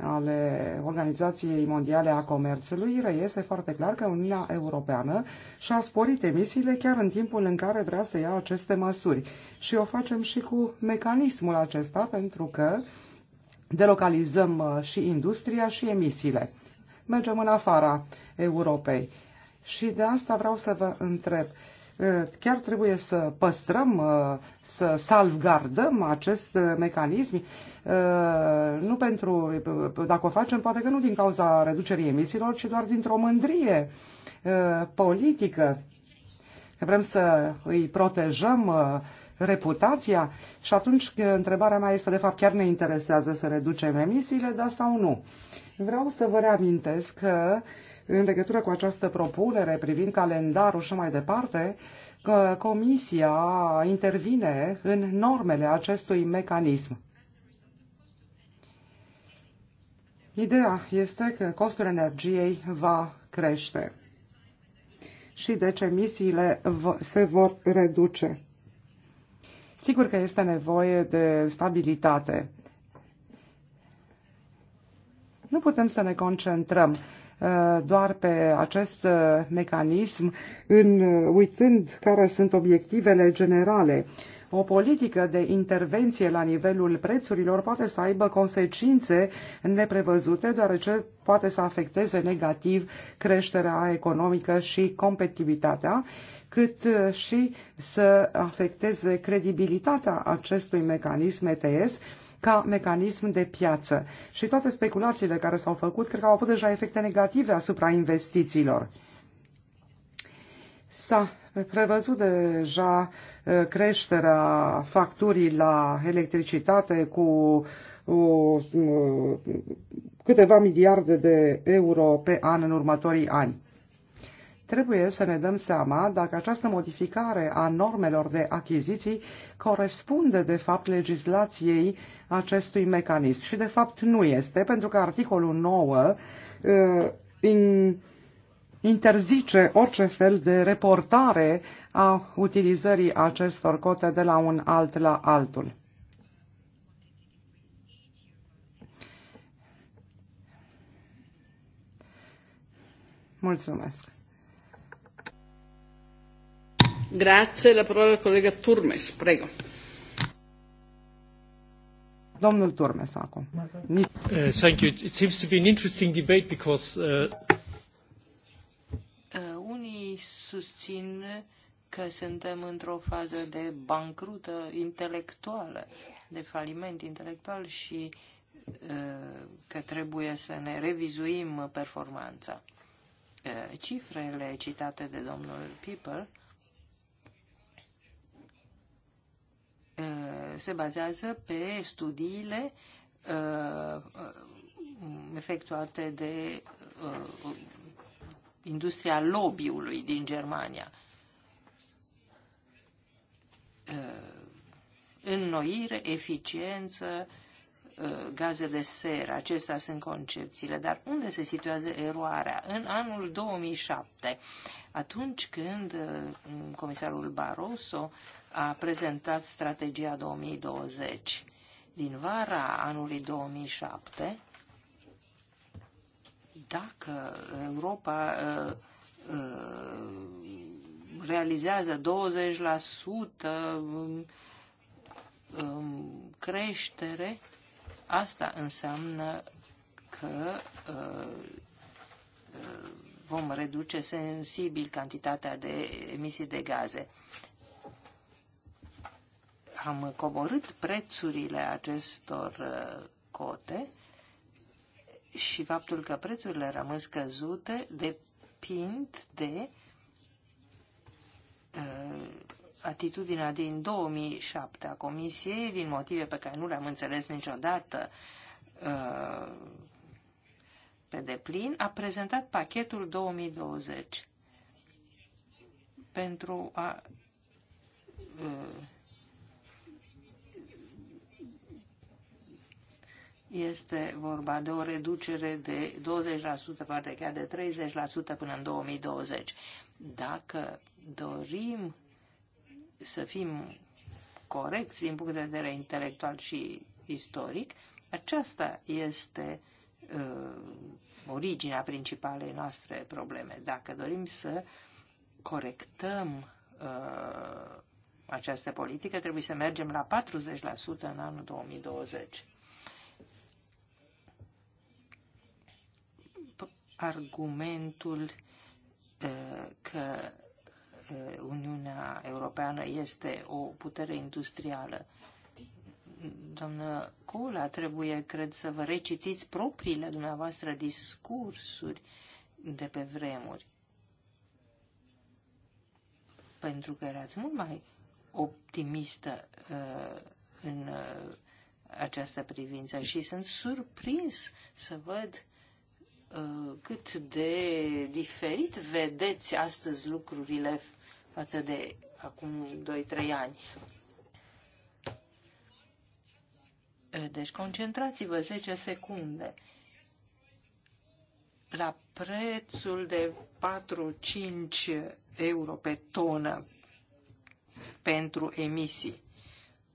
ale Organizației Mondiale a Comerțului, reiese foarte clar că Uniunea Europeană și-a sporit emisiile chiar în timpul în care vrea să ia aceste măsuri. Și o facem și cu mecanismul acesta, pentru că delocalizăm uh, și industria și emisiile. Mergem în afara Europei. Și de asta vreau să vă întreb chiar trebuie să păstrăm, să salvgardăm acest mecanism, nu pentru, dacă o facem, poate că nu din cauza reducerii emisiilor, ci doar dintr-o mândrie politică. Că vrem să îi protejăm reputația? Și atunci întrebarea mea este, de fapt, chiar ne interesează să reducem emisiile, da sau nu? Vreau să vă reamintesc că în legătură cu această propunere privind calendarul și mai departe, că Comisia intervine în normele acestui mecanism. Ideea este că costul energiei va crește și deci emisiile se vor reduce. Sigur că este nevoie de stabilitate. Nu putem să ne concentrăm Uh, doar pe acest uh, mecanism, în, uh, uitând care sunt obiectivele generale. O politică de intervenție la nivelul prețurilor poate să aibă consecințe neprevăzute, deoarece poate să afecteze negativ creșterea economică și competitivitatea, cât și să afecteze credibilitatea acestui mecanism ETS, ca mecanism de piață. Și toate speculațiile care s-au făcut, cred că au avut deja efecte negative asupra investițiilor. S-a prevăzut deja uh, creșterea facturii la electricitate cu o, uh, uh, câteva miliarde de euro pe an în următorii ani. Trebuie să ne dăm seama dacă această modificare a normelor de achiziții corespunde de fapt legislației acestui mecanism. Și de fapt nu este, pentru că articolul 9 uh, in, interzice orice fel de reportare a utilizării acestor cote de la un alt la altul. Mulțumesc. Grazie, la parola al colega Turmes, prego. Domnul Turmes acum. Uh, thank you. It seems to be an interesting debate because... Uh... Uh, unii susțin că suntem într-o fază de bancrută intelectuală, de faliment intelectual și uh, că trebuie să ne revizuim performanța. Uh, cifrele citate de domnul Piper Uh, se bazează pe studiile uh, uh, efectuate de industria lobby-ului din Germania. Înnoire, eficiență, gaze de ser, acestea sunt concepțiile. Dar unde se situează eroarea? În anul 2007, atunci când comisarul Barroso a prezentat strategia 2020. Din vara anului 2007, dacă Europa uh, uh, realizează 20% um, um, creștere, asta înseamnă că uh, vom reduce sensibil cantitatea de emisii de gaze am coborât prețurile acestor uh, cote și faptul că prețurile rămân scăzute depind de uh, atitudinea din 2007 a Comisiei, din motive pe care nu le-am înțeles niciodată uh, pe deplin, a prezentat pachetul 2020 pentru a Este vorba de o reducere de 20%, poate chiar de 30% până în 2020. Dacă dorim să fim corecți din punct de vedere intelectual și istoric, aceasta este uh, originea principalei noastre probleme. Dacă dorim să corectăm uh, această politică, trebuie să mergem la 40% în anul 2020. argumentul uh, că uh, Uniunea Europeană este o putere industrială. Doamnă Cula, trebuie, cred, să vă recitiți propriile dumneavoastră discursuri de pe vremuri. Pentru că erați mult mai optimistă uh, în uh, această privință și sunt surprins să văd Uh, cât de diferit vedeți astăzi lucrurile față de acum 2-3 ani. Uh, deci concentrați-vă 10 secunde la prețul de 4-5 euro pe tonă pentru emisii.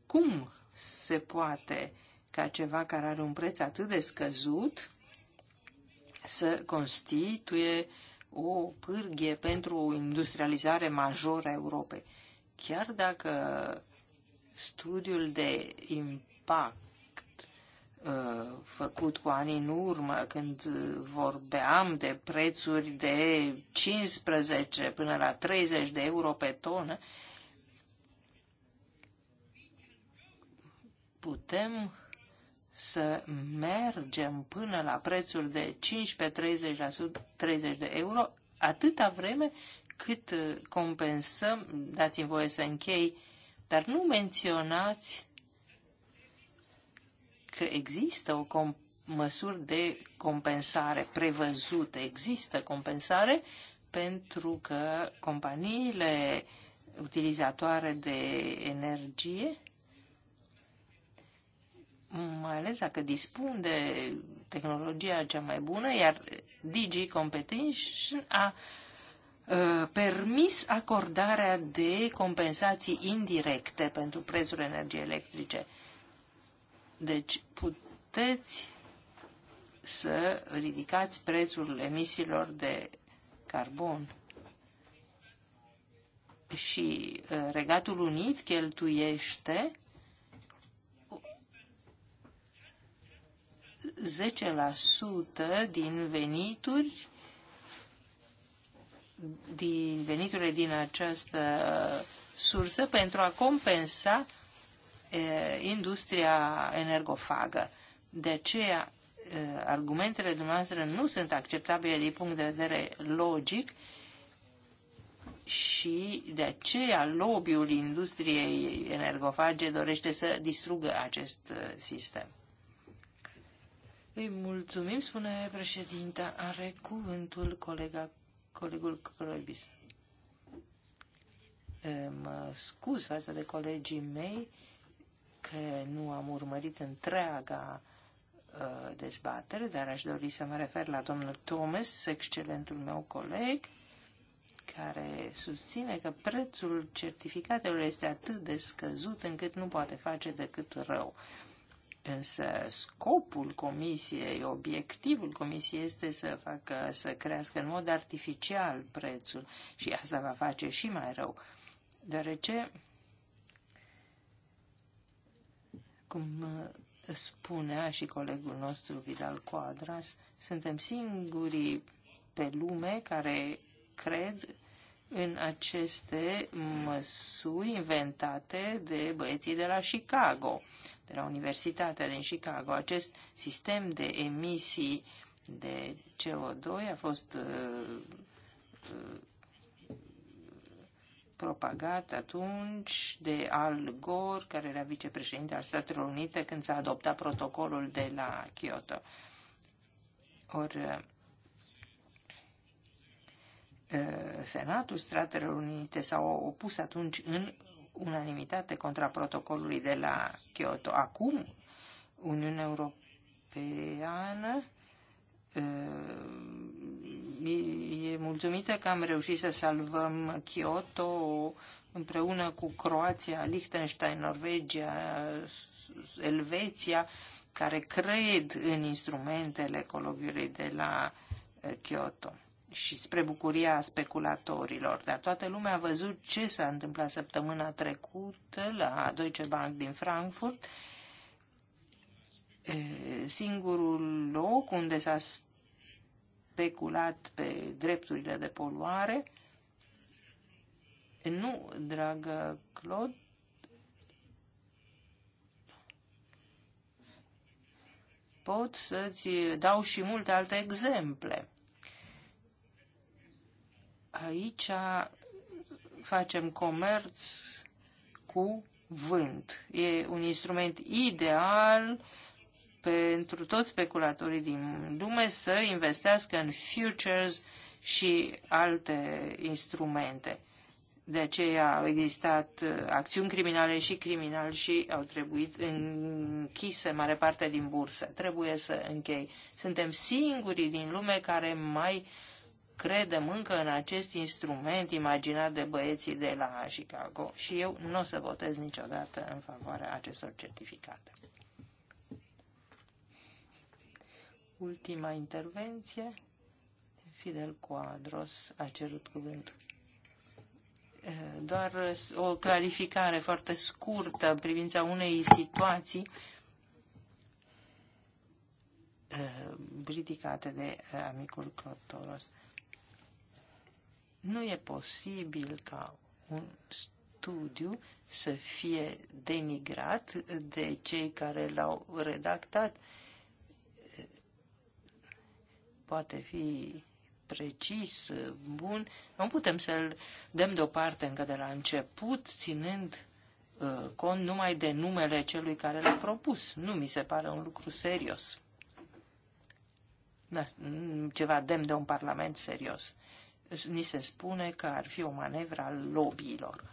Cum se poate ca ceva care are un preț atât de scăzut să constituie o pârghie pentru o industrializare majoră a Europei. Chiar dacă studiul de impact uh, făcut cu ani în urmă, când vorbeam de prețuri de 15 până la 30 de euro pe tonă, putem să mergem până la prețul de 15-30 de euro, atâta vreme cât uh, compensăm, dați-mi voie să închei, dar nu menționați că există o măsuri de compensare prevăzute. Există compensare pentru că companiile utilizatoare de energie mai ales dacă dispun de tehnologia cea mai bună, iar DG Competition a ă, permis acordarea de compensații indirecte pentru prețul energiei electrice. Deci puteți să ridicați prețul emisiilor de carbon. Și ă, Regatul Unit cheltuiește 10% din venituri din veniturile din această uh, sursă pentru a compensa uh, industria energofagă. De aceea, uh, argumentele dumneavoastră nu sunt acceptabile din punct de vedere logic și de aceea lobby-ul industriei energofage dorește să distrugă acest sistem. Îi mulțumim, spune președinta. Are cuvântul colega, colegul Croibis. Mă scuz față de colegii mei că nu am urmărit întreaga ă, dezbatere, dar aș dori să mă refer la domnul Thomas, excelentul meu coleg, care susține că prețul certificatelor este atât de scăzut încât nu poate face decât rău. Însă scopul comisiei, obiectivul comisiei este să facă, să crească în mod artificial prețul și asta va face și mai rău, deoarece, cum uh, spunea și colegul nostru Vidal Coadras, suntem singurii pe lume care cred în aceste măsuri inventate de băieții de la Chicago, de la Universitatea din Chicago. Acest sistem de emisii de CO2 a fost uh, uh, propagat atunci de Al Gore, care era vicepreședinte al Statelor Unite când s-a adoptat protocolul de la Kyoto. Ori uh, Uh, Senatul Statelor Unite s-au opus atunci în unanimitate contra protocolului de la Kyoto. Acum, Uniunea Europeană uh, e mulțumită că am reușit să salvăm Kyoto împreună cu Croația, Liechtenstein, Norvegia, Elveția, care cred în instrumentele ecologiei de la uh, Kyoto și spre bucuria speculatorilor. Dar toată lumea a văzut ce s-a întâmplat săptămâna trecută la Deutsche Bank din Frankfurt, singurul loc unde s-a speculat pe drepturile de poluare. Nu, dragă Claude, pot să-ți dau și multe alte exemple. Aici facem comerț cu vânt. E un instrument ideal pentru toți speculatorii din lume să investească în futures și alte instrumente. De aceea au existat uh, acțiuni criminale și criminali și au trebuit închise mare parte din bursă. Trebuie să închei. Suntem singurii din lume care mai uh, credem încă în acest instrument imaginat de băieții de la Chicago și eu nu o să votez niciodată în favoarea acestor certificate. Ultima intervenție. Fidel Coadros a cerut cuvântul. Doar o clarificare foarte scurtă în privința unei situații ridicate de amicul Clotoros. Nu e posibil ca un studiu să fie denigrat de cei care l-au redactat. Poate fi precis, bun. Nu putem să-l dăm deoparte încă de la început, ținând uh, cont numai de numele celui care l-a propus. Nu mi se pare un lucru serios. Da, ceva demn de un parlament serios ni se spune că ar fi o manevră a lobbyilor,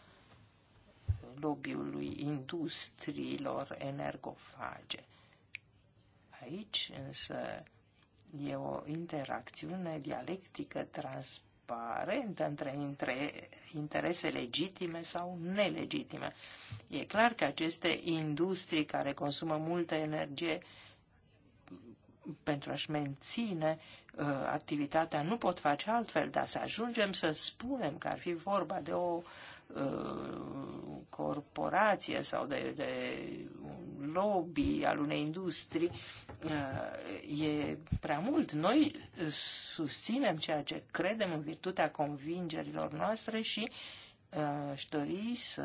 lobbyului industriilor energofage. Aici însă e o interacțiune dialectică transparentă între, între interese legitime sau nelegitime. E clar că aceste industrii care consumă multă energie uh, pentru a-și menține uh, activitatea nu pot face altfel, dar să ajungem să spunem că ar fi vorba de o uh, corporație sau de, de un lobby al unei industrii uh, e prea mult. Noi susținem ceea ce credem în virtutea convingerilor noastre și uh, aș dori să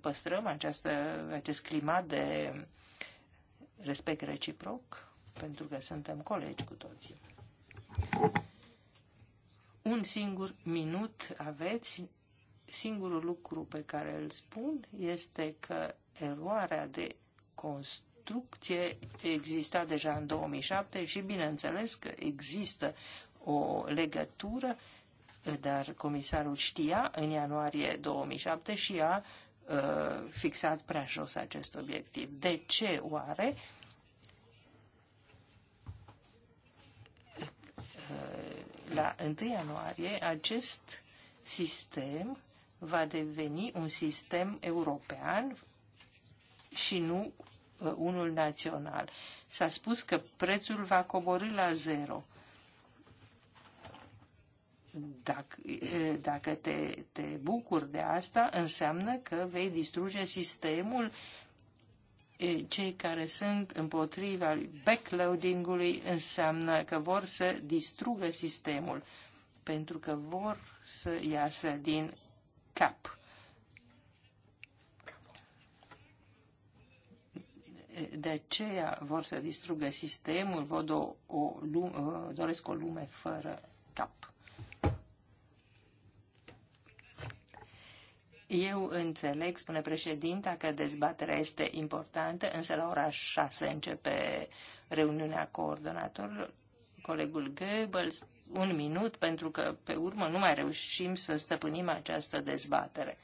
păstrăm această, acest climat de respect reciproc pentru că suntem colegi cu toții. Un singur minut aveți. Singurul lucru pe care îl spun este că eroarea de construcție exista deja în 2007 și bineînțeles că există o legătură, dar comisarul știa în ianuarie 2007 și a uh, fixat prea jos acest obiectiv. De ce oare? la 1 ianuarie acest sistem va deveni un sistem european și nu uh, unul național. S-a spus că prețul va coborî la zero. Dacă, uh, dacă te, te bucuri de asta, înseamnă că vei distruge sistemul cei care sunt împotriva backloading-ului înseamnă că vor să distrugă sistemul, pentru că vor să iasă din cap. De aceea vor să distrugă sistemul, văd o, o, doresc o lume fără cap. Eu înțeleg, spune președinta, că dezbaterea este importantă, însă la ora 6 începe reuniunea coordonatorilor. Colegul Goebbels, un minut, pentru că pe urmă nu mai reușim să stăpânim această dezbatere.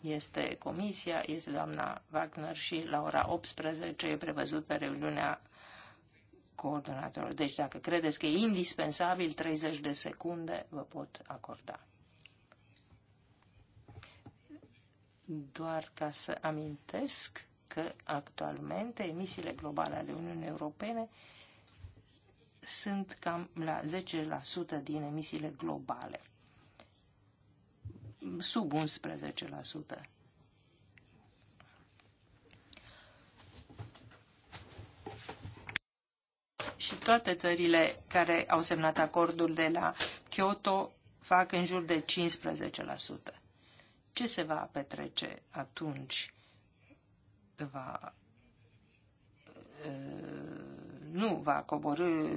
Este comisia, este doamna Wagner și la ora 18 e prevăzută reuniunea coordonatorilor. Deci dacă credeți că e indispensabil, 30 de secunde vă pot acorda. doar ca să amintesc că actualmente emisiile globale ale Uniunii Europene sunt cam la 10% din emisiile globale, sub 11%. Și toate țările care au semnat acordul de la Kyoto fac în jur de 15%. Ce se va petrece atunci? Va, nu va coborâ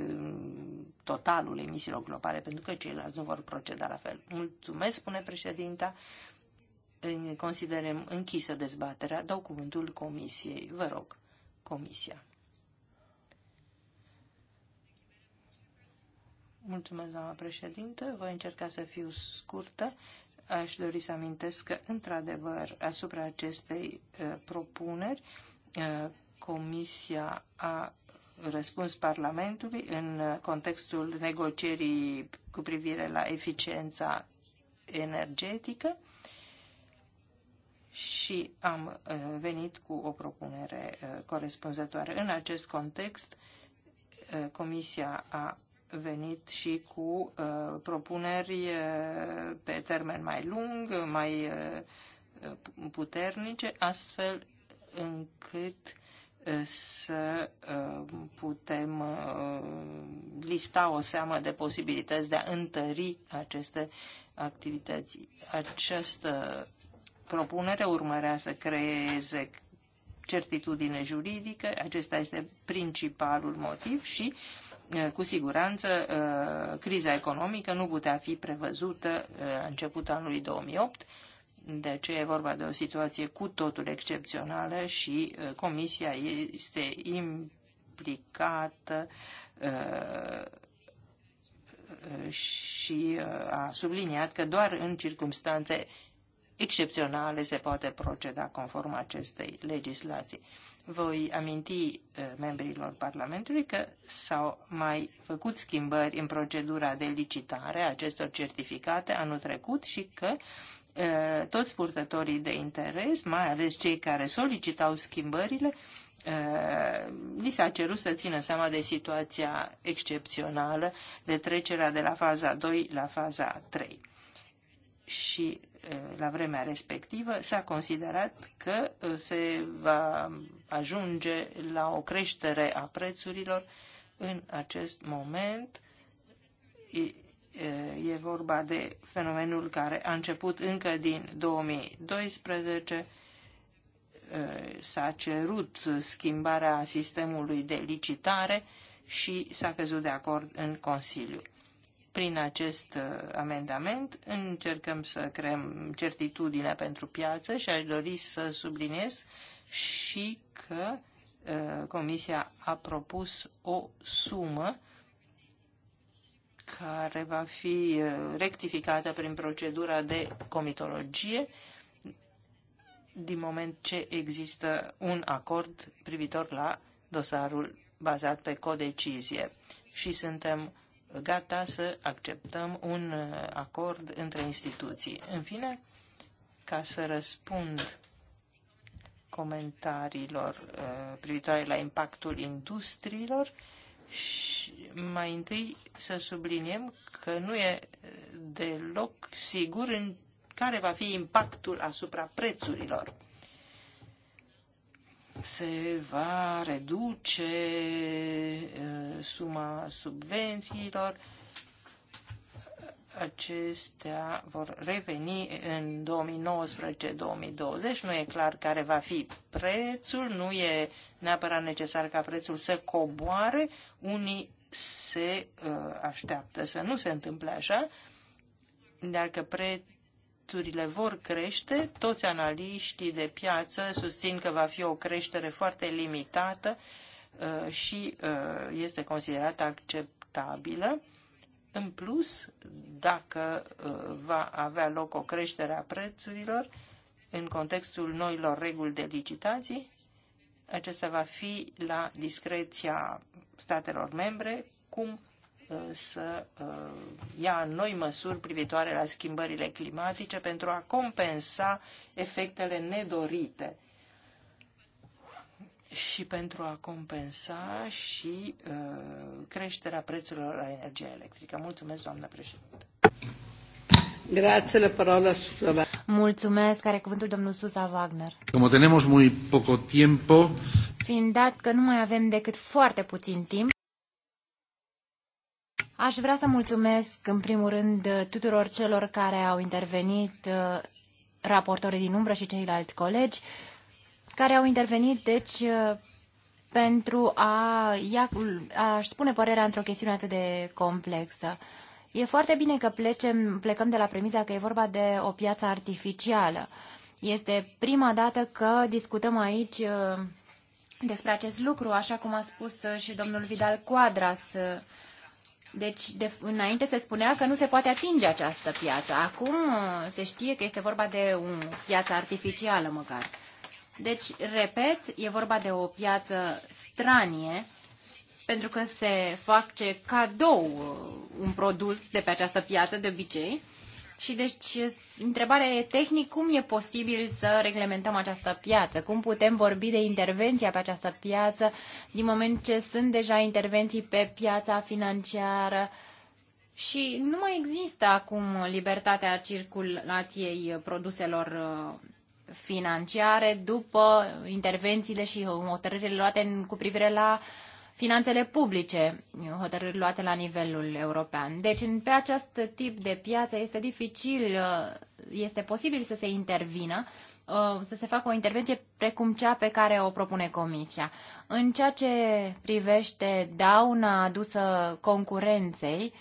totalul emisiilor globale, pentru că ceilalți nu vor proceda la fel. Mulțumesc, spune președinta. Considerăm închisă dezbaterea. Dau cuvântul comisiei. Vă rog, comisia. Mulțumesc, doamna președintă. Voi încerca să fiu scurtă. Aș dori să amintesc că, într-adevăr, asupra acestei uh, propuneri, uh, Comisia a răspuns Parlamentului în uh, contextul negocierii cu privire la eficiența energetică și am venit cu o propunere corespunzătoare. În acest context, Comisia a venit și cu uh, propuneri uh, pe termen mai lung, mai uh, puternice, astfel încât uh, să uh, putem uh, lista o seamă de posibilități de a întări aceste activități. Această propunere urmărea să creeze certitudine juridică, acesta este principalul motiv și uh, Eh, cu siguranță, eh, criza economică nu putea fi prevăzută eh, la începutul anului 2008, de aceea e vorba de o situație cu totul excepțională și Comisia este implicată și a subliniat că doar în circunstanțe excepționale se poate proceda conform acestei legislații. Voi aminti eh, membrilor Parlamentului că s-au mai făcut schimbări în procedura de licitare a acestor certificate anul trecut și că eh, toți purtătorii de interes, mai ales cei care solicitau schimbările, eh, li s-a cerut să țină seama de situația excepțională de trecerea de la faza 2 la faza 3. Și la vremea respectivă, s-a considerat că uh, se va ajunge la o creștere a prețurilor în acest moment. Uh, e, vorba de fenomenul care a început încă din 2012. Uh, s-a cerut schimbarea sistemului de licitare și s-a căzut de acord în Consiliu prin acest uh, amendament încercăm să creăm certitudine pentru piață și aș dori să subliniez și că uh, Comisia a propus o sumă care va fi uh, rectificată prin procedura de comitologie din moment ce există un acord privitor la dosarul bazat pe codecizie și suntem gata să acceptăm un uh, acord între instituții. În fine, ca să răspund comentariilor uh, privitoare la impactul industriilor, și mai întâi să subliniem că nu e uh, deloc sigur în care va fi impactul asupra prețurilor se va reduce suma subvențiilor. Acestea vor reveni în 2019-2020. Nu e clar care va fi prețul, nu e neapărat necesar ca prețul să coboare. Unii se așteaptă să nu se întâmple așa, dar că prețul prețurile vor crește, toți analiștii de piață susțin că va fi o creștere foarte limitată uh, și uh, este considerată acceptabilă. În plus, dacă uh, va avea loc o creștere a prețurilor în contextul noilor reguli de licitații, acesta va fi la discreția statelor membre, cum Uh, să uh, ia noi măsuri privitoare la schimbările climatice pentru a compensa efectele nedorite și pentru a compensa și uh, creșterea prețurilor la energie electrică. Mulțumesc, doamnă președinte. Grazie, la parola Susa. Mulțumesc, care cuvântul domnul Susa Wagner. Como tenemos muy poco tiempo... Fiind dat că nu mai avem decât foarte puțin timp, Aș vrea să mulțumesc, în primul rând, tuturor celor care au intervenit, uh, raportorii din umbră și ceilalți colegi, care au intervenit, deci, uh, pentru a, ia, a spune părerea într-o chestiune atât de complexă. E foarte bine că plecem, plecăm de la premisa că e vorba de o piață artificială. Este prima dată că discutăm aici uh, despre acest lucru, așa cum a spus și domnul Vidal Quadras deci, de, înainte se spunea că nu se poate atinge această piață. Acum uh, se știe că este vorba de o piață artificială măcar. Deci, repet, e vorba de o piață stranie, pentru că se face cadou uh, un produs de pe această piață de obicei și deci întrebarea e tehnic cum e posibil să reglementăm această piață? Cum putem vorbi de intervenția pe această piață din moment ce sunt deja intervenții pe piața financiară? Și nu mai există acum libertatea circulației produselor uh, financiare după intervențiile și hotărârile luate cu privire la uh, finanțele publice, hotărâri luate la nivelul european. Deci, pe acest tip de piață este dificil, uh, este posibil să se intervină, uh, să se facă o intervenție precum cea pe care o propune Comisia. În ceea ce privește dauna adusă concurenței,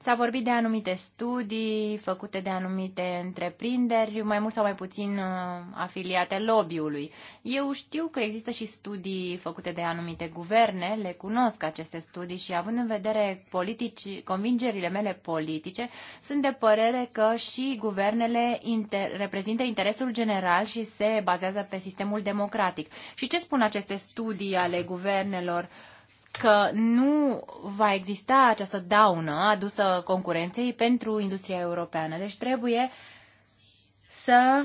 S-a vorbit de anumite studii făcute de anumite întreprinderi, mai mult sau mai puțin uh, afiliate lobby-ului. Eu știu că există și studii făcute de anumite guverne, le cunosc aceste studii și având în vedere politici, convingerile mele politice, sunt de părere că și guvernele inter- reprezintă interesul general și se bazează pe sistemul democratic. Și ce spun aceste studii ale guvernelor? Uh, că nu va exista această daună adusă concurenței pentru industria europeană. Deci trebuie să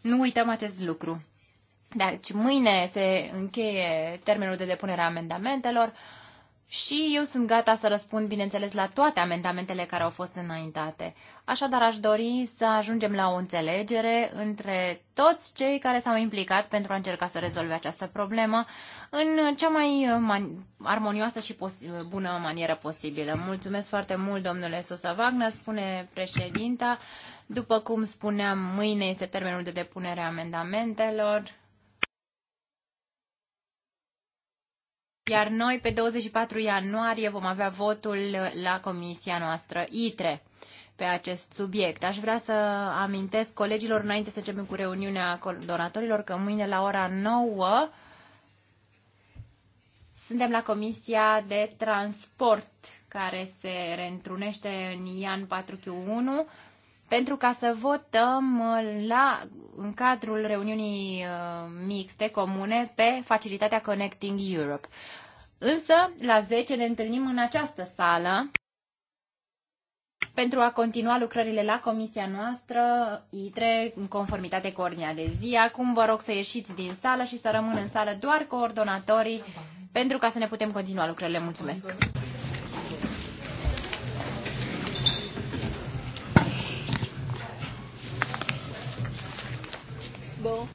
nu uităm acest lucru. Deci mâine se încheie termenul de depunere a amendamentelor și eu sunt gata să răspund, bineînțeles, la toate amendamentele care au fost înaintate. Așadar, aș dori să ajungem la o înțelegere între toți cei care s-au implicat pentru a încerca să rezolve această problemă în cea mai uh, armonioasă și pos- uh, bună manieră posibilă. Mulțumesc foarte mult, domnule Sosa Wagner, spune președinta. După cum spuneam, mâine este termenul de depunere a amendamentelor. Iar noi, pe 24 ianuarie, vom avea votul la comisia noastră ITRE pe acest subiect. Aș vrea să amintesc colegilor, înainte să începem cu reuniunea donatorilor, că mâine la ora 9 suntem la Comisia de Transport, care se reîntrunește în IAN 4Q1 pentru ca să votăm uh, la, în cadrul reuniunii uh, mixte, comune, pe facilitatea Connecting Europe. Însă, la 10 ne întâlnim în această sală pentru a continua lucrările la comisia noastră, ITRE, în conformitate cu ordinea de zi. Acum vă rog să ieșiți din sală și să rămân în sală doar coordonatorii pentru ca să ne putem continua lucrările. Mulțumesc! Bon.